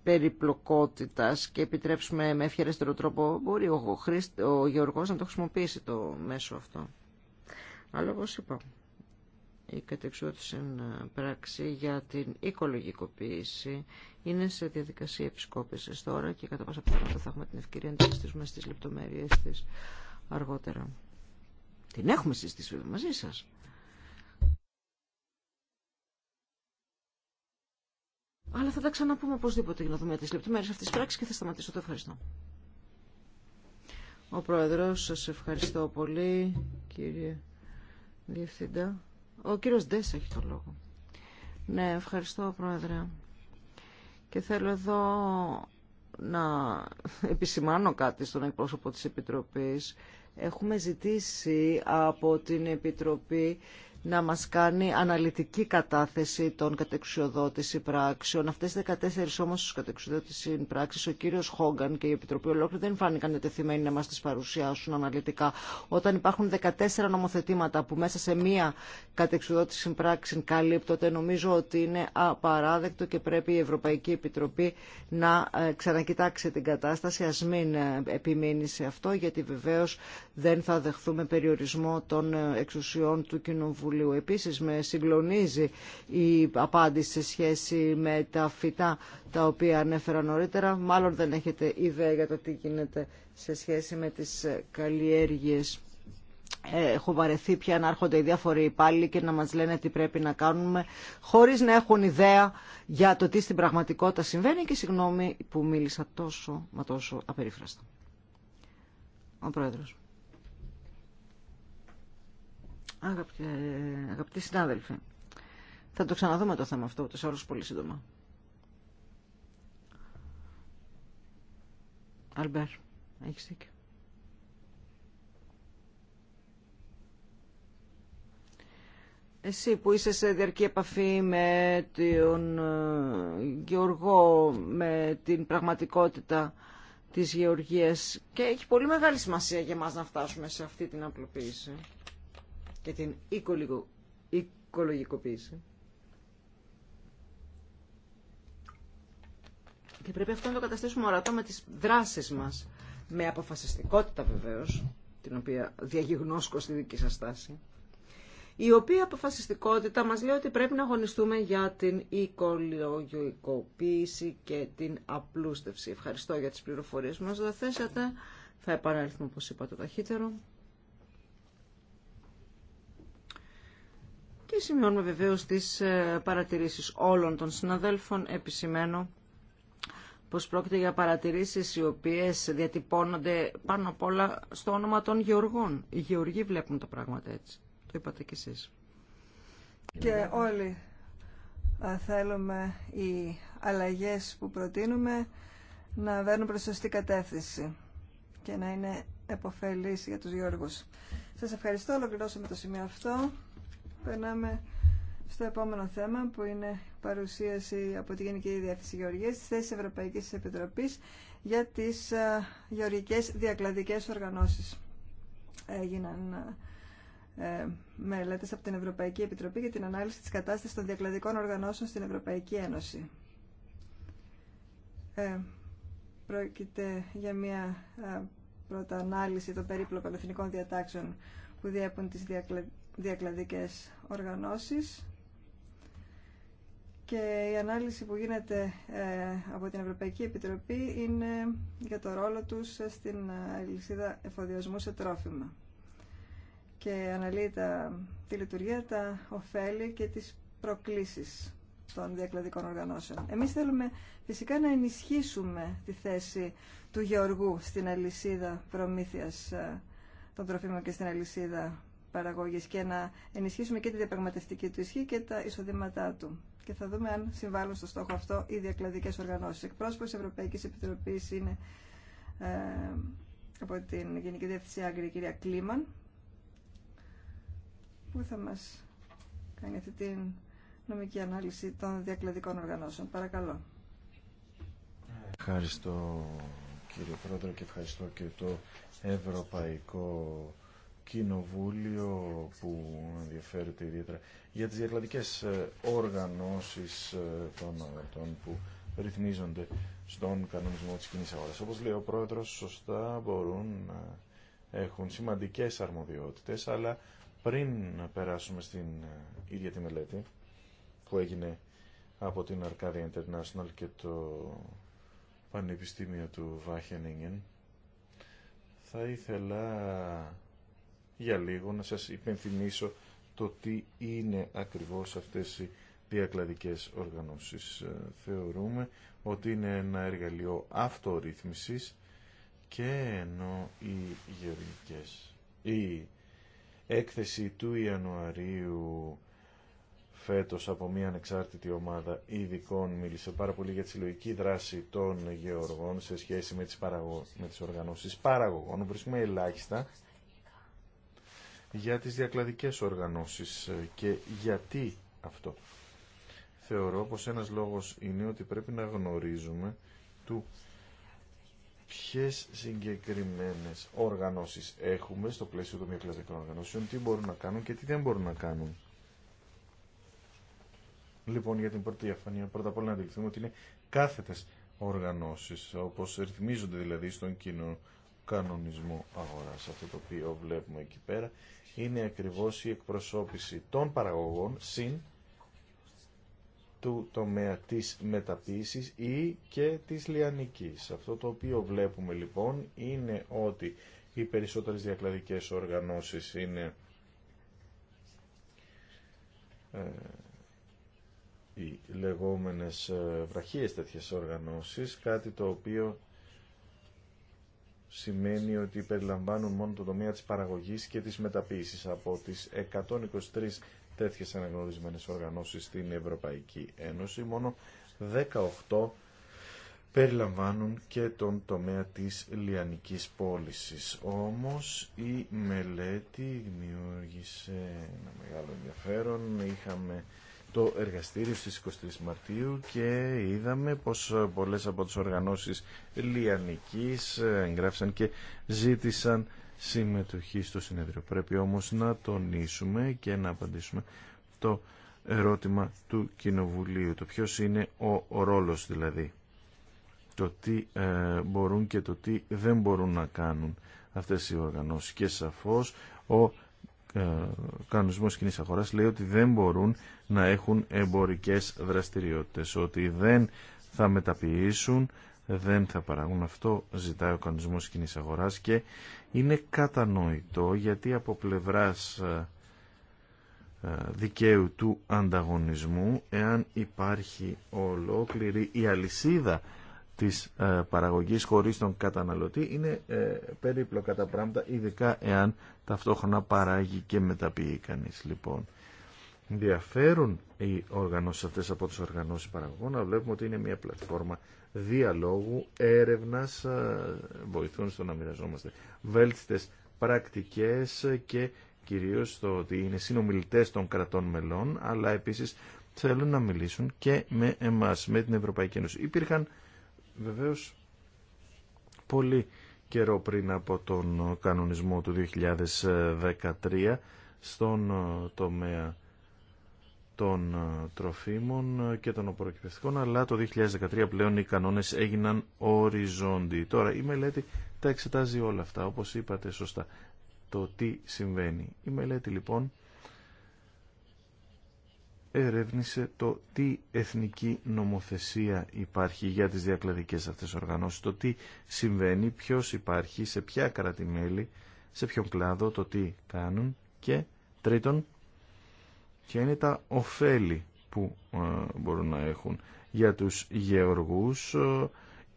περιπλοκότητας και επιτρέψουμε με ευχαριστήρο τρόπο μπορεί ο, Χρήστ, ο Γεωργός να το χρησιμοποιήσει το μέσο αυτό. Αλλά όπως είπα, η κατεξόδηση ε, πράξη για την οικολογικοποίηση είναι σε διαδικασία επισκόπησης τώρα και κατά πάσα πιθανότητα θα έχουμε την ευκαιρία να τη στις λεπτομέρειες της αργότερα. Την έχουμε συστήσει μαζί σας. Αλλά θα τα ξαναπούμε οπωσδήποτε για να δούμε τις λεπτομέρειες αυτής της πράξης και θα σταματήσω. Το ευχαριστώ. Ο Πρόεδρος, σας ευχαριστώ πολύ, κύριε Διευθύντα. Ο κύριος Ντές έχει το λόγο. Ναι, ευχαριστώ, Πρόεδρε. Και θέλω εδώ να επισημάνω κάτι στον εκπρόσωπο της Επιτροπής. Έχουμε ζητήσει από την Επιτροπή να μας κάνει αναλυτική κατάθεση των κατεξιοδότηση πράξεων. Αυτές οι 14 όμως τους κατεξιοδότηση πράξεις, ο κύριος Χόγκαν και η Επιτροπή ολόκληρη δεν φάνηκαν ετεθειμένοι να μας τις παρουσιάσουν αναλυτικά. Όταν υπάρχουν 14 νομοθετήματα που μέσα σε μία κατεξιοδότηση πράξη καλύπτονται, νομίζω ότι είναι απαράδεκτο και πρέπει η Ευρωπαϊκή Επιτροπή να ε, ξανακοιτάξει την κατάσταση. Ας μην ε, επιμείνει σε αυτό, γιατί βεβαίω δεν θα δεχθούμε περιορισμό των ε, εξουσιών του Κοινοβουλίου Κοινοβουλίου. Επίσης με συγκλονίζει η απάντηση σε σχέση με τα φυτά τα οποία ανέφερα νωρίτερα. Μάλλον δεν έχετε ιδέα για το τι γίνεται σε σχέση με τις καλλιέργειες. Έχω βαρεθεί πια να έρχονται οι διάφοροι υπάλληλοι και να μας λένε τι πρέπει να κάνουμε χωρίς να έχουν ιδέα για το τι στην πραγματικότητα συμβαίνει και συγγνώμη που μίλησα τόσο μα τόσο απερίφραστα. Ο Πρόεδρος. Αγαπητοί, αγαπητοί συνάδελφοι, θα το ξαναδούμε το θέμα αυτό, ούτως όλους πολύ σύντομα. Αλμπέρ, έχεις Εσύ που είσαι σε διαρκή επαφή με τον ε, Γεωργό, με την πραγματικότητα της Γεωργίας και έχει πολύ μεγάλη σημασία για μας να φτάσουμε σε αυτή την απλοποίηση και την οικολογικοποίηση. Και πρέπει αυτό να το καταστήσουμε ορατό με τις δράσεις μας, με αποφασιστικότητα βεβαίως, την οποία διαγιγνώσκω στη δική σας στάση, η οποία αποφασιστικότητα μας λέει ότι πρέπει να αγωνιστούμε για την οικολογικοποίηση και την απλούστευση. Ευχαριστώ για τις πληροφορίες που μας δοθέσατε. Θα επανέλθουμε, όπως είπα, το ταχύτερο. και σημειώνουμε βεβαίως τις ε, παρατηρήσεις όλων των συναδέλφων. Επισημένω πως πρόκειται για παρατηρήσεις οι οποίες διατυπώνονται πάνω απ' όλα στο όνομα των γεωργών. Οι γεωργοί βλέπουν τα πράγματα έτσι. Το είπατε κι εσείς. Και όλοι ε, θέλουμε οι αλλαγές που προτείνουμε να βαίνουν προς σωστή κατεύθυνση και να είναι επωφελής για τους Γιώργους. Σας ευχαριστώ. Ολοκληρώσαμε το σημείο αυτό. Περνάμε στο επόμενο θέμα που είναι παρουσίαση από τη Γενική Διεύθυνση Γεωργίας της θέσης Ευρωπαϊκής Επιτροπής για τις ε, γεωργικές διακλαδικές οργανώσεις. Έγιναν ε, μελέτες από την Ευρωπαϊκή Επιτροπή για την ανάλυση της κατάστασης των διακλαδικών οργανώσεων στην Ευρωπαϊκή Ένωση. Ε, πρόκειται για μια ε, πρώτα ανάλυση των περίπλοκων εθνικών διατάξεων που διέπουν τις διακλαδικές διακλαδικές οργανώσεις και η ανάλυση που γίνεται ε, από την Ευρωπαϊκή Επιτροπή είναι για το ρόλο τους στην ε, αλυσίδα εφοδιασμού σε τρόφιμα και αναλύει τη λειτουργία, τα ωφέλη και τις προκλήσεις των διακλαδικών οργανώσεων. Εμείς θέλουμε φυσικά να ενισχύσουμε τη θέση του γεωργού στην αλυσίδα προμήθειας ε, των τροφίμων και στην αλυσίδα και να ενισχύσουμε και τη διαπραγματευτική του ισχύ και τα εισοδήματά του. Και θα δούμε αν συμβάλλουν στο στόχο αυτό οι διακλαδικές οργανώσεις. Εκπρόσωπος Ευρωπαϊκής Επιτροπής είναι ε, από την Γενική Διεύθυνση Άγκρη, η κυρία Κλίμαν, που θα μας κάνει αυτή την νομική ανάλυση των διακλαδικών οργανώσεων. Παρακαλώ. Ευχαριστώ κύριε Πρόεδρε και ευχαριστώ και το Ευρωπαϊκό κοινοβούλιο που ενδιαφέρεται ιδιαίτερα για τις διακλαδικές ε, οργανώσεις ε, των αγαπητών ε, που ρυθμίζονται στον κανονισμό της κοινή αγοράς. Όπως λέει ο πρόεδρος, σωστά μπορούν να έχουν σημαντικές αρμοδιότητες, αλλά πριν να περάσουμε στην ίδια τη μελέτη που έγινε από την Arcadia International και το Πανεπιστήμιο του Βάχενιγεν, θα ήθελα για λίγο να σας υπενθυμίσω το τι είναι ακριβώς αυτές οι διακλαδικές οργανώσεις. Ε, θεωρούμε ότι είναι ένα εργαλείο αυτορύθμισης και ενώ οι γεωργικές. Η έκθεση του Ιανουαρίου φέτος από μια ανεξάρτητη ομάδα ειδικών μίλησε πάρα πολύ για τη συλλογική δράση των γεωργών σε σχέση με τις, παραγω... με τις οργανώσεις παραγωγών. Βρίσκουμε ελάχιστα για τις διακλαδικές οργανώσεις ε, και γιατί αυτό. Θεωρώ πως ένας λόγος είναι ότι πρέπει να γνωρίζουμε του ποιες συγκεκριμένες οργανώσεις έχουμε στο πλαίσιο των διακλαδικών οργανώσεων, τι μπορούν να κάνουν και τι δεν μπορούν να κάνουν. Λοιπόν, για την πρώτη διαφάνεια, πρώτα απ' όλα να αντιληφθούμε ότι είναι κάθετες οργανώσεις, όπως ρυθμίζονται δηλαδή στον κοινό κανονισμό αγοράς. Αυτό το οποίο βλέπουμε εκεί πέρα είναι ακριβώς η εκπροσώπηση των παραγωγών συν του τομέα της μεταποίησης ή και της λιανικής. Αυτό το οποίο βλέπουμε λοιπόν είναι ότι οι περισσότερες διακλαδικές οργανώσεις είναι ε, οι λεγόμενες ε, βραχίες τέτοιες οργανώσεις, κάτι το οποίο σημαίνει ότι περιλαμβάνουν μόνο το τομέα της παραγωγής και της μεταποίησης από τις 123 τέτοιες αναγνωρισμένες οργανώσεις στην Ευρωπαϊκή Ένωση. Μόνο 18 περιλαμβάνουν και τον τομέα της λιανικής πώλησης. Όμως η μελέτη δημιούργησε ένα μεγάλο ενδιαφέρον. Είχαμε το εργαστήριο στις 23 Μαρτίου και είδαμε πως πολλές από τις οργανώσεις Λιανικής ε, εγγράφησαν και ζήτησαν συμμετοχή στο συνέδριο. Πρέπει όμως να τονίσουμε και να απαντήσουμε το ερώτημα του Κοινοβουλίου. Το ποιος είναι ο ρόλος δηλαδή. Το τι ε, μπορούν και το τι δεν μπορούν να κάνουν αυτές οι οργανώσεις. Και σαφώς ο ε, κανονισμός κοινής αγοράς λέει ότι δεν μπορούν να έχουν εμπορικές δραστηριότητες, ότι δεν θα μεταποιήσουν, δεν θα παραγούν αυτό, ζητάει ο κανονισμός κοινή αγοράς και είναι κατανοητό γιατί από πλευράς ε, ε, δικαίου του ανταγωνισμού, εάν υπάρχει ολόκληρη η αλυσίδα της ε, παραγωγής χωρίς τον καταναλωτή είναι περίπλοκα τα πράγματα, ειδικά εάν ταυτόχρονα παράγει και μεταποιεί κανείς. Λοιπόν, διαφέρουν οι οργανώσεις αυτές από τις οργανώσεις παραγωγών, να βλέπουμε ότι είναι μια πλατφόρμα διαλόγου, έρευνας, βοηθούν στο να μοιραζόμαστε βέλτιστες πρακτικές και κυρίως το ότι είναι συνομιλητές των κρατών μελών, αλλά επίσης θέλουν να μιλήσουν και με εμάς, με την Ευρωπαϊκή Ένωση. Υπήρχαν βεβαίως πολύ καιρό πριν από τον κανονισμό του 2013 στον τομέα των ε, τροφίμων ε, και των οπωροκυπευτικών, αλλά το 2013 πλέον οι κανόνες έγιναν οριζόντιοι. Τώρα η μελέτη τα εξετάζει όλα αυτά, όπως είπατε σωστά, το τι συμβαίνει. Η μελέτη λοιπόν ερεύνησε το τι εθνική νομοθεσία υπάρχει για τις διακλαδικές αυτές οργανώσεις, το τι συμβαίνει, ποιος υπάρχει, σε ποια κρατημέλη, σε ποιον κλάδο, το τι κάνουν και τρίτον Ποια είναι τα ωφέλη που ε, μπορούν να έχουν για τους γεωργούς ε,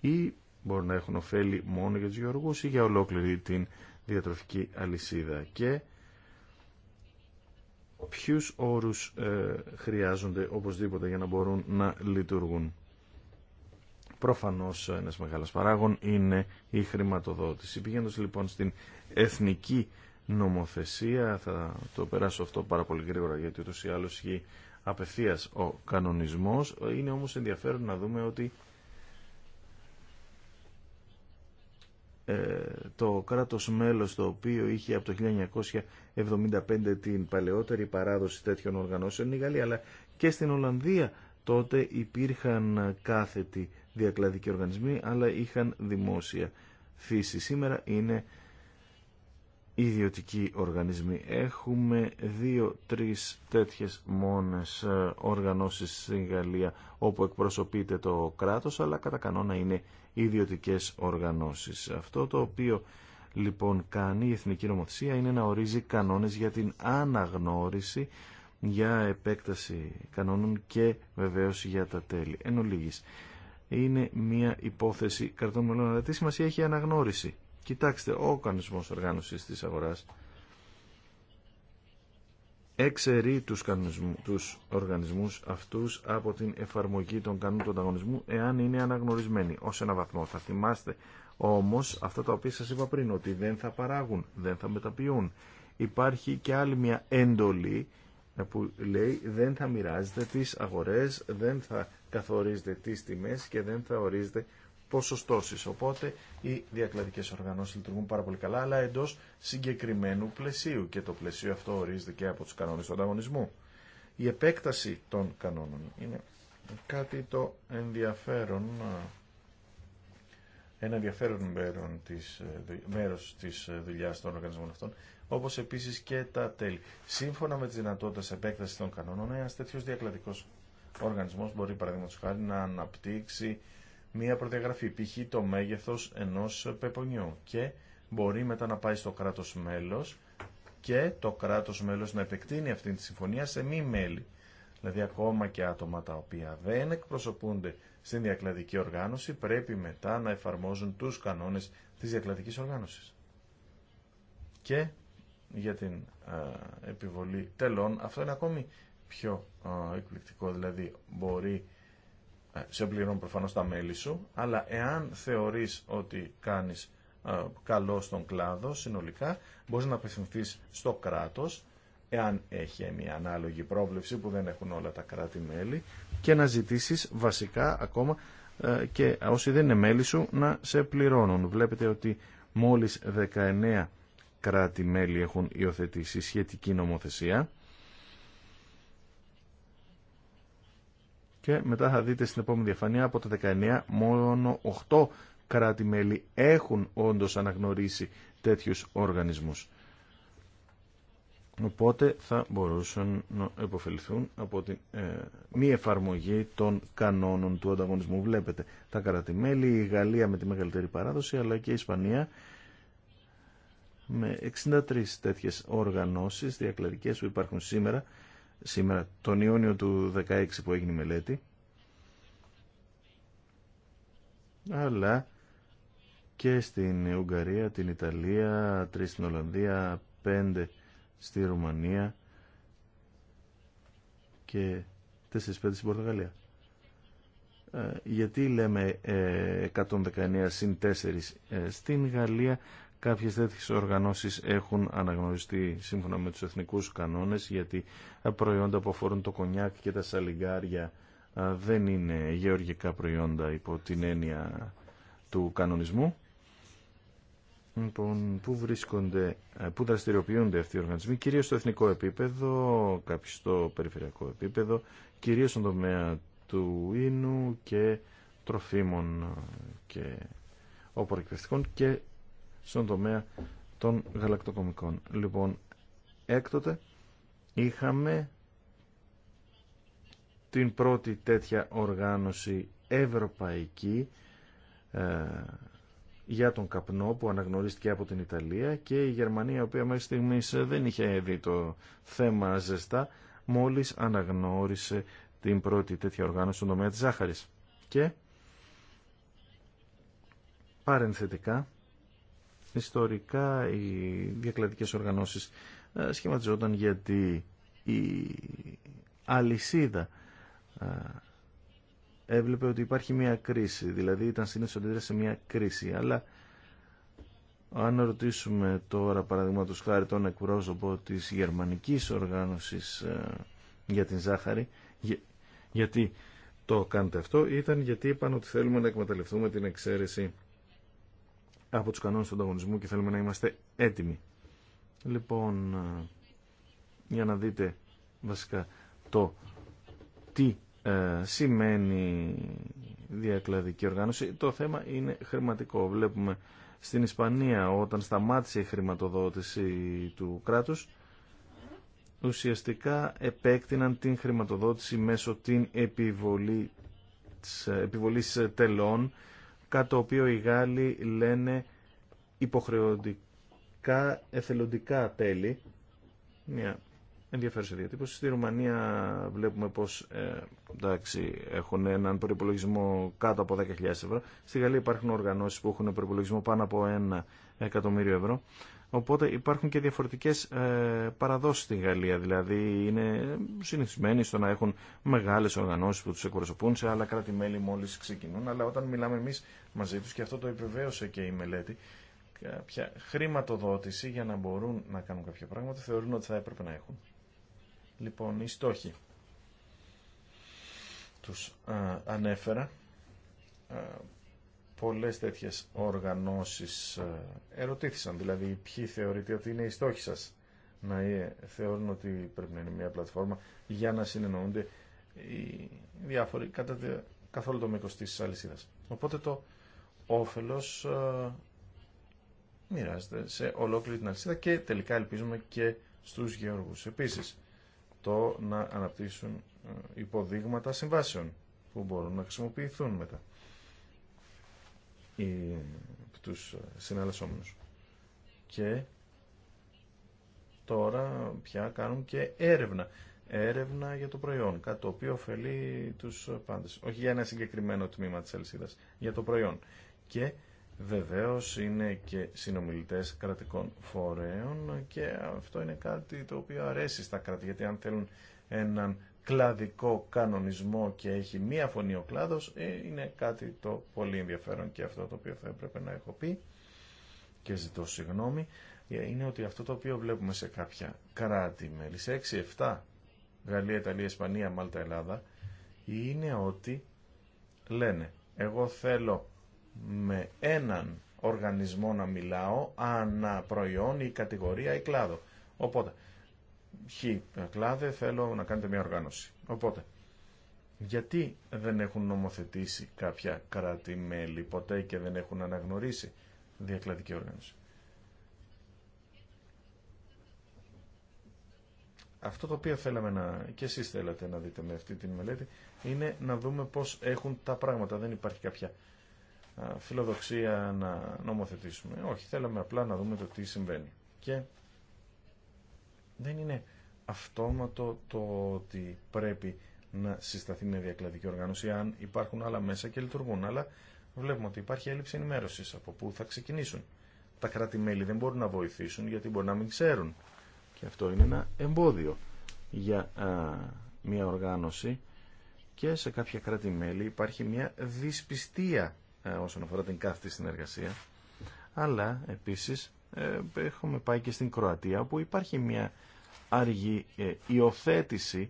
ή μπορούν να έχουν ωφέλη μόνο για τους γεωργούς ή για ολόκληρη την διατροφική αλυσίδα και ποιους όρους ε, χρειάζονται οπωσδήποτε για να μπορούν να λειτουργούν. Προφανώς ένας μεγάλος παράγων είναι η χρηματοδότηση. Πηγαίνοντας λοιπόν στην εθνική νομοθεσία. Θα το περάσω αυτό πάρα πολύ γρήγορα γιατί ούτως ή άλλως ισχύει απευθείας ο κανονισμός. Είναι όμως ενδιαφέρον να δούμε ότι ε, το κράτος μέλος το οποίο είχε από το 1975 την παλαιότερη παράδοση τέτοιων οργανώσεων είναι η Γαλλία, αλλά και στην Ολλανδία τότε υπήρχαν κάθετοι διακλαδικοί οργανισμοί, αλλά είχαν δημόσια φύση. Σήμερα είναι ιδιωτικοί οργανισμοί. Έχουμε δύο-τρεις τέτοιες μόνες ε, οργανώσεις στην Γαλλία όπου εκπροσωπείται το κράτος, αλλά κατά κανόνα είναι ιδιωτικές οργανώσεις. Αυτό το οποίο λοιπόν κάνει η Εθνική Νομοθεσία είναι να ορίζει κανόνες για την αναγνώριση για επέκταση κανόνων και βεβαίως για τα τέλη. Εν ολίγης, είναι μια υπόθεση κρατών μελών, αλλά τι σημασία έχει αναγνώριση. Κοιτάξτε, ο κανονισμός οργάνωσης της αγοράς εξαιρεί τους, κανονισμού, τους οργανισμούς αυτούς από την εφαρμογή των κανόνων του ανταγωνισμού εάν είναι αναγνωρισμένοι ως ένα βαθμό. Θα θυμάστε όμως αυτά τα οποία σας είπα πριν ότι δεν θα παράγουν, δεν θα μεταποιούν. Υπάρχει και άλλη μια έντολη που λέει δεν θα μοιράζεται τις αγορές, δεν θα καθορίζεται τις τιμές και δεν θα ορίζεται Οπότε οι διακλαδικέ οργανώσει λειτουργούν πάρα πολύ καλά, αλλά εντό συγκεκριμένου πλαισίου και το πλαίσιο αυτό ορίζεται και από του κανόνε του ανταγωνισμού. Η επέκταση των κανόνων είναι κάτι το ενδιαφέρον, ένα ενδιαφέρον μέρος της, ε, μέρος της ε, δουλειάς των οργανισμών αυτών, όπως επίσης και τα τέλη. Σύμφωνα με τις δυνατότητες επέκτασης των κανόνων, ένας τέτοιος διακλαδικός οργανισμός μπορεί παραδείγματος χάρη να αναπτύξει μία προδιαγραφή, π.χ. το μέγεθος ενός πεπονιού και μπορεί μετά να πάει στο κράτος μέλος και το κράτος μέλος να επεκτείνει αυτή τη συμφωνία σε μη μέλη. Δηλαδή ακόμα και άτομα τα οποία δεν εκπροσωπούνται στην διακλαδική οργάνωση πρέπει μετά να εφαρμόζουν τους κανόνες της διακλαδικής οργάνωσης. Και για την επιβολή τελών αυτό είναι ακόμη πιο εκπληκτικό. Δηλαδή μπορεί ε, σε πληρώνουν προφανώς τα μέλη σου, αλλά εάν θεωρείς ότι κάνεις ε, καλό στον κλάδο συνολικά, μπορείς να απευθυνθείς στο κράτος, εάν έχει μια ανάλογη πρόβλεψη που δεν έχουν όλα τα κράτη-μέλη, και να ζητήσεις βασικά ακόμα ε, και όσοι δεν είναι μέλη σου να σε πληρώνουν. Βλέπετε ότι μόλις 19 κράτη-μέλη έχουν υιοθετήσει σχετική νομοθεσία Και μετά θα δείτε στην επόμενη διαφανεία από τα 19 μόνο 8 κράτη-μέλη έχουν όντως αναγνωρίσει τέτοιους οργανισμούς. Οπότε θα μπορούσαν να επωφεληθούν από τη ε, μη εφαρμογή των κανόνων του ανταγωνισμού. Βλέπετε τα κρατημέλη, η Γαλλία με τη μεγαλύτερη παράδοση, αλλά και η Ισπανία με 63 τέτοιες οργανώσεις διακλαδικές που υπάρχουν σήμερα σήμερα τον Ιούνιο του 2016 που έγινε η μελέτη αλλά και στην Ουγγαρία, την Ιταλία, τρεις στην Ολλανδία, πέντε στη Ρουμανία και 4 πέντε στην Πορτογαλία. Ε, γιατί λέμε 119 ε, συν 4 ε, στην Γαλλία Κάποιες τέτοιες οργανώσεις έχουν αναγνωριστεί σύμφωνα με τους εθνικούς κανόνες γιατί προϊόντα που αφορούν το κονιάκ και τα σαλιγκάρια δεν είναι γεωργικά προϊόντα υπό την έννοια του κανονισμού. Λοιπόν, πού βρίσκονται, πού δραστηριοποιούνται αυτοί οι οργανισμοί, κυρίως στο εθνικό επίπεδο, κάποιος στο περιφερειακό επίπεδο, κυρίως στον τομέα του ίνου και τροφίμων και οπορεκπαιδευτικών και στον τομέα των γαλακτοκομικών. Λοιπόν, έκτοτε είχαμε την πρώτη τέτοια οργάνωση ευρωπαϊκή ε, για τον καπνό που αναγνωρίστηκε από την Ιταλία και η Γερμανία η οποία μέχρι στιγμής δεν είχε δει το θέμα ζεστά μόλις αναγνώρισε την πρώτη τέτοια οργάνωση στον τομέα της ζάχαρης. Και παρενθετικά Ιστορικά οι διακλαδικές οργανώσεις ε, σχηματιζόταν γιατί η αλυσίδα ε, έβλεπε ότι υπάρχει μια κρίση, δηλαδή ήταν συνήθως σε μια κρίση, αλλά αν ρωτήσουμε τώρα παραδείγματος χάρη τον εκπρόσωπο της γερμανικής οργάνωσης ε, για την ζάχαρη, γιατί το κάνετε αυτό, ήταν γιατί είπαν ότι θέλουμε να εκμεταλλευτούμε την εξαίρεση από τους κανόνες του ανταγωνισμού και θέλουμε να είμαστε έτοιμοι. Λοιπόν, ε, για να δείτε βασικά το τι ε, σημαίνει διακλαδική οργάνωση. Το θέμα είναι χρηματικό. Βλέπουμε στην Ισπανία όταν σταμάτησε η χρηματοδότηση του κράτους ουσιαστικά επέκτηναν την χρηματοδότηση μέσω την επιβολή, της, ε, επιβολής τελών κάτι το οποίο οι Γάλλοι λένε υποχρεωτικά εθελοντικά τέλη. Μια ενδιαφέρουσα διατύπωση. Στη Ρουμανία βλέπουμε πως ε, έχουν έναν προπολογισμό κάτω από 10.000 ευρώ. Στη Γαλλία υπάρχουν οργανώσεις που έχουν προπολογισμό πάνω από 1 εκατομμύριο ευρώ. Οπότε υπάρχουν και διαφορετικές ε, παραδόσεις στη Γαλλία. Δηλαδή είναι συνηθισμένοι στο να έχουν μεγάλες οργανώσει που τους εκπροσωπούν σε άλλα κράτη-μέλη μόλις ξεκινούν. Αλλά όταν μιλάμε εμεί μαζί του και αυτό το επιβεβαίωσε και η μελέτη, κάποια ε, χρηματοδότηση για να μπορούν να κάνουν κάποια πράγματα θεωρούν ότι θα έπρεπε να έχουν. Λοιπόν, οι στόχοι του ε, ανέφερα πολλές τέτοιες οργανώσεις ε, ερωτήθησαν, δηλαδή ποιοι θεωρείτε ότι είναι οι στόχοι σας να ε, θεωρούν ότι πρέπει να είναι μια πλατφόρμα για να συνεννοούνται οι διάφοροι κατά καθόλου το μήκος της αλυσίδας. Οπότε το όφελος ε, μοιράζεται σε ολόκληρη την αλυσίδα και τελικά ελπίζουμε και στους γεωργούς. Επίσης, το να αναπτύσσουν υποδείγματα συμβάσεων που μπορούν να χρησιμοποιηθούν μετά τους συναλλασσόμενους. Και τώρα πια κάνουν και έρευνα. Έρευνα για το προϊόν, κάτι το οποίο ωφελεί τους πάντες. Όχι για ένα συγκεκριμένο τμήμα της αλυσίδα για το προϊόν. Και βεβαίως είναι και συνομιλητές κρατικών φορέων και αυτό είναι κάτι το οποίο αρέσει στα κράτη, γιατί αν θέλουν έναν κλαδικό κανονισμό και έχει μία φωνή ο κλάδος, ε, είναι κάτι το πολύ ενδιαφέρον και αυτό το οποίο θα έπρεπε να έχω πει και ζητώ συγγνώμη, ε, είναι ότι αυτό το οποίο βλέπουμε σε κάποια κράτη μέλη, σε 6-7 Γαλλία, Ιταλία, Ισπανία, Μάλτα, Ελλάδα, είναι ότι λένε εγώ θέλω με έναν οργανισμό να μιλάω ανά ή κατηγορία ή κλάδο. Οπότε χ κλάδε θέλω να κάνετε μια οργάνωση. Οπότε, γιατί δεν έχουν νομοθετήσει κάποια κράτη-μέλη ποτέ και δεν έχουν αναγνωρίσει διακλαδική οργάνωση. Αυτό το οποίο θέλαμε να, και εσείς θέλατε να δείτε με αυτή την μελέτη, είναι να δούμε πώς έχουν τα πράγματα. Δεν υπάρχει κάποια φιλοδοξία να νομοθετήσουμε. Όχι, θέλαμε απλά να δούμε το τι συμβαίνει. Και δεν είναι αυτόματο το ότι πρέπει να συσταθεί μια διακλαδική οργάνωση αν υπάρχουν άλλα μέσα και λειτουργούν. Αλλά βλέπουμε ότι υπάρχει έλλειψη ενημέρωσης από πού θα ξεκινήσουν. Τα κράτη-μέλη δεν μπορούν να βοηθήσουν γιατί μπορεί να μην ξέρουν. Και αυτό είναι ένα εμπόδιο για μια οργάνωση και σε κάποια κράτη-μέλη υπάρχει μια δυσπιστία όσον αφορά την κάθε συνεργασία. Αλλά επίσης ε, έχουμε πάει και στην Κροατία που υπάρχει μια αργή ε, υιοθέτηση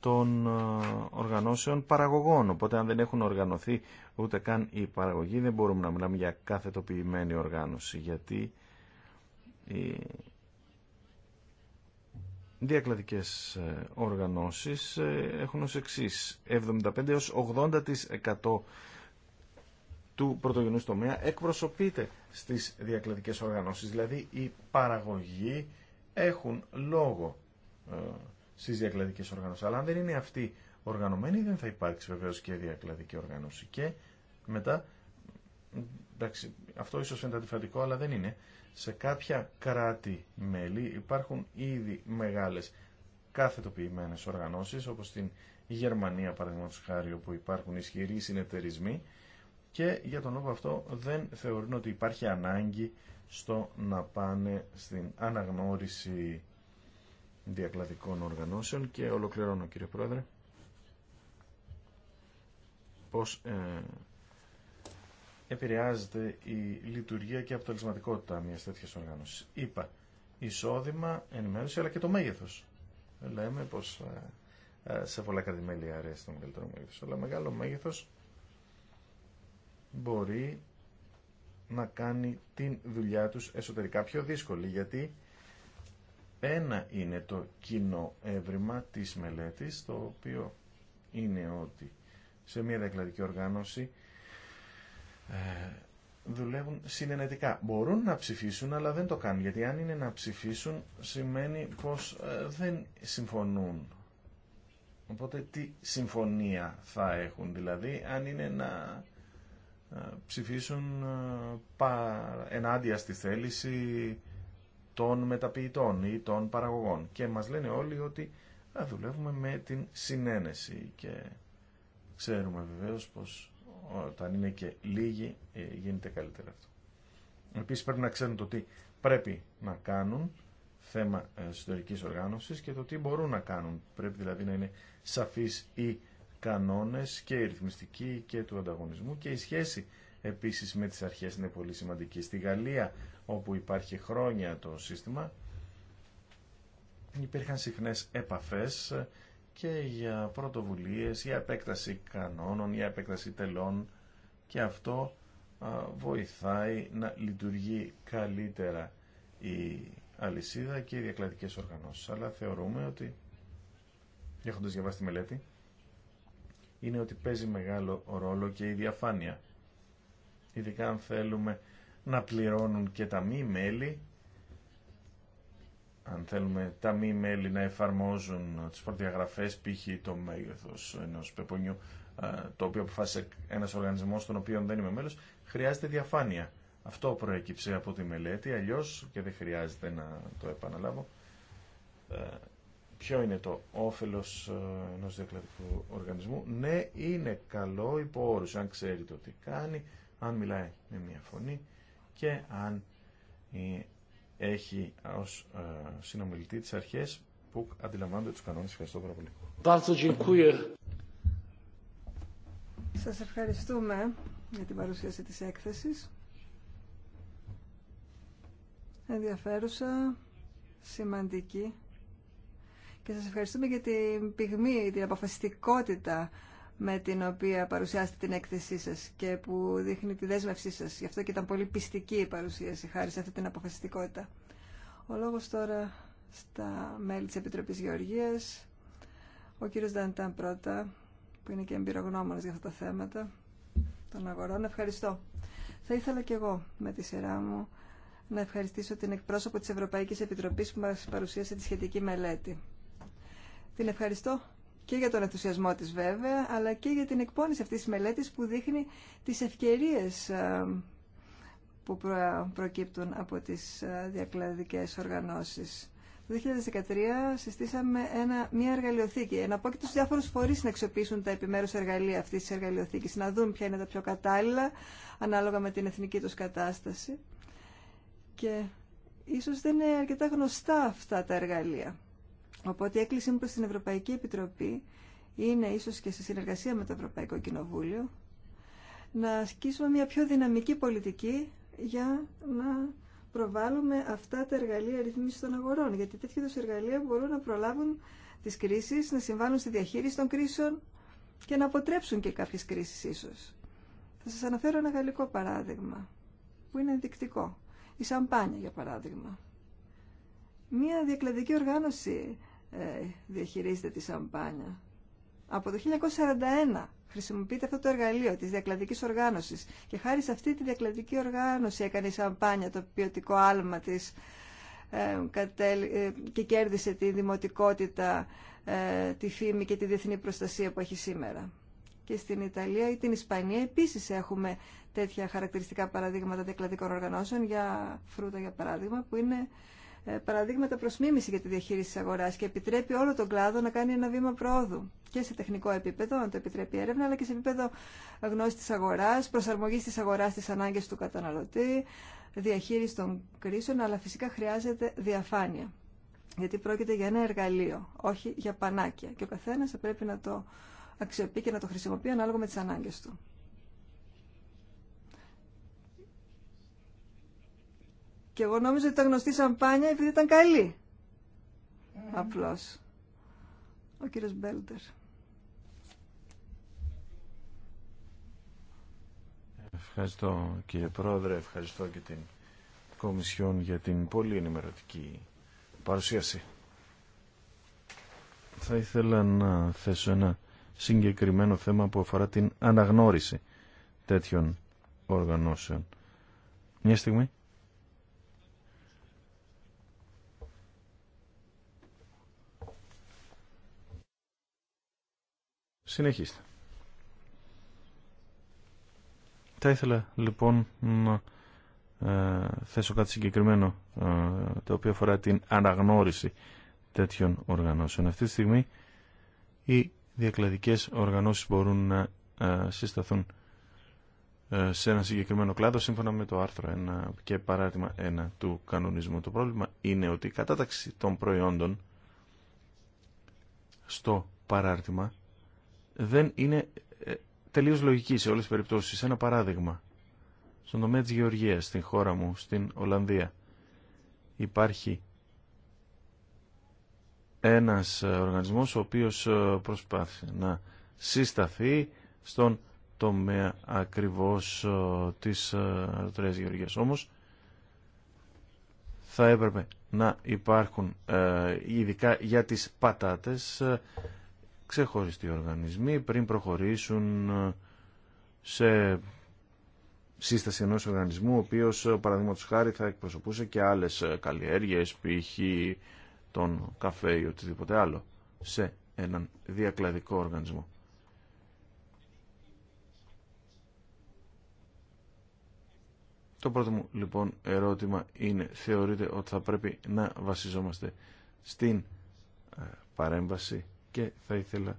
των ε, οργανώσεων παραγωγών. Οπότε αν δεν έχουν οργανωθεί ούτε καν η παραγωγή, δεν μπορούμε να μιλάμε για καθετοποιημένη οργάνωση γιατί οι διακλαδικές ε, οργανώσεις έχουν ως εξής 75 έως 80% του πρωτογενούς τομέα εκπροσωπείται στις διακλαδικές οργανώσεις δηλαδή η παραγωγή έχουν λόγο ε, στι διακλαδικές οργανώσεις. Αλλά αν δεν είναι αυτοί οργανωμένοι δεν θα υπάρξει βεβαίως και διακλαδική οργάνωση. Και μετά, εντάξει, αυτό ίσως φαίνεται αντιφατικό αλλά δεν είναι, σε κάποια κράτη-μέλη υπάρχουν ήδη μεγάλες καθετοποιημένες οργανώσεις όπως στην Γερμανία παραδείγματος χάρη όπου υπάρχουν ισχυροί συνεταιρισμοί και για τον λόγο αυτό δεν θεωρούν ότι υπάρχει ανάγκη στο να πάνε στην αναγνώριση διακλαδικών οργανώσεων και ολοκληρώνω κύριε Πρόεδρε πως ε, επηρεάζεται η λειτουργία και η αποτελεσματικότητα μιας τέτοιας οργάνωσης. Είπα εισόδημα, ενημέρωση αλλά και το μέγεθος. Λέμε πως ε, ε, σε πολλά κατημέλια αρέσει το μεγαλύτερο μέγεθος, αλλά μεγάλο μέγεθος μπορεί να κάνει την δουλειά τους εσωτερικά πιο δύσκολη, γιατί ένα είναι το κοινό έβριμα της μελέτης, το οποίο είναι ότι σε μια διακλαδική οργάνωση ε, δουλεύουν συνενετικά. Μπορούν να ψηφίσουν, αλλά δεν το κάνουν, γιατί αν είναι να ψηφίσουν, σημαίνει πως ε, δεν συμφωνούν. Οπότε τι συμφωνία θα έχουν, δηλαδή, αν είναι να ε, ψηφίσουν ε, ενάντια στη θέληση των μεταποιητών ή των παραγωγών. Και μας λένε όλοι ότι δουλεύουμε με την συνένεση και ξέρουμε βεβαίως πως όταν είναι και λίγοι ε, γίνεται καλύτερα αυτό. Επίσης πρέπει να ξέρουν το τι πρέπει να κάνουν θέμα εσωτερικής οργάνωσης και το τι μπορούν να κάνουν. Πρέπει δηλαδή να είναι σαφής η κανόνες και η ρυθμιστική και του ανταγωνισμού και η σχέση επίσης με τις αρχές είναι πολύ σημαντική. Στη Γαλλία όπου υπάρχει χρόνια το σύστημα υπήρχαν συχνές επαφές και για πρωτοβουλίες, για επέκταση κανόνων, για επέκταση τελών και αυτό βοηθάει να λειτουργεί καλύτερα η αλυσίδα και οι διακλατικές οργανώσεις. Αλλά θεωρούμε ότι, έχοντας διαβάσει τη μελέτη, είναι ότι παίζει μεγάλο ρόλο και η διαφάνεια. Ειδικά αν θέλουμε να πληρώνουν και τα μη μέλη, αν θέλουμε τα μη μέλη να εφαρμόζουν τις προδιαγραφές, π.χ. το μέγεθος ενός πεπονιού, το οποίο αποφάσισε ένας οργανισμός τον οποίο δεν είμαι μέλος, χρειάζεται διαφάνεια. Αυτό προέκυψε από τη μελέτη, αλλιώς και δεν χρειάζεται να το επαναλάβω Ποιο είναι το όφελος ε, ενό διακλαδικού οργανισμού. Ναι, είναι καλό υπό όρους, αν ξέρει το τι κάνει, αν μιλάει με μια φωνή και αν ε, έχει ως ε, συνομιλητή τις αρχές που αντιλαμβάνονται τους κανόνες. Ευχαριστώ πάρα πολύ. Σας ευχαριστούμε για την παρουσίαση της έκθεσης. Ενδιαφέρουσα, σημαντική και σας ευχαριστούμε για την πυγμή, την αποφασιστικότητα με την οποία παρουσιάσετε την έκθεσή σας και που δείχνει τη δέσμευσή σας. Γι' αυτό και ήταν πολύ πιστική η παρουσίαση χάρη σε αυτή την αποφασιστικότητα. Ο λόγος τώρα στα μέλη της Επιτροπής Γεωργίας. Ο κύριος Νταντάν πρώτα, που είναι και εμπειρογνώμονας για αυτά τα θέματα των αγορών. Ευχαριστώ. Θα ήθελα κι εγώ με τη σειρά μου να ευχαριστήσω την εκπρόσωπο της Ευρωπαϊκής Επιτροπής που μας παρουσίασε τη σχετική μελέτη. Την ευχαριστώ και για τον ενθουσιασμό της βέβαια, αλλά και για την εκπόνηση αυτής της μελέτης που δείχνει τις ευκαιρίες ε, που προκύπτουν από τις ε, διακλαδικές οργανώσεις. Το 2013 συστήσαμε ένα, μια εργαλειοθήκη. Εναπόκειται τους διάφορους φορείς να αξιοποιήσουν τα επιμέρους εργαλεία αυτής της εργαλειοθήκης, να δουν ποια είναι τα πιο κατάλληλα, ανάλογα με την εθνική τους κατάσταση. Και ίσως δεν είναι αρκετά γνωστά αυτά τα εργαλεία. Οπότε η έκκλησή μου προ την Ευρωπαϊκή Επιτροπή είναι ίσω και σε συνεργασία με το Ευρωπαϊκό Κοινοβούλιο να ασκήσουμε μια πιο δυναμική πολιτική για να προβάλλουμε αυτά τα εργαλεία ρυθμίσης των αγορών. Γιατί τέτοιου εργαλεία μπορούν να προλάβουν τις κρίσεις, να συμβάλλουν στη διαχείριση των κρίσεων και να αποτρέψουν και κάποιες κρίσεις ίσως. Θα σας αναφέρω ένα γαλλικό παράδειγμα που είναι ενδεικτικό. Η σαμπάνια για παράδειγμα. Μία διακλαδική οργάνωση ε, διαχειρίζεται τη σαμπάνια. Από το 1941 χρησιμοποιείται αυτό το εργαλείο της διακλαδικής οργάνωσης και χάρη σε αυτή τη διακλαδική οργάνωση έκανε η σαμπάνια το ποιοτικό άλμα της ε, ε, και κέρδισε τη δημοτικότητα, τη φήμη και τη διεθνή προστασία που έχει σήμερα. Και στην Ιταλία ή την Ισπανία επίσης έχουμε τέτοια χαρακτηριστικά παραδείγματα διακλαδικών οργανώσεων για φρούτα για παράδειγμα που είναι ε, παραδείγματα προς μίμηση για τη διαχείριση της αγοράς και επιτρέπει όλο τον κλάδο να κάνει ένα βήμα προόδου και σε τεχνικό επίπεδο, αν το επιτρέπει η έρευνα, αλλά και σε επίπεδο γνώσης της αγοράς, προσαρμογής της αγοράς στις ανάγκες του καταναλωτή, διαχείριση των κρίσεων, αλλά φυσικά χρειάζεται διαφάνεια. Γιατί πρόκειται για ένα εργαλείο, όχι για πανάκια. Και ο καθένας θα πρέπει να το αξιοποιεί και να το χρησιμοποιεί ανάλογα με τις ανάγκες του. Και εγώ νόμιζα ότι ήταν γνωστή σαμπάνια επειδή ήταν καλή. Mm. Απλώς. Ο κύριος Μπέλτερ. Ευχαριστώ κύριε Πρόεδρε, ευχαριστώ και την Κομισιόν για την πολύ ενημερωτική παρουσίαση. Θα ήθελα να θέσω ένα συγκεκριμένο θέμα που αφορά την αναγνώριση τέτοιων οργανώσεων. Μια στιγμή. Συνεχίστε. Θα ήθελα λοιπόν να ε, θέσω κάτι συγκεκριμένο ε, το οποίο αφορά την αναγνώριση τέτοιων οργανώσεων. Αυτή τη στιγμή οι διακλαδικές οργανώσεις μπορούν να ε, συσταθούν σε ένα συγκεκριμένο κλάδο σύμφωνα με το άρθρο 1 και παράδειγμα 1 του κανονισμού. Το πρόβλημα είναι ότι η κατάταξη των προϊόντων στο παράρτημα δεν είναι ε, τελείως λογική σε όλες τις περιπτώσεις. Ένα παράδειγμα, στον τομέα της γεωργίας, στην χώρα μου, στην Ολλανδία, υπάρχει ένας ε, οργανισμός ο οποίος ε, προσπάθησε να συσταθεί στον τομέα ακριβώς της αεροτρέας γεωργίας. Όμως θα έπρεπε να υπάρχουν ειδικά για τις πατάτες ξεχωριστοί οργανισμοί πριν προχωρήσουν ε, σε σύσταση ενός οργανισμού ο οποίος ε, παραδείγματο χάρη θα εκπροσωπούσε και άλλες ε, καλλιέργειες π.χ. τον καφέ ή οτιδήποτε άλλο σε έναν διακλαδικό οργανισμό. Το πρώτο μου λοιπόν ερώτημα είναι θεωρείτε ότι θα πρέπει να βασιζόμαστε στην παρέμβαση και θα ήθελα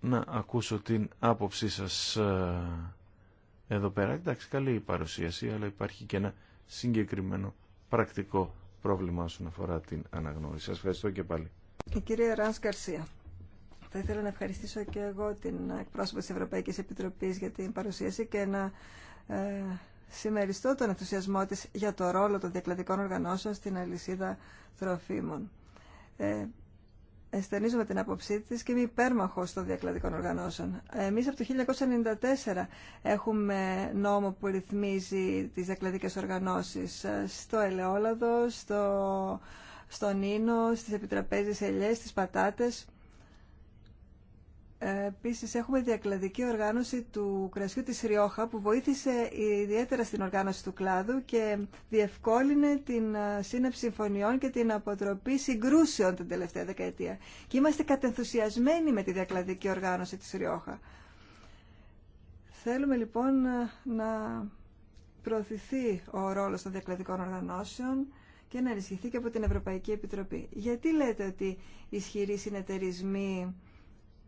να ακούσω την άποψή σας ε, εδώ πέρα. Εντάξει, καλή η παρουσίαση, αλλά υπάρχει και ένα συγκεκριμένο πρακτικό πρόβλημα όσον αφορά την αναγνώριση. Σας ευχαριστώ και πάλι. Η κυρία Ράνς Καρσία. Θα ήθελα να ευχαριστήσω και εγώ την εκπρόσωπο της Ευρωπαϊκής Επιτροπής για την παρουσίαση και να ε, συμμεριστώ τον ενθουσιασμό της για το ρόλο των διακλαδικών οργανώσεων στην αλυσίδα τροφίμων ε, την άποψή της και είμαι υπέρμαχος των διακλαδικών οργανώσεων. Εμείς από το 1994 έχουμε νόμο που ρυθμίζει τις διακλαδικές οργανώσεις ε, στο ελαιόλαδο, στο, στον ίνο, στις επιτραπέζιες ελιές, στις πατάτες. Επίση έχουμε διακλαδική οργάνωση του κρασιού της Ριόχα που βοήθησε ιδιαίτερα στην οργάνωση του κλάδου και διευκόλυνε την ε, σύναψη συμφωνιών και την αποτροπή συγκρούσεων την τελευταία δεκαετία. Και είμαστε κατενθουσιασμένοι με τη διακλαδική οργάνωση τη Ριόχα. Θέλουμε λοιπόν ε, να προωθηθεί ο ρόλος των διακλαδικών οργανώσεων και να ενισχυθεί και από την Ευρωπαϊκή Επιτροπή. Γιατί λέτε ότι ισχυροί συνεταιρισμοί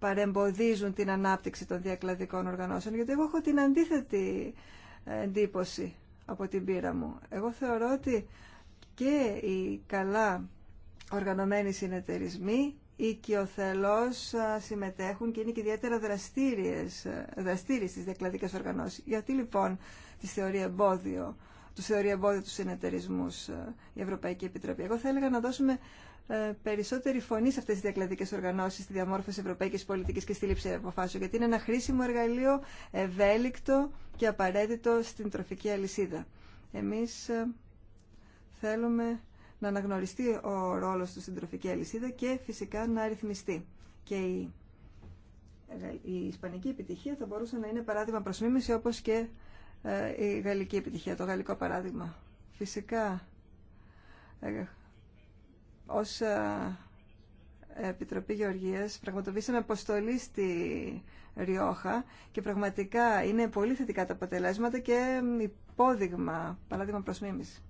παρεμποδίζουν την ανάπτυξη των διακλαδικών οργανώσεων, γιατί εγώ έχω την αντίθετη ε, εντύπωση από την πείρα μου. Εγώ θεωρώ ότι και οι καλά οργανωμένοι συνεταιρισμοί οικειοθελώς ε, συμμετέχουν και είναι και ιδιαίτερα δραστήριες, ε, δραστήριες στις διακλαδικές οργανώσεις. Γιατί λοιπόν τις θεωρεί εμπόδιο, τους θεωρεί εμπόδιο τους συνεταιρισμούς η Ευρωπαϊκή Επιτροπή. Εγώ θα έλεγα να δώσουμε ε, περισσότερη φωνή σε αυτέ τι διακλαδικέ οργανώσει στη διαμόρφωση ευρωπαϊκή πολιτική και στη λήψη αποφάσεων, γιατί είναι ένα χρήσιμο εργαλείο, ευέλικτο και απαραίτητο στην τροφική αλυσίδα. Εμεί ε, θέλουμε να αναγνωριστεί ο ρόλος του στην τροφική αλυσίδα και φυσικά να ρυθμιστεί. Και η, ε, η ισπανική επιτυχία θα μπορούσε να είναι παράδειγμα προς μίμηση όπως και η γαλλική επιτυχία, το γαλλικό παράδειγμα. Φυσικά ως ε, Επιτροπή Γεωργίας πραγματοποιήσαμε αποστολή στη Ριόχα και πραγματικά είναι πολύ θετικά τα αποτελέσματα και υπόδειγμα, παράδειγμα προς μίμηση.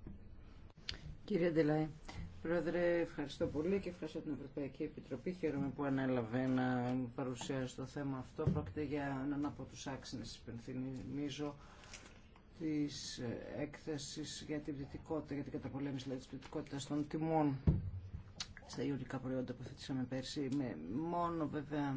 Κύριε Ντελάη, Πρόεδρε, ευχαριστώ πολύ και ευχαριστώ την Ευρωπαϊκή Επιτροπή. Χαίρομαι που ανέλαβε να παρουσιάσει το θέμα αυτό. Πρόκειται για έναν από τους άξινες, υπενθυμίζω, της ε, έκθεσης για την πληθυκότητα, για την καταπολέμηση δηλαδή, της των τιμών στα ιωρικά προϊόντα που θέτησαμε πέρσι με μόνο βέβαια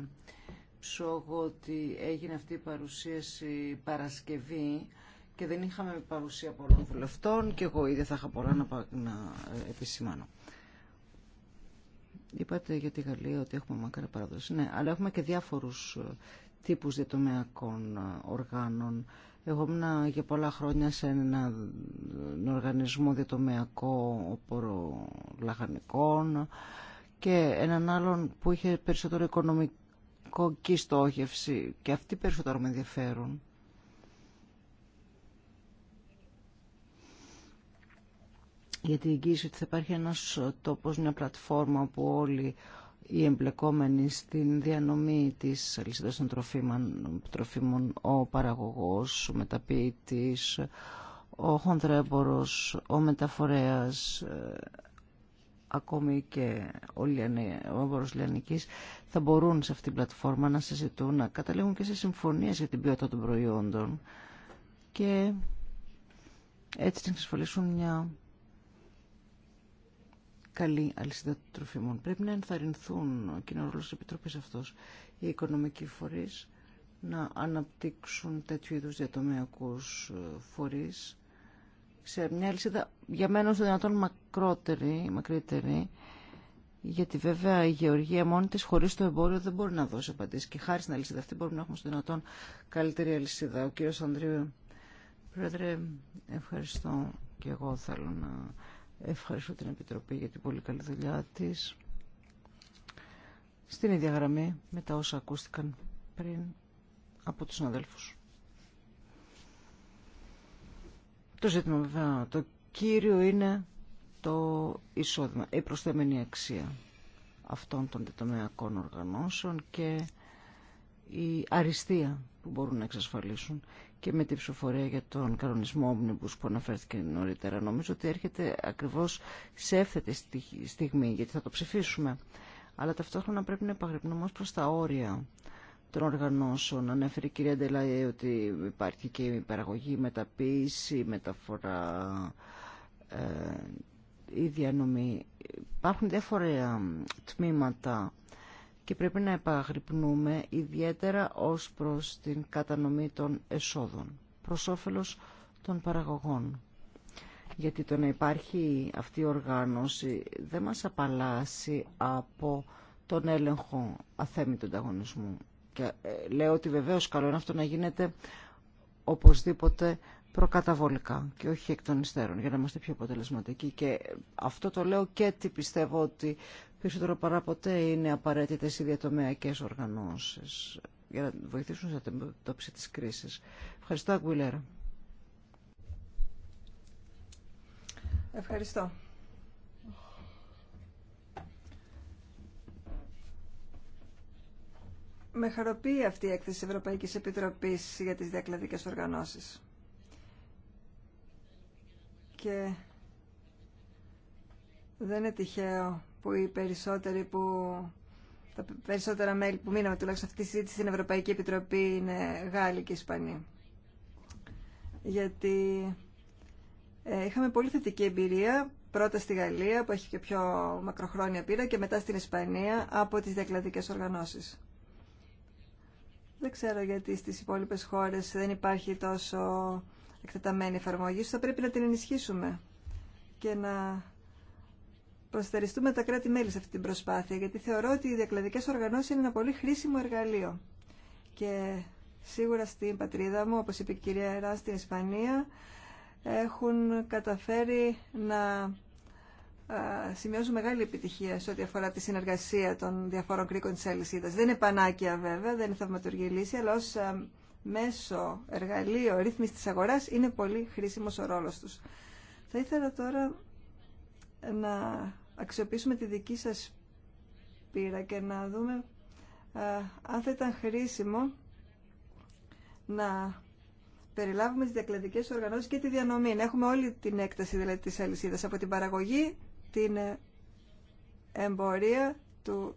ψόγο ότι έγινε αυτή η παρουσίαση Παρασκευή και δεν είχαμε παρουσία πολλών βουλευτών και εγώ ήδη θα είχα πολλά να, να ε, επισημάνω. Είπατε για τη Γαλλία ότι έχουμε μακρά παράδοση. Ναι, αλλά έχουμε και διάφορους ε, τύπους διατομεακών ε, οργάνων εγώ ήμουν για πολλά χρόνια σε έναν οργανισμό διατομιακό Λαχανικών και έναν άλλον που είχε περισσότερο οικονομική στόχευση και αυτοί περισσότερο με ενδιαφέρουν. Γιατί εγγύησε ότι θα υπάρχει ένας τόπος, μια πλατφόρμα που όλοι οι εμπλεκόμενοι στην διανομή της αλυσίδας των τροφίμων, τροφίμων ο παραγωγός, ο μεταποιητής, ο χονδρέμπορος, ο μεταφορέας, ε, ακόμη και ο, οι ο Λιανικής, θα μπορούν σε αυτήν την πλατφόρμα να συζητούν, να καταλήγουν και σε συμφωνίες για την ποιότητα των προϊόντων και έτσι να εξασφαλίσουν μια καλή αλυσίδα τροφίμων. Πρέπει να ενθαρρυνθούν και είναι ο ρόλος της αυτός οι οικονομικοί φορεί να αναπτύξουν τέτοιου είδου διατομιακού ε, φορεί. σε μια αλυσίδα για μένα όσο δυνατόν μακρότερη, μακρύτερη γιατί βέβαια η γεωργία μόνη τη χωρί το εμπόριο δεν μπορεί να δώσει απαντήσει και χάρη στην αλυσίδα αυτή μπορούμε να έχουμε στο δυνατόν καλύτερη αλυσίδα. Ο κύριο Ανδρίου, πρόεδρε, ευχαριστώ και εγώ θέλω να Ευχαριστώ την Επιτροπή για την πολύ καλή δουλειά της. Στην ίδια γραμμή με τα όσα ακούστηκαν πριν από τους συναδέλφους. Το ζήτημα βέβαια, το κύριο είναι το εισόδημα, η προσθέμενη αξία αυτών των τετομεακών οργανώσεων και η αριστεία που μπορούν να εξασφαλίσουν και με την ψηφοφορία για τον κανονισμό Omnibus που αναφέρθηκε νωρίτερα. Νομίζω ότι έρχεται ακριβώς σε έφθετη στιγμή, γιατί θα το ψηφίσουμε. Αλλά ταυτόχρονα πρέπει να επαγρυπνούμε προς τα όρια των οργανώσεων. Ανέφερε η κυρία Ντελάη ότι υπάρχει και η παραγωγή, η μεταποίηση, μεταφορά, ε, η διανομή. Υπάρχουν διάφορα τμήματα και πρέπει να επαγρυπνούμε ιδιαίτερα ως προς την κατανομή των εσόδων προς όφελος των παραγωγών. Γιατί το να υπάρχει αυτή η οργάνωση δεν μας απαλλάσσει από τον έλεγχο του ανταγωνισμού. Και ε, λέω ότι βεβαίως καλό είναι αυτό να γίνεται οπωσδήποτε προκαταβολικά και όχι εκ των υστέρων για να είμαστε πιο αποτελεσματικοί. Και αυτό το λέω και τι πιστεύω ότι περισσότερο παρά ποτέ είναι απαραίτητες οι διατομεακές οργανώσεις για να βοηθήσουν στην αντιμετώπιση της κρίσης. Ευχαριστώ, Αγγουιλέρα. Ευχαριστώ. Με χαροποιεί αυτή η έκθεση Ευρωπαϊκής Επιτροπής για τις διακλαδικές οργανώσεις. Και δεν είναι τυχαίο που οι περισσότεροι που τα περισσότερα μέλη που μείναμε τουλάχιστον αυτή τη συζήτηση στην Ευρωπαϊκή Επιτροπή είναι Γάλλοι και Ισπανοί. Γιατί ε, είχαμε πολύ θετική εμπειρία πρώτα στη Γαλλία που έχει και πιο μακροχρόνια πείρα και μετά στην Ισπανία από τις διακλαδικές οργανώσεις. Δεν ξέρω γιατί στις υπόλοιπες χώρες δεν υπάρχει τόσο εκτεταμένη εφαρμογή. Θα πρέπει να την ενισχύσουμε και να προσθεριστούμε τα κράτη-μέλη σε αυτή την προσπάθεια, γιατί θεωρώ ότι οι διακλαδικές οργανώσεις είναι ένα πολύ χρήσιμο εργαλείο. Και σίγουρα στην πατρίδα μου, όπως είπε η κυρία Ερά, στην Ισπανία, έχουν καταφέρει να σημειώσουν μεγάλη επιτυχία σε ό,τι αφορά τη συνεργασία των διαφόρων κρίκων της αλυσίδας. Δεν είναι πανάκια βέβαια, δεν είναι θαυματουργή λύση, αλλά ως μέσο εργαλείο ρύθμιση της αγοράς είναι πολύ χρήσιμος ο ρόλος τους. Θα ήθελα τώρα να αξιοποιήσουμε τη δική σας πείρα και να δούμε ε, αν θα ήταν χρήσιμο να περιλάβουμε τις διακλαδικές οργανώσεις και τη διανομή. Να έχουμε όλη την έκταση δηλαδή, της αλυσίδας από την παραγωγή, την ε, εμπορία του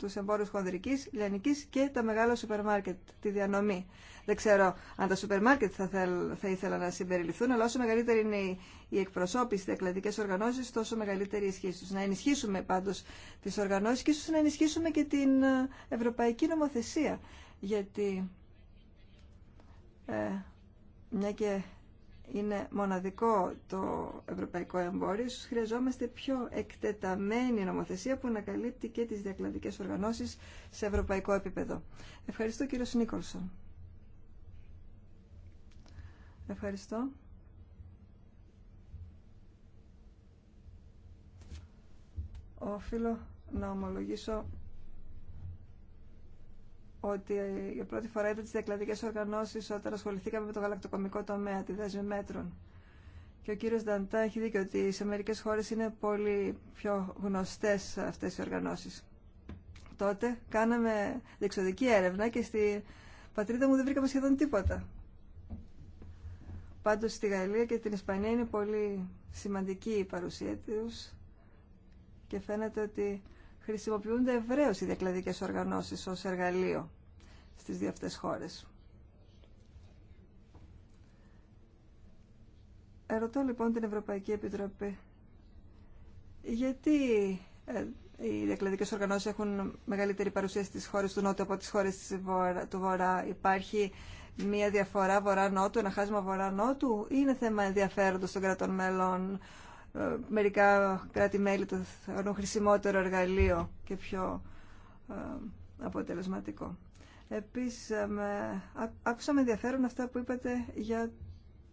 τους εμπόρους χονδρικής, λιανικής και τα μεγάλα σούπερ μάρκετ, τη διανομή. Δεν ξέρω αν τα σούπερ μάρκετ θα, θα ήθελα να συμπεριληφθούν, αλλά όσο μεγαλύτερη είναι η εκπροσώπηση στις εκλατικές οργανώσεις, τόσο μεγαλύτερη η ισχύ τους. Να ενισχύσουμε πάντως τις οργανώσεις και ίσως να ενισχύσουμε και την ε, ευρωπαϊκή νομοθεσία, γιατί... Ε, μια και είναι μοναδικό το ευρωπαϊκό εμπόριο, χρειαζόμαστε πιο εκτεταμένη νομοθεσία που να καλύπτει και τις διακλαδικές οργανώσεις σε ευρωπαϊκό επίπεδο. Ευχαριστώ κύριο Νίκολσον. Ευχαριστώ. Οφείλω να ομολογήσω ότι για πρώτη φορά ήταν τι διακλαδικέ οργανώσει όταν ασχοληθήκαμε με το γαλακτοκομικό τομέα, τη δέσμη μέτρων. Και ο κύριος Νταντά έχει δίκιο ότι σε μερικέ χώρες είναι πολύ πιο γνωστές αυτές οι οργανώσεις. Τότε κάναμε διεξοδική έρευνα και στη πατρίδα μου δεν βρήκαμε σχεδόν τίποτα. Πάντως στη Γαλλία και την Ισπανία είναι πολύ σημαντική η παρουσία του και φαίνεται ότι χρησιμοποιούνται ευρέως οι διακλαδικές οργανώσεις ως εργαλείο στις δύο αυτές χώρες. Ερωτώ λοιπόν την Ευρωπαϊκή Επιτροπή γιατί ε, οι διακλαδικές οργανώσεις έχουν μεγαλύτερη παρουσία στις χώρες του Νότου από τις χώρες του Βορρά. Υπάρχει μια διαφορά Βορρά-Νότου, ένα χάσμα Βορρά-Νότου ή είναι θέμα ενδιαφέροντος των κρατών μέλων ε, μερικά κράτη-μέλη το θεωρούν χρησιμότερο εργαλείο και πιο ε, αποτελεσματικό. Επίσης, ε, με, άκουσα με ενδιαφέρον αυτά που είπατε για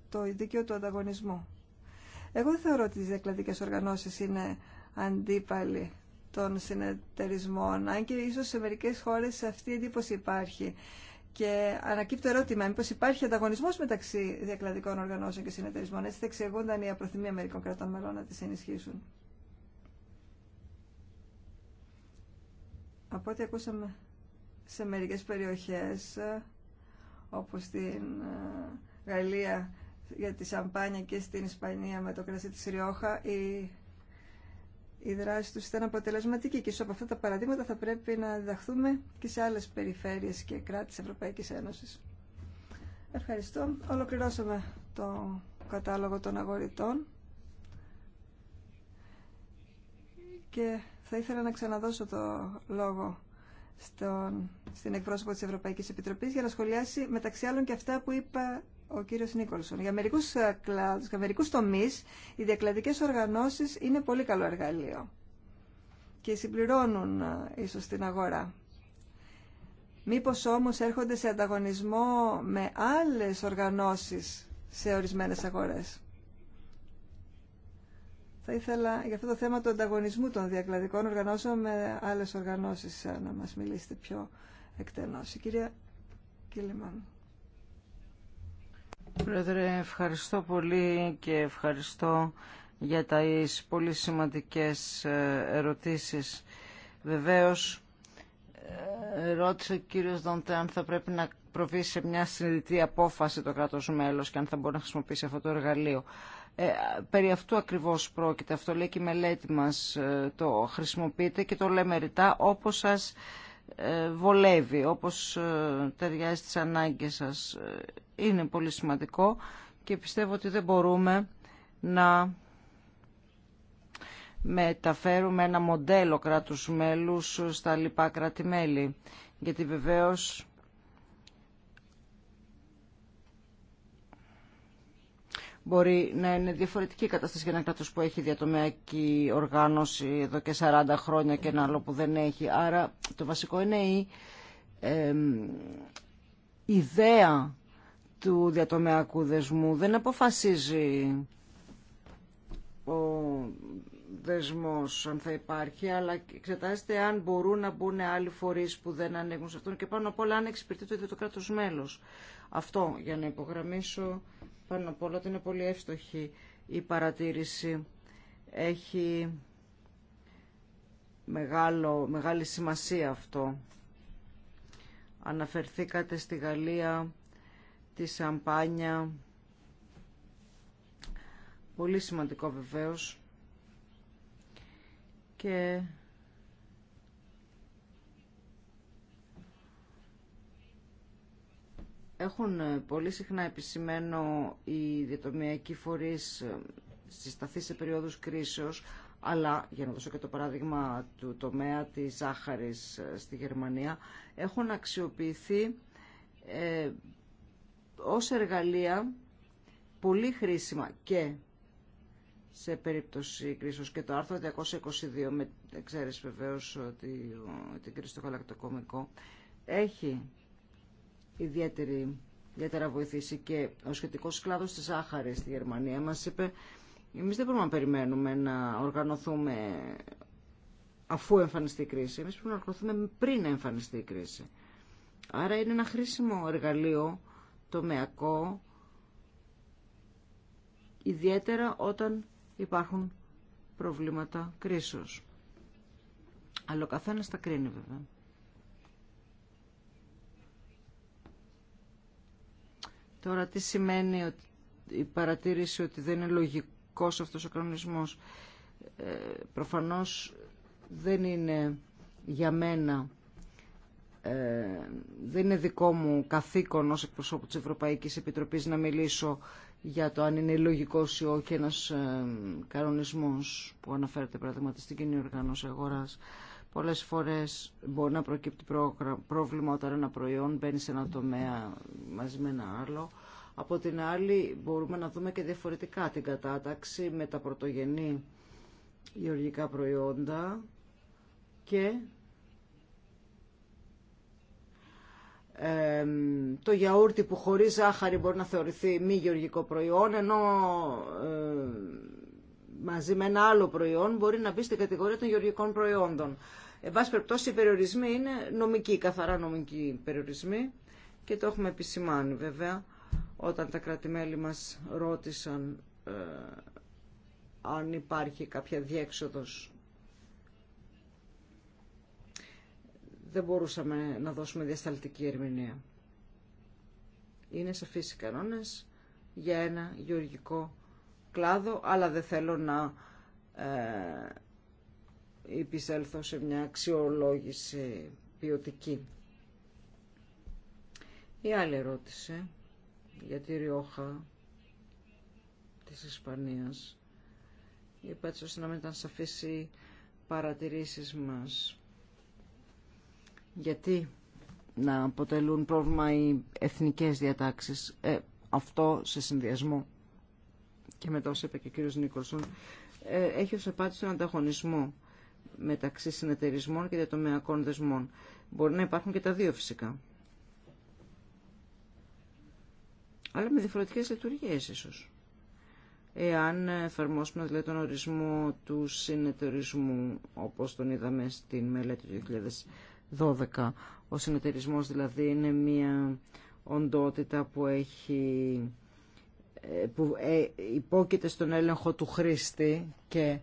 το δίκαιο του ανταγωνισμού. Εγώ δεν θεωρώ ότι οι διακλαδικές οργανώσεις είναι αντίπαλοι των συνεταιρισμών, αν και ίσως σε μερικές χώρες αυτή η εντύπωση υπάρχει. Και ανακύπτω ερώτημα, μήπω υπάρχει ανταγωνισμό μεταξύ διακλαδικών οργανώσεων και συνεταιρισμών. Έτσι θα εξηγούνταν οι απροθυμία μερικών κρατών μελών να τι ενισχύσουν. Από ό,τι ακούσαμε σε μερικές περιοχές, όπως στην ε, Γαλλία για τη σαμπάνια και στην Ισπανία με το κρασί της Ριόχα, η δράση τους ήταν αποτελεσματική και ίσως από αυτά τα παραδείγματα θα πρέπει να διδαχθούμε και σε άλλες περιφέρειες και κράτη της Ευρωπαϊκής Ένωσης. Ευχαριστώ. Ολοκληρώσαμε το κατάλογο των αγορητών και θα ήθελα να ξαναδώσω το λόγο στον, στην εκπρόσωπο της Ευρωπαϊκής Επιτροπής για να σχολιάσει μεταξύ άλλων και αυτά που είπα ο κύριος Νίκολσον. Για μερικούς ε, κλάδους, για μερικούς τομείς, οι διακλαδικές οργανώσεις είναι πολύ καλό εργαλείο και συμπληρώνουν ε, ίσως την αγορά. Μήπως όμως έρχονται σε ανταγωνισμό με άλλες οργανώσεις σε ορισμένες αγορές. Θα ήθελα για αυτό το θέμα του ανταγωνισμού των διακλαδικών οργανώσεων με άλλες οργανώσεις ε, να μας μιλήσετε πιο εκτενώς. κυρία Κίλιμαν. Πρόεδρε, ευχαριστώ πολύ και ευχαριστώ για τα πολύ σημαντικές ε, ερωτήσεις. Βεβαίως, ε, ρώτησε ο κύριος Δοντέ αν θα πρέπει να προβεί σε μια συνειδητή απόφαση το κράτος μέλος και αν θα μπορεί να χρησιμοποιήσει αυτό το εργαλείο. Ε, περί αυτού ακριβώς πρόκειται, αυτό λέει και η μελέτη μας, το χρησιμοποιείτε και το λέμε ρητά όπως σας ε, βολεύει, όπως ε, ταιριάζει τις ανάγκες σας. Ε, είναι πολύ σημαντικό και πιστεύω ότι δεν μπορούμε να μεταφέρουμε ένα μοντέλο κράτους μέλους στα λοιπά κράτη-μέλη. Γιατί βεβαίως Μπορεί να είναι διαφορετική η κατάσταση για ένα κράτο που έχει διατομεακή οργάνωση εδώ και 40 χρόνια και ένα άλλο που δεν έχει. Άρα το βασικό είναι η ιδέα του διατομεακού δεσμού. Δεν αποφασίζει ο δεσμός αν θα υπάρχει, αλλά εξετάζεται αν μπορούν να μπουν άλλοι φορείς που δεν ανέχουν σε αυτόν και πάνω απ' όλα αν εξυπηρετεί το ίδιο το κράτος μέλος. Αυτό για να υπογραμμίσω πάνω απ' όλα ότι είναι πολύ εύστοχη η παρατήρηση. Έχει μεγάλο, μεγάλη σημασία αυτό. Αναφερθήκατε στη Γαλλία, τη Σαμπάνια. Πολύ σημαντικό βεβαίως. Και έχουν ε, πολύ συχνά επισημένο οι διατομιακοί φορείς ε, συσταθεί σε περίοδους κρίσεως, αλλά, για να δώσω και το παράδειγμα του τομέα της ζάχαρης ε, στη Γερμανία, έχουν αξιοποιηθεί ε, ως εργαλεία πολύ χρήσιμα και σε περίπτωση κρίσεως και το άρθρο 222, με εξαίρεση βεβαίως την κρίση το Καλακτοκομικό έχει ιδιαίτερη, ιδιαίτερα βοηθήσει και ο σχετικός κλάδος της Ζάχαρη στη Γερμανία μας είπε εμείς δεν μπορούμε να περιμένουμε να οργανωθούμε αφού εμφανιστεί η κρίση. Εμείς πρέπει να οργανωθούμε πριν εμφανιστεί η κρίση. Άρα είναι ένα χρήσιμο εργαλείο τομεακό ιδιαίτερα όταν υπάρχουν προβλήματα κρίσεως. Αλλά ο καθένας τα κρίνει βέβαια. Τώρα τι σημαίνει ότι η παρατήρηση ότι δεν είναι λογικός αυτός ο κανονισμός. Ε, προφανώς δεν είναι για μένα, ε, δεν είναι δικό μου καθήκον ως εκπροσώπου της Ευρωπαϊκής Επιτροπής να μιλήσω για το αν είναι λογικός ή όχι ένας ε, κανονισμός που αναφέρεται πραγματικά, στην κοινή οργάνωση αγοράς. Πολλές φορές μπορεί να προκύπτει πρόβλημα όταν ένα προϊόν μπαίνει σε ένα τομέα μαζί με ένα άλλο. Από την άλλη μπορούμε να δούμε και διαφορετικά την κατάταξη με τα πρωτογενή γεωργικά προϊόντα και το γιαούρτι που χωρίς ζάχαρη μπορεί να θεωρηθεί μη γεωργικό προϊόν, ενώ μαζί με ένα άλλο προϊόν μπορεί να μπει στην κατηγορία των γεωργικών προϊόντων. Εν πάση περιπτώσει, οι περιορισμοί είναι νομικοί, καθαρά νομικοί περιορισμοί και το έχουμε επισημάνει βέβαια όταν τα κρατημέλη μας ρώτησαν ε, αν υπάρχει κάποια διέξοδος. Δεν μπορούσαμε να δώσουμε διασταλτική ερμηνεία. Είναι σε οι κανόνες για ένα γεωργικό κλάδο, αλλά δεν θέλω να ε, επισέλθω σε μια αξιολόγηση ποιοτική. Η άλλη ερώτηση για τη Ριόχα της Ισπανίας. Είπα έτσι ώστε να μην ήταν σαφής οι παρατηρήσεις μας. Γιατί να αποτελούν πρόβλημα οι εθνικές διατάξεις. Ε, αυτό σε συνδυασμό και μετά όσο είπε και ο κύριος Νίκολσον, ε, έχει ως απάντηση τον ανταγωνισμό μεταξύ συνεταιρισμών και διατομεακών δεσμών. Μπορεί να υπάρχουν και τα δύο φυσικά. Αλλά με διαφορετικέ λειτουργίες ίσω. Εάν εφαρμόσουμε δηλαδή, τον ορισμό του συνεταιρισμού, όπως τον είδαμε στην μελέτη του 2012, ο συνεταιρισμός δηλαδή είναι μια οντότητα που έχει ε, που ε, υπόκειται στον έλεγχο του χρήστη και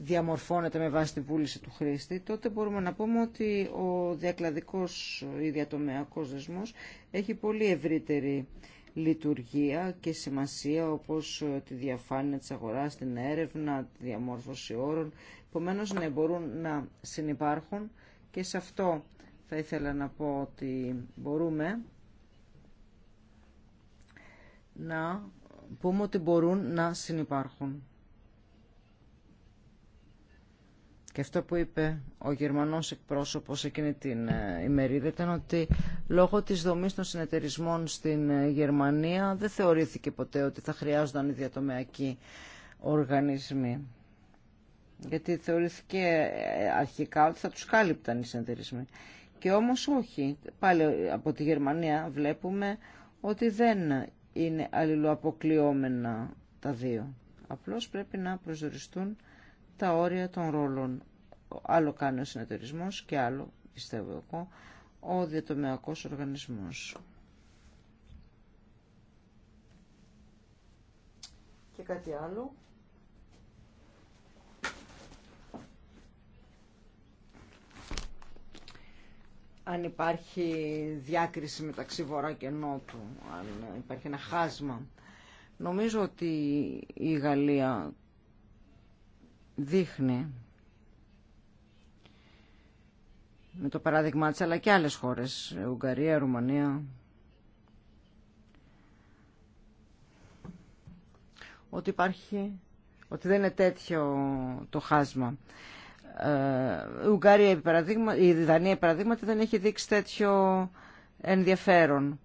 διαμορφώνεται με βάση την πούληση του χρήστη, τότε μπορούμε να πούμε ότι ο διακλαδικός ή διατομεακός δεσμός έχει πολύ ευρύτερη λειτουργία και σημασία όπως ε, τη διαφάνεια της αγοράς, την έρευνα, τη διαμόρφωση όρων. Επομένω να μπορούν να συνεπάρχουν και σε αυτό θα ήθελα να πω ότι μπορούμε να πούμε ότι μπορούν να συνεπάρχουν. Και αυτό που είπε ο Γερμανός εκπρόσωπος εκείνη την ε, ημερίδα ήταν ότι λόγω της δομής των συνεταιρισμών στην ε, Γερμανία δεν θεωρήθηκε ποτέ ότι θα χρειάζονταν οι διατομεακοί οργανισμοί. Γιατί θεωρήθηκε ε, αρχικά ότι θα τους κάλυπταν οι συνεταιρισμοί. Και όμως όχι. Πάλι από τη Γερμανία βλέπουμε ότι δεν είναι αλληλοαποκλειόμενα τα δύο. Απλώς πρέπει να προσδοριστούν τα όρια των ρόλων. Άλλο κάνει ο συνεταιρισμός και άλλο, πιστεύω εγώ, ο διατομιακός οργανισμός. Και κάτι άλλο. αν υπάρχει διάκριση μεταξύ βορρά και νότου, αν υπάρχει ένα χάσμα. Νομίζω ότι η Γαλλία δείχνει με το παράδειγμα της αλλά και άλλες χώρες, Ουγγαρία, Ρουμανία, ότι υπάρχει, ότι δεν είναι τέτοιο το χάσμα. Η ε, Ουγγαρία, η Δανία, παραδείγματι, δεν έχει δείξει τέτοιο ενδιαφέρον.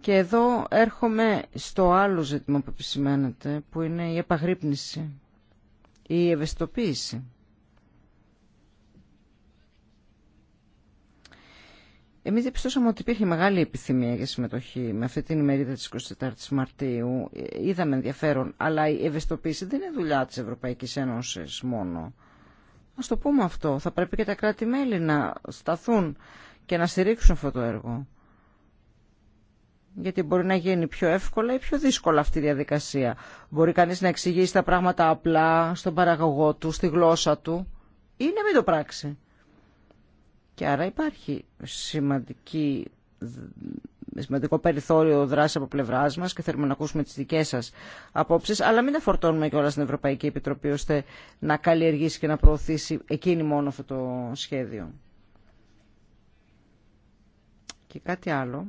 Και εδώ έρχομαι στο άλλο ζήτημα που επισημαίνεται, που είναι η επαγρύπνηση, η ευαισθητοποίηση. Εμείς διαπιστώσαμε ότι υπήρχε μεγάλη επιθυμία για συμμετοχή με αυτή την ημερίδα της 24ης Μαρτίου. Ε, είδαμε ενδιαφέρον, αλλά η ευαισθητοποίηση δεν είναι δουλειά της Ευρωπαϊκής Ένωσης μόνο. Ας το πούμε αυτό. Θα πρέπει και τα κράτη-μέλη να σταθούν και να στηρίξουν αυτό το έργο γιατί μπορεί να γίνει πιο εύκολα ή πιο δύσκολα αυτή η διαδικασία. Μπορεί κανείς να εξηγήσει τα πράγματα απλά στον παραγωγό του, στη γλώσσα του ή να μην το πράξει. Και άρα υπάρχει σημαντική, σημαντικό περιθώριο δράση από πλευρά μα και θέλουμε να ακούσουμε τι δικέ σα απόψει, αλλά μην τα φορτώνουμε και όλα στην Ευρωπαϊκή Επιτροπή ώστε να καλλιεργήσει και να προωθήσει εκείνη μόνο αυτό το σχέδιο. Και κάτι άλλο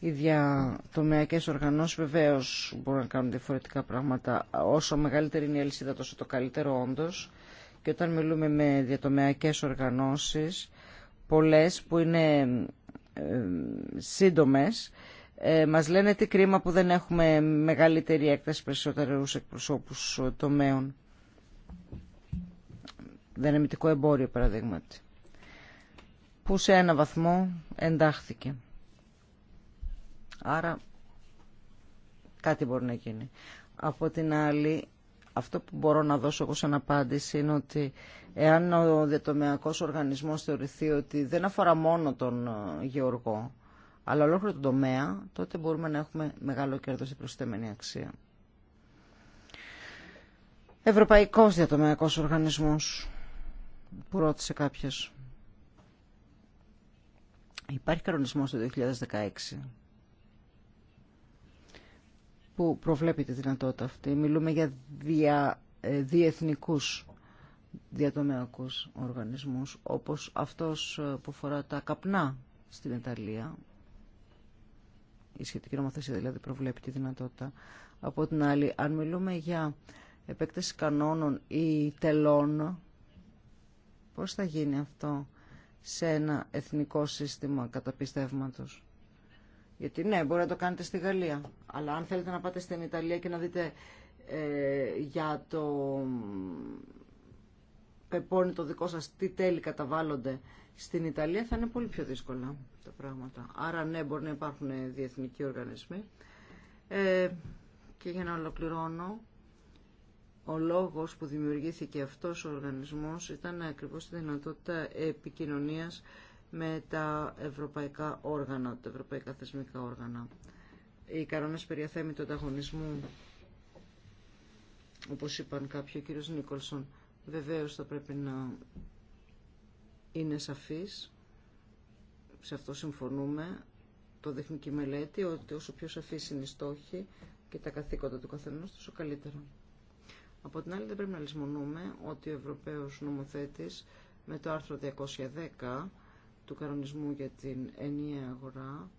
Οι διατομεακέ οργανώσει βεβαίω μπορούν να κάνουν διαφορετικά πράγματα. Όσο μεγαλύτερη είναι η αλυσίδα τόσο το καλύτερο όντως. Και όταν μιλούμε με διατομεακέ οργανώσει, πολλέ που είναι σύντομε, ε, μας λένε τι κρίμα που δεν έχουμε μεγαλύτερη έκταση περισσότερου εκπροσώπου τομέων. δεν εμπόριο παραδείγματι. Που σε ένα βαθμό εντάχθηκε. Άρα κάτι μπορεί να γίνει. Από την άλλη, αυτό που μπορώ να δώσω εγώ σαν απάντηση είναι ότι εάν ο διατομιακός οργανισμός θεωρηθεί ότι δεν αφορά μόνο τον ε, γεωργό, αλλά ολόκληρο τον τομέα, τότε μπορούμε να έχουμε μεγάλο κέρδος σε προσθέμενη αξία. Ευρωπαϊκός διατομιακός οργανισμός που ρώτησε κάποιος. Υπάρχει κανονισμός το 2016 που προβλέπει τη δυνατότητα αυτή. Μιλούμε για δια, ε, διεθνικούς διατομεακούς οργανισμούς, όπως αυτός ε, που φορά τα καπνά στην Ιταλία. Η σχετική νομοθεσία δηλαδή προβλέπει τη δυνατότητα. Από την άλλη, αν μιλούμε για επέκταση κανόνων ή τελών, πώς θα γίνει αυτό σε ένα εθνικό σύστημα καταπιστεύματος. Γιατί ναι, μπορεί να το κάνετε στη Γαλλία. Αλλά αν θέλετε να πάτε στην Ιταλία και να δείτε ε, για το πεπόνι το δικό σας τι τέλη καταβάλλονται στην Ιταλία θα είναι πολύ πιο δύσκολα τα πράγματα. Άρα ναι, μπορεί να υπάρχουν διεθνικοί οργανισμοί. Ε, και για να ολοκληρώνω, ο λόγος που δημιουργήθηκε αυτός ο οργανισμός ήταν ακριβώς τη δυνατότητα επικοινωνίας με τα ευρωπαϊκά όργανα, τα ευρωπαϊκά θεσμικά όργανα. Οι κανόνε περί του ανταγωνισμού, όπως είπαν κάποιοι, ο κύριος Νίκολσον, βεβαίως θα πρέπει να είναι σαφής, σε αυτό συμφωνούμε, το δείχνει μελέτη, ότι όσο πιο σαφής είναι η στόχοι και τα καθήκοντα του καθενός, τόσο καλύτερα. Από την άλλη δεν πρέπει να λησμονούμε ότι ο Ευρωπαίος νομοθέτης με το άρθρο 210 του κανονισμού για την ενιαία αγορά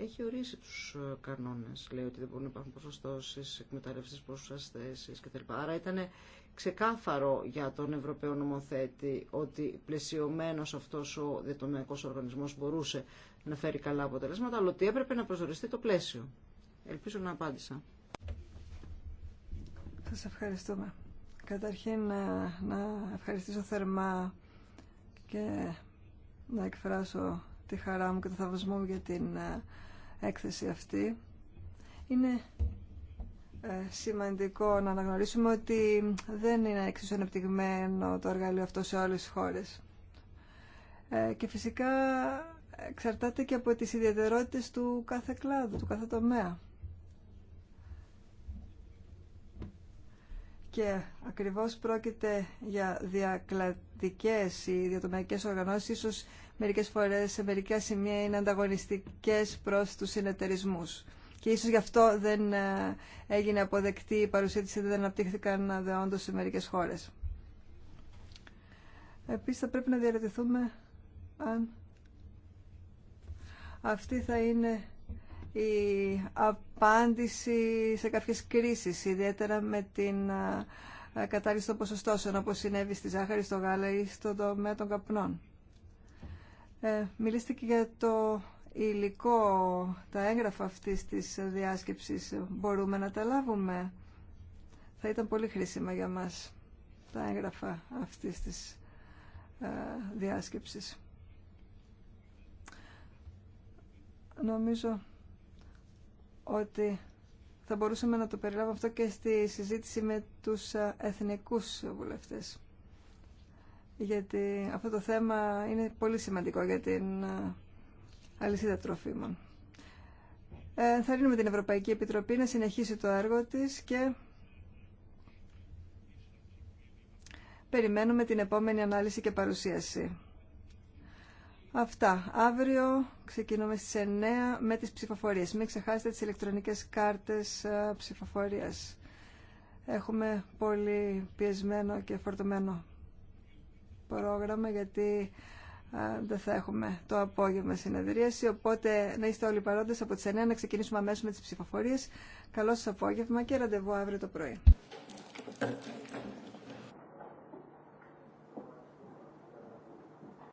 έχει ορίσει τους ε, κανόνες. Λέει ότι δεν μπορούν να υπάρχουν προστασίες, εκμεταλλεύσεις προστασίες θέσει κτλ. Άρα ήταν ξεκάθαρο για τον Ευρωπαίο νομοθέτη ότι πλαισιωμένο αυτός ο διατομιακό οργανισμός μπορούσε να φέρει καλά αποτελέσματα, αλλά ότι έπρεπε να προσδοριστεί το πλαίσιο. Ελπίζω να απάντησα. Σα ευχαριστούμε. Καταρχήν ε, να ευχαριστήσω θερμά και να εκφράσω τη χαρά μου και το θαυμασμό μου για την ε, έκθεση αυτή. Είναι ε, σημαντικό να αναγνωρίσουμε ότι δεν είναι εξίσου το εργαλείο αυτό σε όλες τις χώρες. Ε, και φυσικά εξαρτάται και από τις ιδιαιτερότητες του κάθε κλάδου, του κάθε τομέα. Και ακριβώς πρόκειται για διακλατή οι διατομιακέ οργανώσεις, ίσως μερικές φορές σε μερικά σημεία είναι ανταγωνιστικές προς τους συνεταιρισμού. Και ίσως γι' αυτό δεν ε, έγινε αποδεκτή η παρουσία της, δεν αναπτύχθηκαν δεόντως σε μερικές χώρες. Επίσης θα πρέπει να διαρωτηθούμε αν αυτή θα είναι η απάντηση σε κάποιες κρίσεις, ιδιαίτερα με την ε, ε, κατάργηση των ποσοστώσεων όπω συνέβη στη ζάχαρη, στο γάλα ή στον τομέα των καπνών. Ε, μιλήστε και για το υλικό, τα έγγραφα αυτής της διάσκεψης. Μπορούμε να τα λάβουμε. Θα ήταν πολύ χρήσιμα για μας τα έγγραφα αυτής της ε, διάσκεψης. Νομίζω ότι θα μπορούσαμε να το περιλάβουμε αυτό και στη συζήτηση με τους εθνικούς βουλευτές. Γιατί αυτό το θέμα είναι πολύ σημαντικό για την αλυσίδα τροφίμων. Ε, θα ρίνουμε την Ευρωπαϊκή Επιτροπή να συνεχίσει το έργο της και περιμένουμε την επόμενη ανάλυση και παρουσίαση Αυτά. Αύριο ξεκινούμε στις 9 με τις ψηφοφορίες. Μην ξεχάσετε τις ηλεκτρονικές κάρτες ε, ψηφοφορίας. Έχουμε πολύ πιεσμένο και φορτωμένο πρόγραμμα γιατί ε, δεν θα έχουμε το απόγευμα συνεδρίαση. Οπότε να είστε όλοι παρόντες από τις 9 να ξεκινήσουμε αμέσως με τις ψηφοφορίες. Καλό σας απόγευμα και ραντεβού αύριο το πρωί.